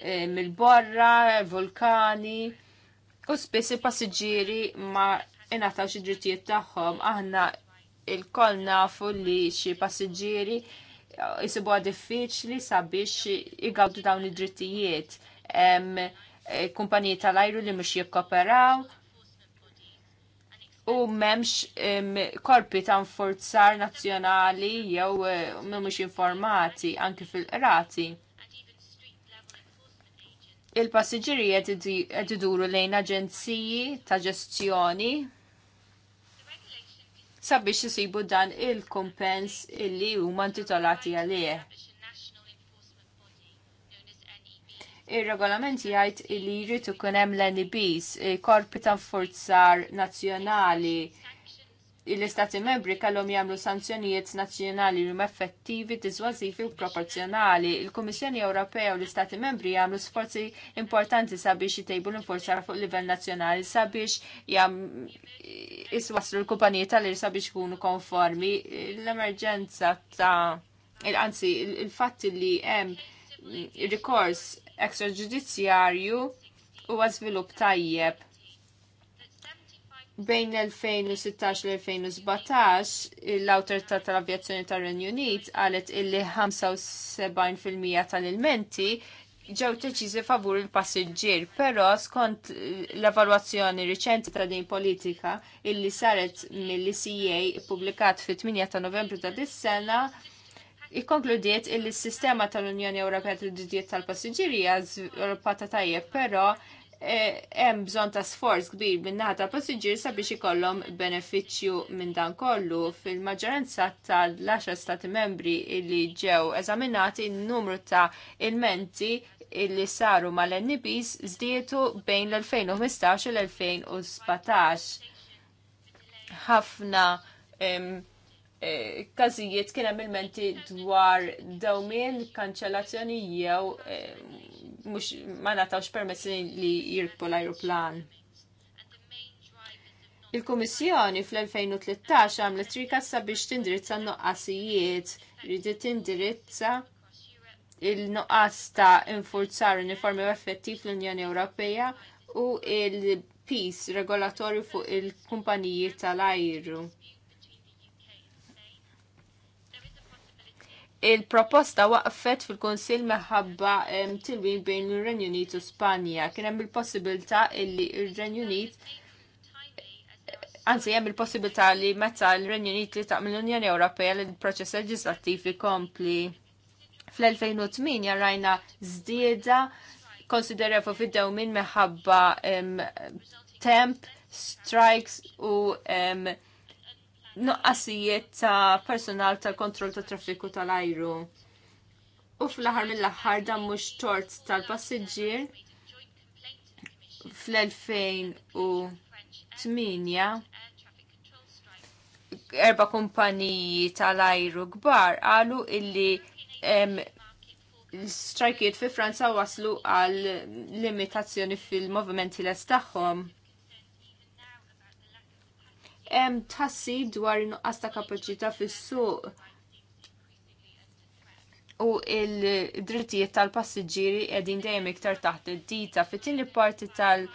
eh, mill-borra, vulkani, u spiss il-passiġġieri ma ingħataw id drittijiet tagħhom aħna il-koll nafu li xi passiġġieri jisibu uh, diffiċli sabiex igawdu dawn id-drittijiet. Eh, kumpaniji tal-ajru li mhux jikkoperaw u memx korpi ta' forzar nazzjonali jew eh, mhux informati anki fil-qrati il-passiġiri qed lejn aġenziji ta' ġestjoni sabiex isibu dan il-kumpens illi huma intitolati għalih. Ir-regolament jgħid illi jrid ikun hemm l-NBs, korpi ta' forzar nazzjonali l-istati membri kellhom jagħmlu sanzjonijiet nazzjonali li effettivi, diswazivi u proporzjonali. Il-Kummissjoni Ewropea u l-istati membri jagħmlu sforzi importanti sabiex jitejbu l inforza fuq livell nazzjonali sabiex iswaslu l-kumpaniji tal sabiex kunu konformi. L-emerġenza ta' anzi il-fatt li hemm rikors ekstraġudizzjarju huwa żvilupp tajjeb bejn l-2016 l-2017 l-Awtorità tal-Avjazzjoni tar-Renju Unit qalet illi 75% tal-ilmenti ġew deċiżi favur il-passiġġier, però skont l-evalwazzjoni riċenti ta' din politika illi saret mill-ICA ippubblikat fit-8 ta' Novembru ta' dis-sena, ikkonkludiet illi s-sistema tal-Unjoni Ewropea tal-Ġdijiet tal għaz Europa ta' tajjeb, però Eh, hemm bżonn ta' sforz kbir min-naħa ta' passiġġier sabiex ikollhom benefiċċju minn dan kollu. Fil-maġġoranza tal-10 stati membri li ġew eżaminati n-numru ta' ilmenti illi saru mal-NBs zdietu bejn l-2015 u l-2017. Ħafna E, każijiet kien hemm ilmenti dwar dawmin kanċellazzjoni jew e, mhux ma natawx permessi li jirkbu l-ajruplan. Il-Kummissjoni fl-2013 għamlet rikassa biex tindirizza n-noqqasijiet, rridet tindirizza il-noqqas ta' infurzar uniformi u effettiv l-Unjoni Ewropea u il-PIS regolatorju fuq il-kumpaniji tal-ajru. Il-proposta waqfet fil-Konsil meħabba tilwin bejn ir-Renju Unit u Spanja. Kien hemm il-possibilità illi ir-Renju Unit Anzi, hemm il-possibilità li meta l-Renju Unit li taqm l-Unjoni Ewropea li l-proċess leġislattiv kompli. fl-2008 rajna żdieda konsiderefu fid-dew minn meħabba temp, strikes u um, noqqasijiet ta' personal tal-kontroll ta' traffiku tal-ajru. U fl-aħħar mill-aħħar dan mhux tort tal-passiġġier fl-2008 erba kumpaniji tal-ajru kbar qalu illi l-strajkiet fi Franza waslu għal limitazzjoni fil-movimenti l tagħhom hemm tassib dwar nuqqas ta' kapaċità fis-suq u il-drittijiet tal-passiġġieri qegħdin dejjem iktar taħt id-dita. Fit-tieni parti tal-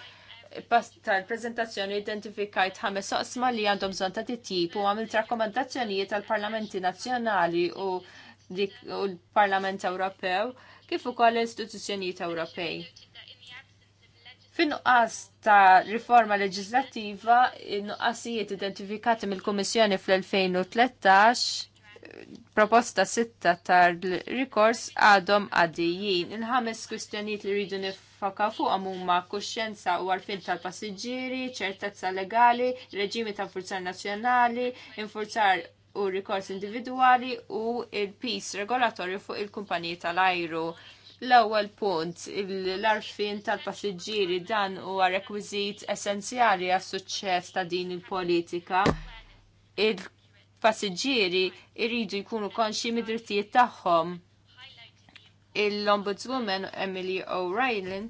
tal-prezentazzjoni identifikajt ħames oqsma li għandhom bżonn ta' titjib u għamilt rakkomandazzjonijiet tal-Parlamenti Nazzjonali u l-Parlament Ewropew kif ukoll l-istituzzjonijiet Ewropej Fin-nuqqas ta' riforma leġislattiva, nuqqasijiet identifikati mill-Kummissjoni fl-2013 proposta sitta tar rikors għadhom għaddijin. Il-ħames kwistjonijiet li rridu nifoka fuq huma kuxjenza u għarfin tal-passiġġieri, ċertezza legali, reġimi ta' forzar nazzjonali, infurzar u rikors individwali u il-pis regolatorju fuq il-kumpaniji tal-ajru. L-ewwel punt, l-arfin tal-passiġġieri dan huwa rekwiżit essenzjali għas suċċess ta' din il-politika. Il-passiġġieri jridu jkunu konxi mid-drittijiet tagħhom. Il-Ombudswoman Emily O'Reilly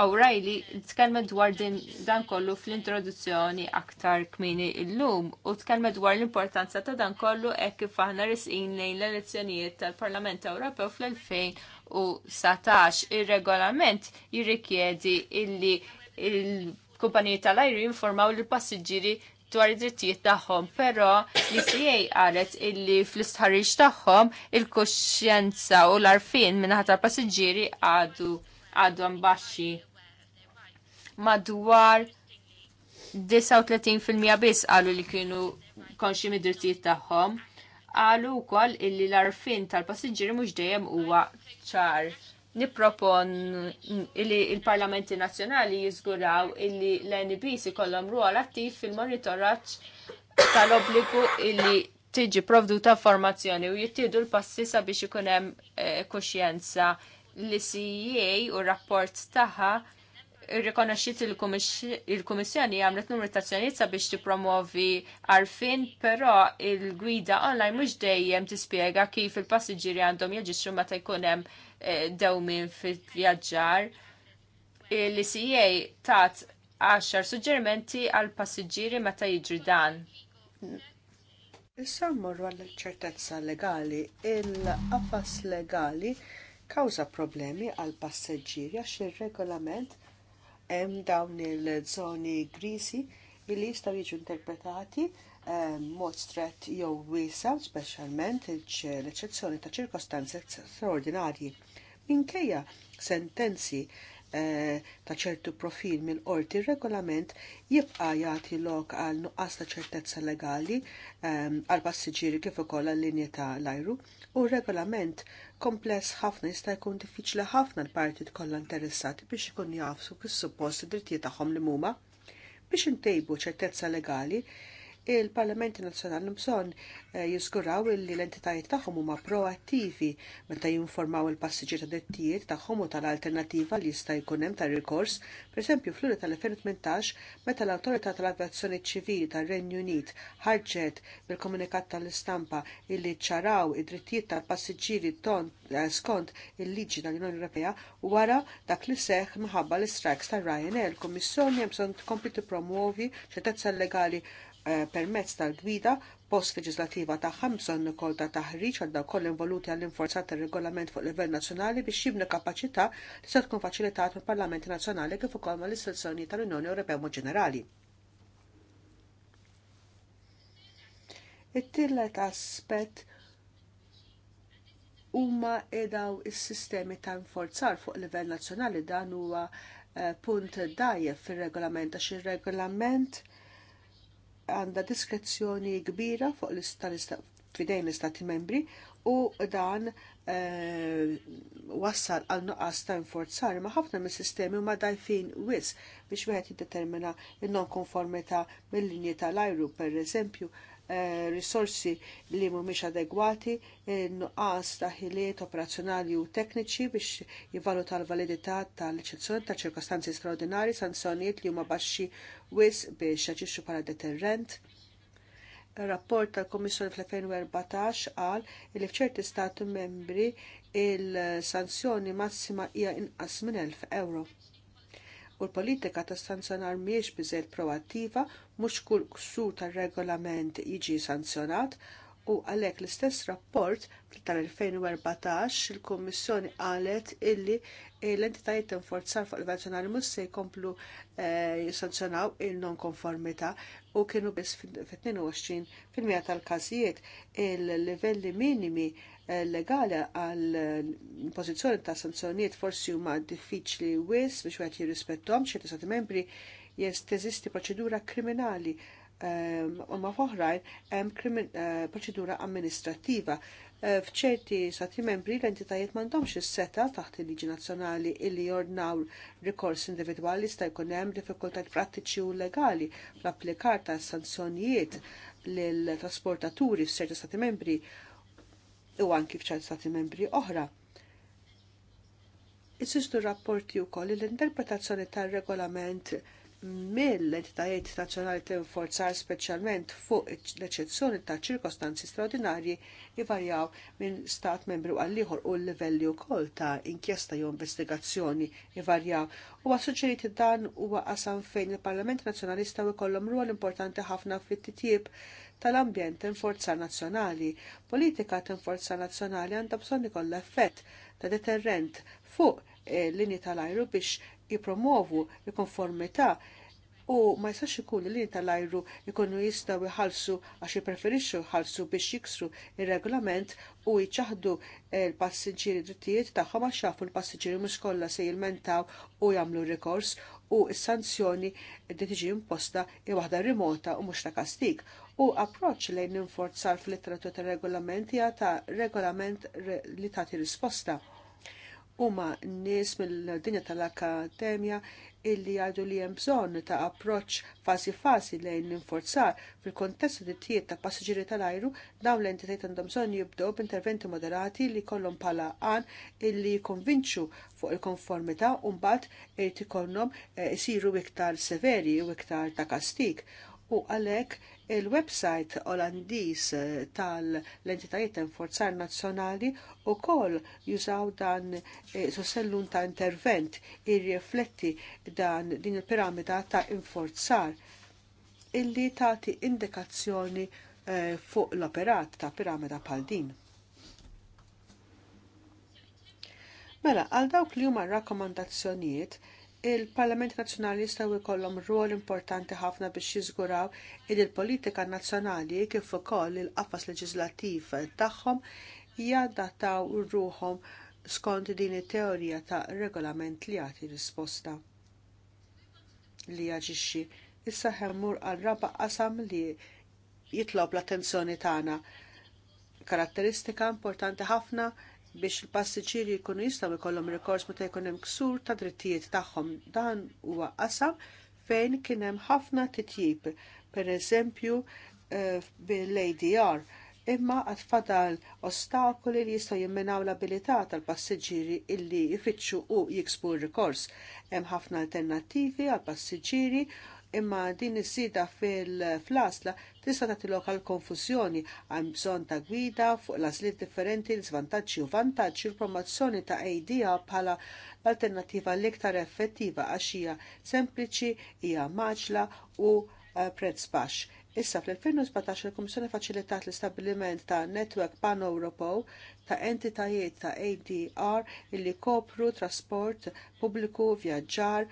O'Reilly tkellmet dwar din dan kollu fl-introduzzjoni aktar kmini illum u tkellmet dwar l-importanza ta' dan kollu hekk kif aħna risqin lejn l-elezzjonijiet tal-Parlament Ewropew fl-2000 U satax ir-regolament jirrikjedi illi il-kumpaniji tal-ajru jinformaw lill passiġġieri dwar id-drittijiet tagħhom, però l-ICA qalet illi fl-istħarriġ tagħhom il-kuxjenza u l-arfin minn tal passiġġieri għadu għadu baxxi. Madwar 39% biss qalu li kienu konxi mid-drittijiet tagħhom. Għalu kol illi l-arfin tal-passiġġieri mhux dejjem huwa ċar. Nipropon illi il-parlamenti nazzjonali jiżguraw illi l-NBC kollhom ruol attiv fil-monitoraġġ tal-obbligu illi tiġi provduta formazzjoni u jittiedu l-passi sabiex ikun hemm eh, kuxjenza l-CEA u r rapport tagħha irrikonoxxiet il-Kummissjoni għamlet numru ta' azzjonijiet sabiex tippromovi arfin, però il-gwida online mhux dejjem tispjega kif il-passiġġieri għandhom jaġixxu meta jkun hemm eh, dewmin fil-vjaġġar. Il-CA e tat 10 suġġerimenti għal passiġġieri meta jiġri dan. Issa mmorru għall ċertezza legali, il-qafas legali kawża problemi għal passeġġieri għax ir regolament hemm dawn il-żoni grisi illi jistgħu jiġu interpretati eh, mod strett jew wiesa, speċjalment l-eċezzjoni ta' ċirkostanzi straordinarji. Minkejja sentenzi Eh, ta' ċertu profil mill qorti regolament jibqa' jagħti lok għal nuqqas ta' ċertezza legali ehm, għal passiġġieri kif ukoll għal linja ta' lajru ajru u regolament kompless ħafna jista' jkun diffiċli ħafna l-partit kollha interessati biex ikun jafsu kis-suppost id-drittijiet tagħhom li huma. Biex intejbu ċertezza legali, il-Parlamenti Nazzjonal bżonn eh, jiskuraw li l-entitajiet tagħhom huma proattivi meta jinformaw il passiġġi ta' dettijiet tagħhom u tal-alternattiva li jista' jkun hemm ta' rikors, pereżempju fl-uri tal-2018 meta l-Awtorità tal-Avjazzjoni Ċivili tar-Renju Unit ħarġet bil-komunikat tal-istampa illi ċaraw id-drittijiet tal-passiġġieri ton eh, skont il-liġi tal-Unjoni Ewropea wara dak li seħ minħabba l-strikes ta' Ryanair. Il-Kummissjoni hemm bżonn tkompli tippromuovi tazza legali Eh, permezz tal-gwida post leġislativa ta' ħamson ukoll ta' taħriġ għadda wkoll involuti għall inforzat tar-regolament fuq livell nazzjonali biex jibnu kapaċità li se tkun faċilitat mill-Parlamenti Nazzjonali kif ukoll mal istruzzjoni tal-Unjoni Ewropea mod ġenerali. It-tielet aspett huma edaw is-sistemi ta' inforzar fuq livell nazzjonali dan huwa eh, punt dajjef fir-regolament għax ir-regolament għandha diskrezzjoni kbira fuq l-istat fidejn l-istati membri u dan eh, wassal għal nuqqas ta' inforzar ma' ħafna mis sistemi ma' dajfin wis biex wieħed jiddetermina il-non konformita mill-linji tal-ajru per eżempju Eh, risorsi li mhumiex adegwati, eh, nuqqas ta' ħiliet operazzjonali u tekniċi biex jivvaluta l-validità tal-eċezzjoni ta' ċirkostanzi straordinari, sanzjonijiet li huma baxxi wis biex jaġixxu bħala deterrent. Rapport tal-Komissjoni fl-2014 qal li f'ċerti stati membri il-sanzjoni massima hija inqas minn 1000 euro u l-politika ta' sanzjonar miex biżejt proattiva mhux kull ksur tar-regolament jiġi sanzjonat u għalhekk l-istess rapport tal-2014 il-Kummissjoni qalet illi l-entitajiet tinforzar fuq il-vazzjonari mhux se jkomplu eh, jisanzjonaw il-nonkonformità u kienu biss fit-22 fil-mija tal-każijiet il-livelli minimi legali għal pożizzjoni ta' sanzjonijiet forsi huma diffiċli wis biex wieħed jirrispettom xi stati membri jesteżisti proċedura kriminali ehm, u ma foħrajn hemm eh, proċedura amministrattiva. Eh, f'ċerti stati membri l-entitajiet m'għandhomx is-seta taħt il-liġi nazzjonali illi jordnaw rikors individwali sta jkun hemm diffikultajt prattiċi u legali fl-applikar ta' sanzjonijiet lil trasportaturi f'ċerti stati membri u anki f'ċert stati membri oħra. Insistu rapporti wkoll li l-interpretazzjoni tar-regolament mill-entitajiet nazzjonali tinforzar speċjalment fuq l-eċezzjoni ta' ċirkostanzi straordinarji jivarjaw minn stat membru għal ieħor u l-livelli wkoll ta' inkjesta jew investigazzjoni jivarjaw. Huwa suġġeriti dan huwa qasam fejn il-Parlament Nazjonalista u jkollhom ruol importanti ħafna fit-titjib tal-ambjent tin-forza nazzjonali. Politika tinforza nazzjonali għandha bżonn ikollha effett ta' deterrent fuq eh, l-linji tal-ajru biex jipromovu l-konformità u ma jistax ikun l-linji tal-ajru jkunu jistgħu jħallsu għax jippreferixxu jħallsu biex jiksru il regolament u jċaħdu eh, l-passiġġieri drittijiet tagħhom għax xafu l-passiġġieri mhux kollha se jilmentaw u jagħmlu rikors u s-sanzjoni li tiġi imposta i waħda rimota u mhux ta' kastik u approċċ lejn ninforzar fil-litteratu ta' regolamenti ta' regolament li tagħti risposta. Huma nies mill-dinja tal-akademja illi għadu li hemm bżonn ta' approċċ fażi fażi lejn ninforzar fil-kontest dittijiet ta' passiġġieri tal-ajru dawn l-entitajiet għandhom bżonn jibdew b'interventi moderati li kollhom bħala għan illi konvinċu fuq il-konformità u mbagħad irid ikollhom eh, isiru iktar severi u iktar ta' kastik u għalhekk il-website Olandiż eh, tal-entitajiet enforzar nazzjonali wkoll jużaw dan eh, sosellun ta' intervent irrifletti dan din il-piramida ta' inforzar illi tagħti indikazzjoni eh, fuq l-operat ta' piramida bħal din. Mela, għal dawk li huma rakkomandazzjonijiet, il-Parlament Nazzjonali jistgħu jkollhom rol importanti ħafna biex jiżguraw id il-politika nazzjonali kif ukoll il-qafas leġislattiv tagħhom jadattaw ruhom skont din it-teorija ta' regolament li jagħti risposta li jaġixxi. Issa ħemmur għal raba qasam li jitlob l-attenzjoni tagħna. Karatteristika importanti ħafna biex il-passiġġieri jkunu jistgħu jkollhom rikors meta jkun hemm ksur ta' drittijiet tagħhom. Dan huwa qasam fejn kien hemm ħafna titjib, pereżempju eh, bil-ADR, imma għad fadal ostakoli li jistgħu jimminaw l-abilità tal-passiġġieri illi jfittxu u jiksbu r-rikors. Hemm ħafna alternattivi għal passiġġieri imma din is-sida fil-flasla tista' tagħti għal konfużjoni għal bżonn ta' gwida fuq l-għażliet differenti l svantaġġi u vantaġġi l promozzjoni ta' idea bħala l-alternattiva l-iktar effettiva għax hija sempliċi, hija maġla u eh, prezz baxx. Issa fl-2017 il-Kummissjoni faċilitat l-istabbiliment ta' netwerk pan-Ewropew ta' entitajiet ta' ADR illi kopru trasport pubbliku, vjaġġar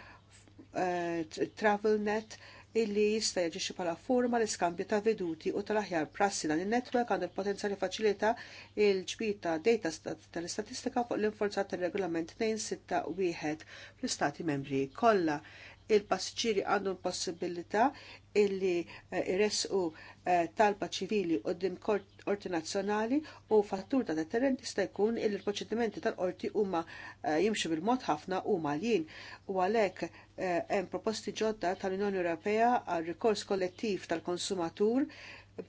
Eh, TravelNet illi jista' xi bħala forma l-iskambju ta' veduti u tal-aħjar prassi dan in-netwerk għandu l-potenzjal faċilita il-ġbir ta' data tal-istatistika fuq l infurzat tar regolament 261 fl-istati membri kollha. Il-passiġġieri għandu l-possibilità illi jresqu eh, eh, talba ċivili qudiem orti nazzjonali u fattur ta' deterrent jista' jkun il proċedimenti tal-qorti huma jimxu bil-mod ħafna u maljin u għalhekk Eh, hemm proposti ġodda tal-Unjoni Ewropea għal rikors kollettiv tal-konsumatur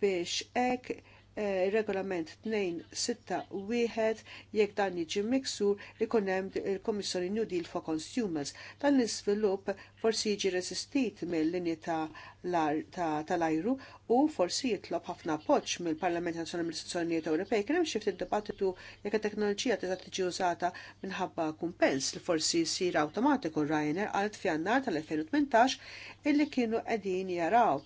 biex hekk Eh, regolament 261 jekk dan jiġi miksur li hemm il-Komissjoni New Deal for Consumers. Dan l svilup forsi jiġi resistit mill-linji tal-ajru u forsi jitlob ħafna poċ mill-Parlament Nazjonali mill-Istituzzjonijiet Ewropej. Kien hemm xi ftit dibattitu jekk it-teknoloġija tista' tiġi użata minħabba kumpens li forsi jsir awtomatiku Ryanair għal fjannar tal-2018 illi kienu qegħdin jaraw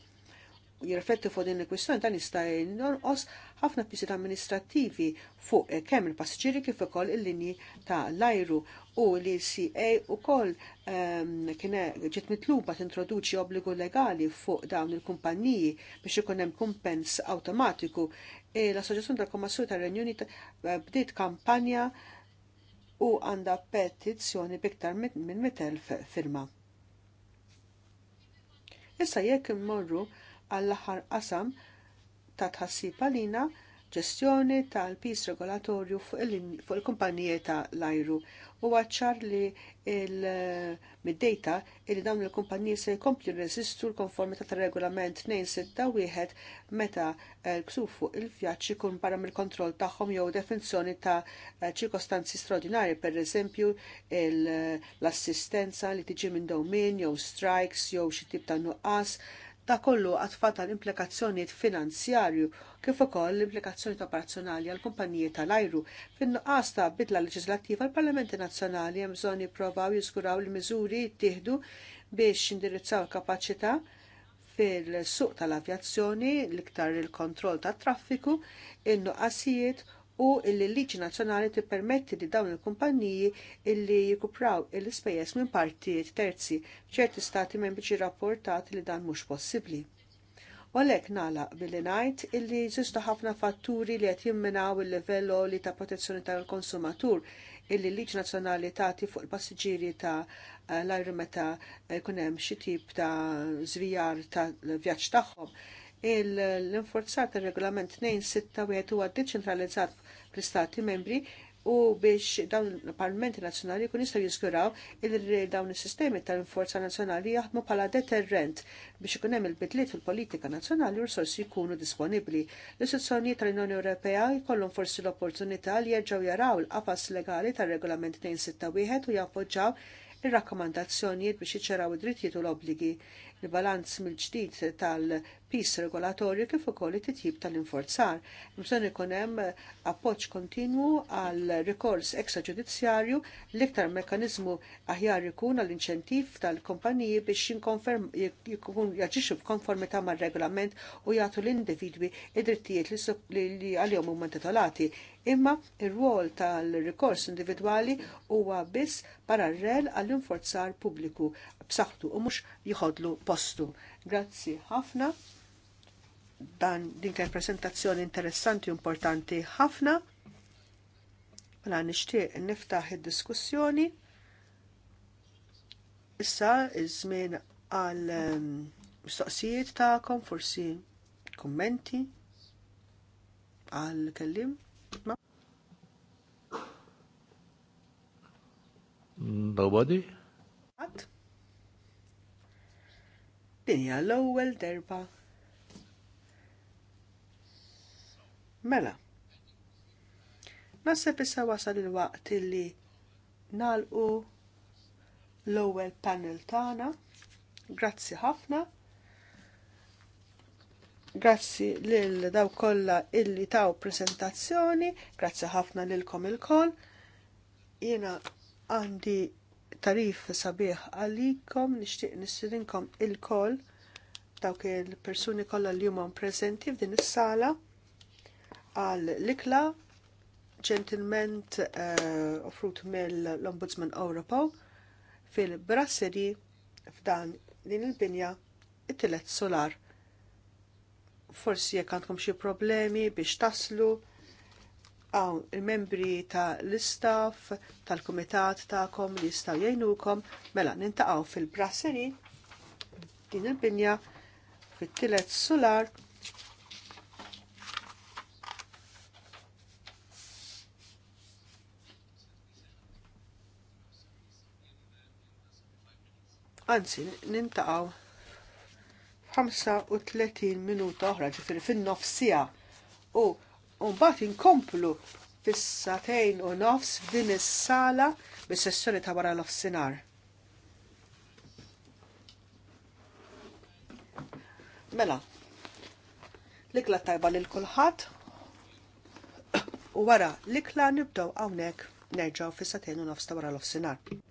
Jirfetti fuq din il-kwistjoni dan jista' jonqos ħafna pisi amministrattivi fuq eh, kemm il-passiġġieri kif ukoll il-linji ta' l-ajru u li CA u koll ehm, kien ġiet mitluba tintroduċi obbligu legali fuq dawn il-kumpanniji biex ikun hemm kumpens awtomatiku. E L-Assoċjazzjoni tal-Kommassur tar-Renjuni eh, bdiet kampanja u għandha petizzjoni biktar minn 200.000 firma. Issa jekk immorru għall-aħħar qasam ta' tħassib għalina ġestjoni tal-pis regolatorju fuq il-kumpanije ta' l-ajru u għacċar li mid-dejta li dawn il-kumpanije se jkomplu resistu l ta' tar regolament 261 meta l eh, fuq il-vjaġġ ikun barra mill-kontroll tagħhom jew definizzjoni ta' ċirkostanzi straordinari, per eżempju l-assistenza li tiġi minn dowmin jew strikes jew xi tip ta' nuqqas Ta' kollu għatfat tal-implikazzjoniet finanzjarju kif ukoll l-implikazzjoniet operazzjonali għal kumpaniji tal-ajru. Fin-nuqqas ta' bidla leġislattiva l-Parlamenti Nazzjonali hemm bżonn jippruvaw jiżguraw li miżuri jittieħdu biex indirizzaw kapaċità fil-suq tal-avjazzjoni, l-iktar il-kontroll tat traffiku, in-nuqqasijiet u illi liġi nazzjonali tippermetti li dawn il-kumpanniji illi jikupraw il-ispejjeż minn partijiet terzi ċerti stati membri ġi rapportat li dan mhux possibbli. U għalhekk nagħlaq billi ngħid illi jżistu ħafna fatturi li qed jimminaw il-livell li ta' protezzjoni tal-konsumatur illi l-liġi nazzjonali tagħti fuq il-passiġġieri ta' l-ajru meta jkun hemm xi tip ta' żvijar tal vjaġġ tagħhom. Ta l-inforzat il-regolament 261 huwa deċentralizzat fl istati membri u biex dawn il-Parlamenti Nazzjonali kun jistgħu jizguraw il dawn is-sistemi tal-Forza Nazzjonali jaħdmu bħala deterrent biex ikun hemm il-bidliet fil-politika nazzjonali u risorsi jkunu disponibbli. L-istituzzjonijiet tal-Unjoni Ewropea jkollhom forsi l-opportunità li jerġgħu jaraw il-qafas legali tar-regolament 261 u jappoġġaw ir-rakkomandazzjonijiet biex jiċċaraw id-drittijiet u l-obbligi il balanz mill-ġdid tal-pis regolatorju kif ukoll it-titjib tal-inforzar. Bżonn ikun hemm appoġġ kontinwu għal rikors ekstraġudizzjarju l-iktar mekkaniżmu aħjar ikun għall inċentiv tal-kumpaniji biex jkun jaġixxu f'konformità mar-regolament u jagħtu l-individwi id-drittijiet li għalihom huma titolati. Imma ir-rwol tal-rikors individwali huwa biss parallel għall-inforzar pubbliku b'saħħtu u mhux jħodlu postu. Grazzi ħafna. Dan din kien preżentazzjoni interessanti u importanti ħafna. Mela nixtieq niftaħ id-diskussjoni. Issa iż-żmien għal ehm, mistoqsijiet tagħkom, forsi kummenti għal kellim. Nobody? Dinja l-ewwel derba. Mela. Naħseb issa wasal il-waqt illi nalqu l-ewwel panel tagħna. Grazzi ħafna. Grazzi lil daw kollha illi taw presentazzjoni, grazzi ħafna lilkom il-koll. Jiena għandi tarif sabiħ għalikom nixtieq nissirinkom il-kol dawk il-persuni kollha li huma preżenti f'din is-sala għal l-ikla ġentilment uh, offrut mill-Ombudsman Ewropew fil-brasseri f'dan din il-binja it-tilet solar. Forsi jekk għandkom xi problemi biex taslu għaw il-membri ta' l-istaff, tal-komitat ta'kom li jistaw jajnukom, mela nintaqaw fil-brasseri din il-binja fil tilet solar Anzi, nintaqaw 35 minuta uħraġi fil fin-nofsija u u mbagħad inkomplu fis u nofs f'din is-sala bis-sessjoni ta' wara l l-offsinar. Mela, l-ikla tajba lil kulħadd *coughs* u wara l-ikla nibdew hawnhekk nerġgħu fis u nofs ta' wara l-offsinar.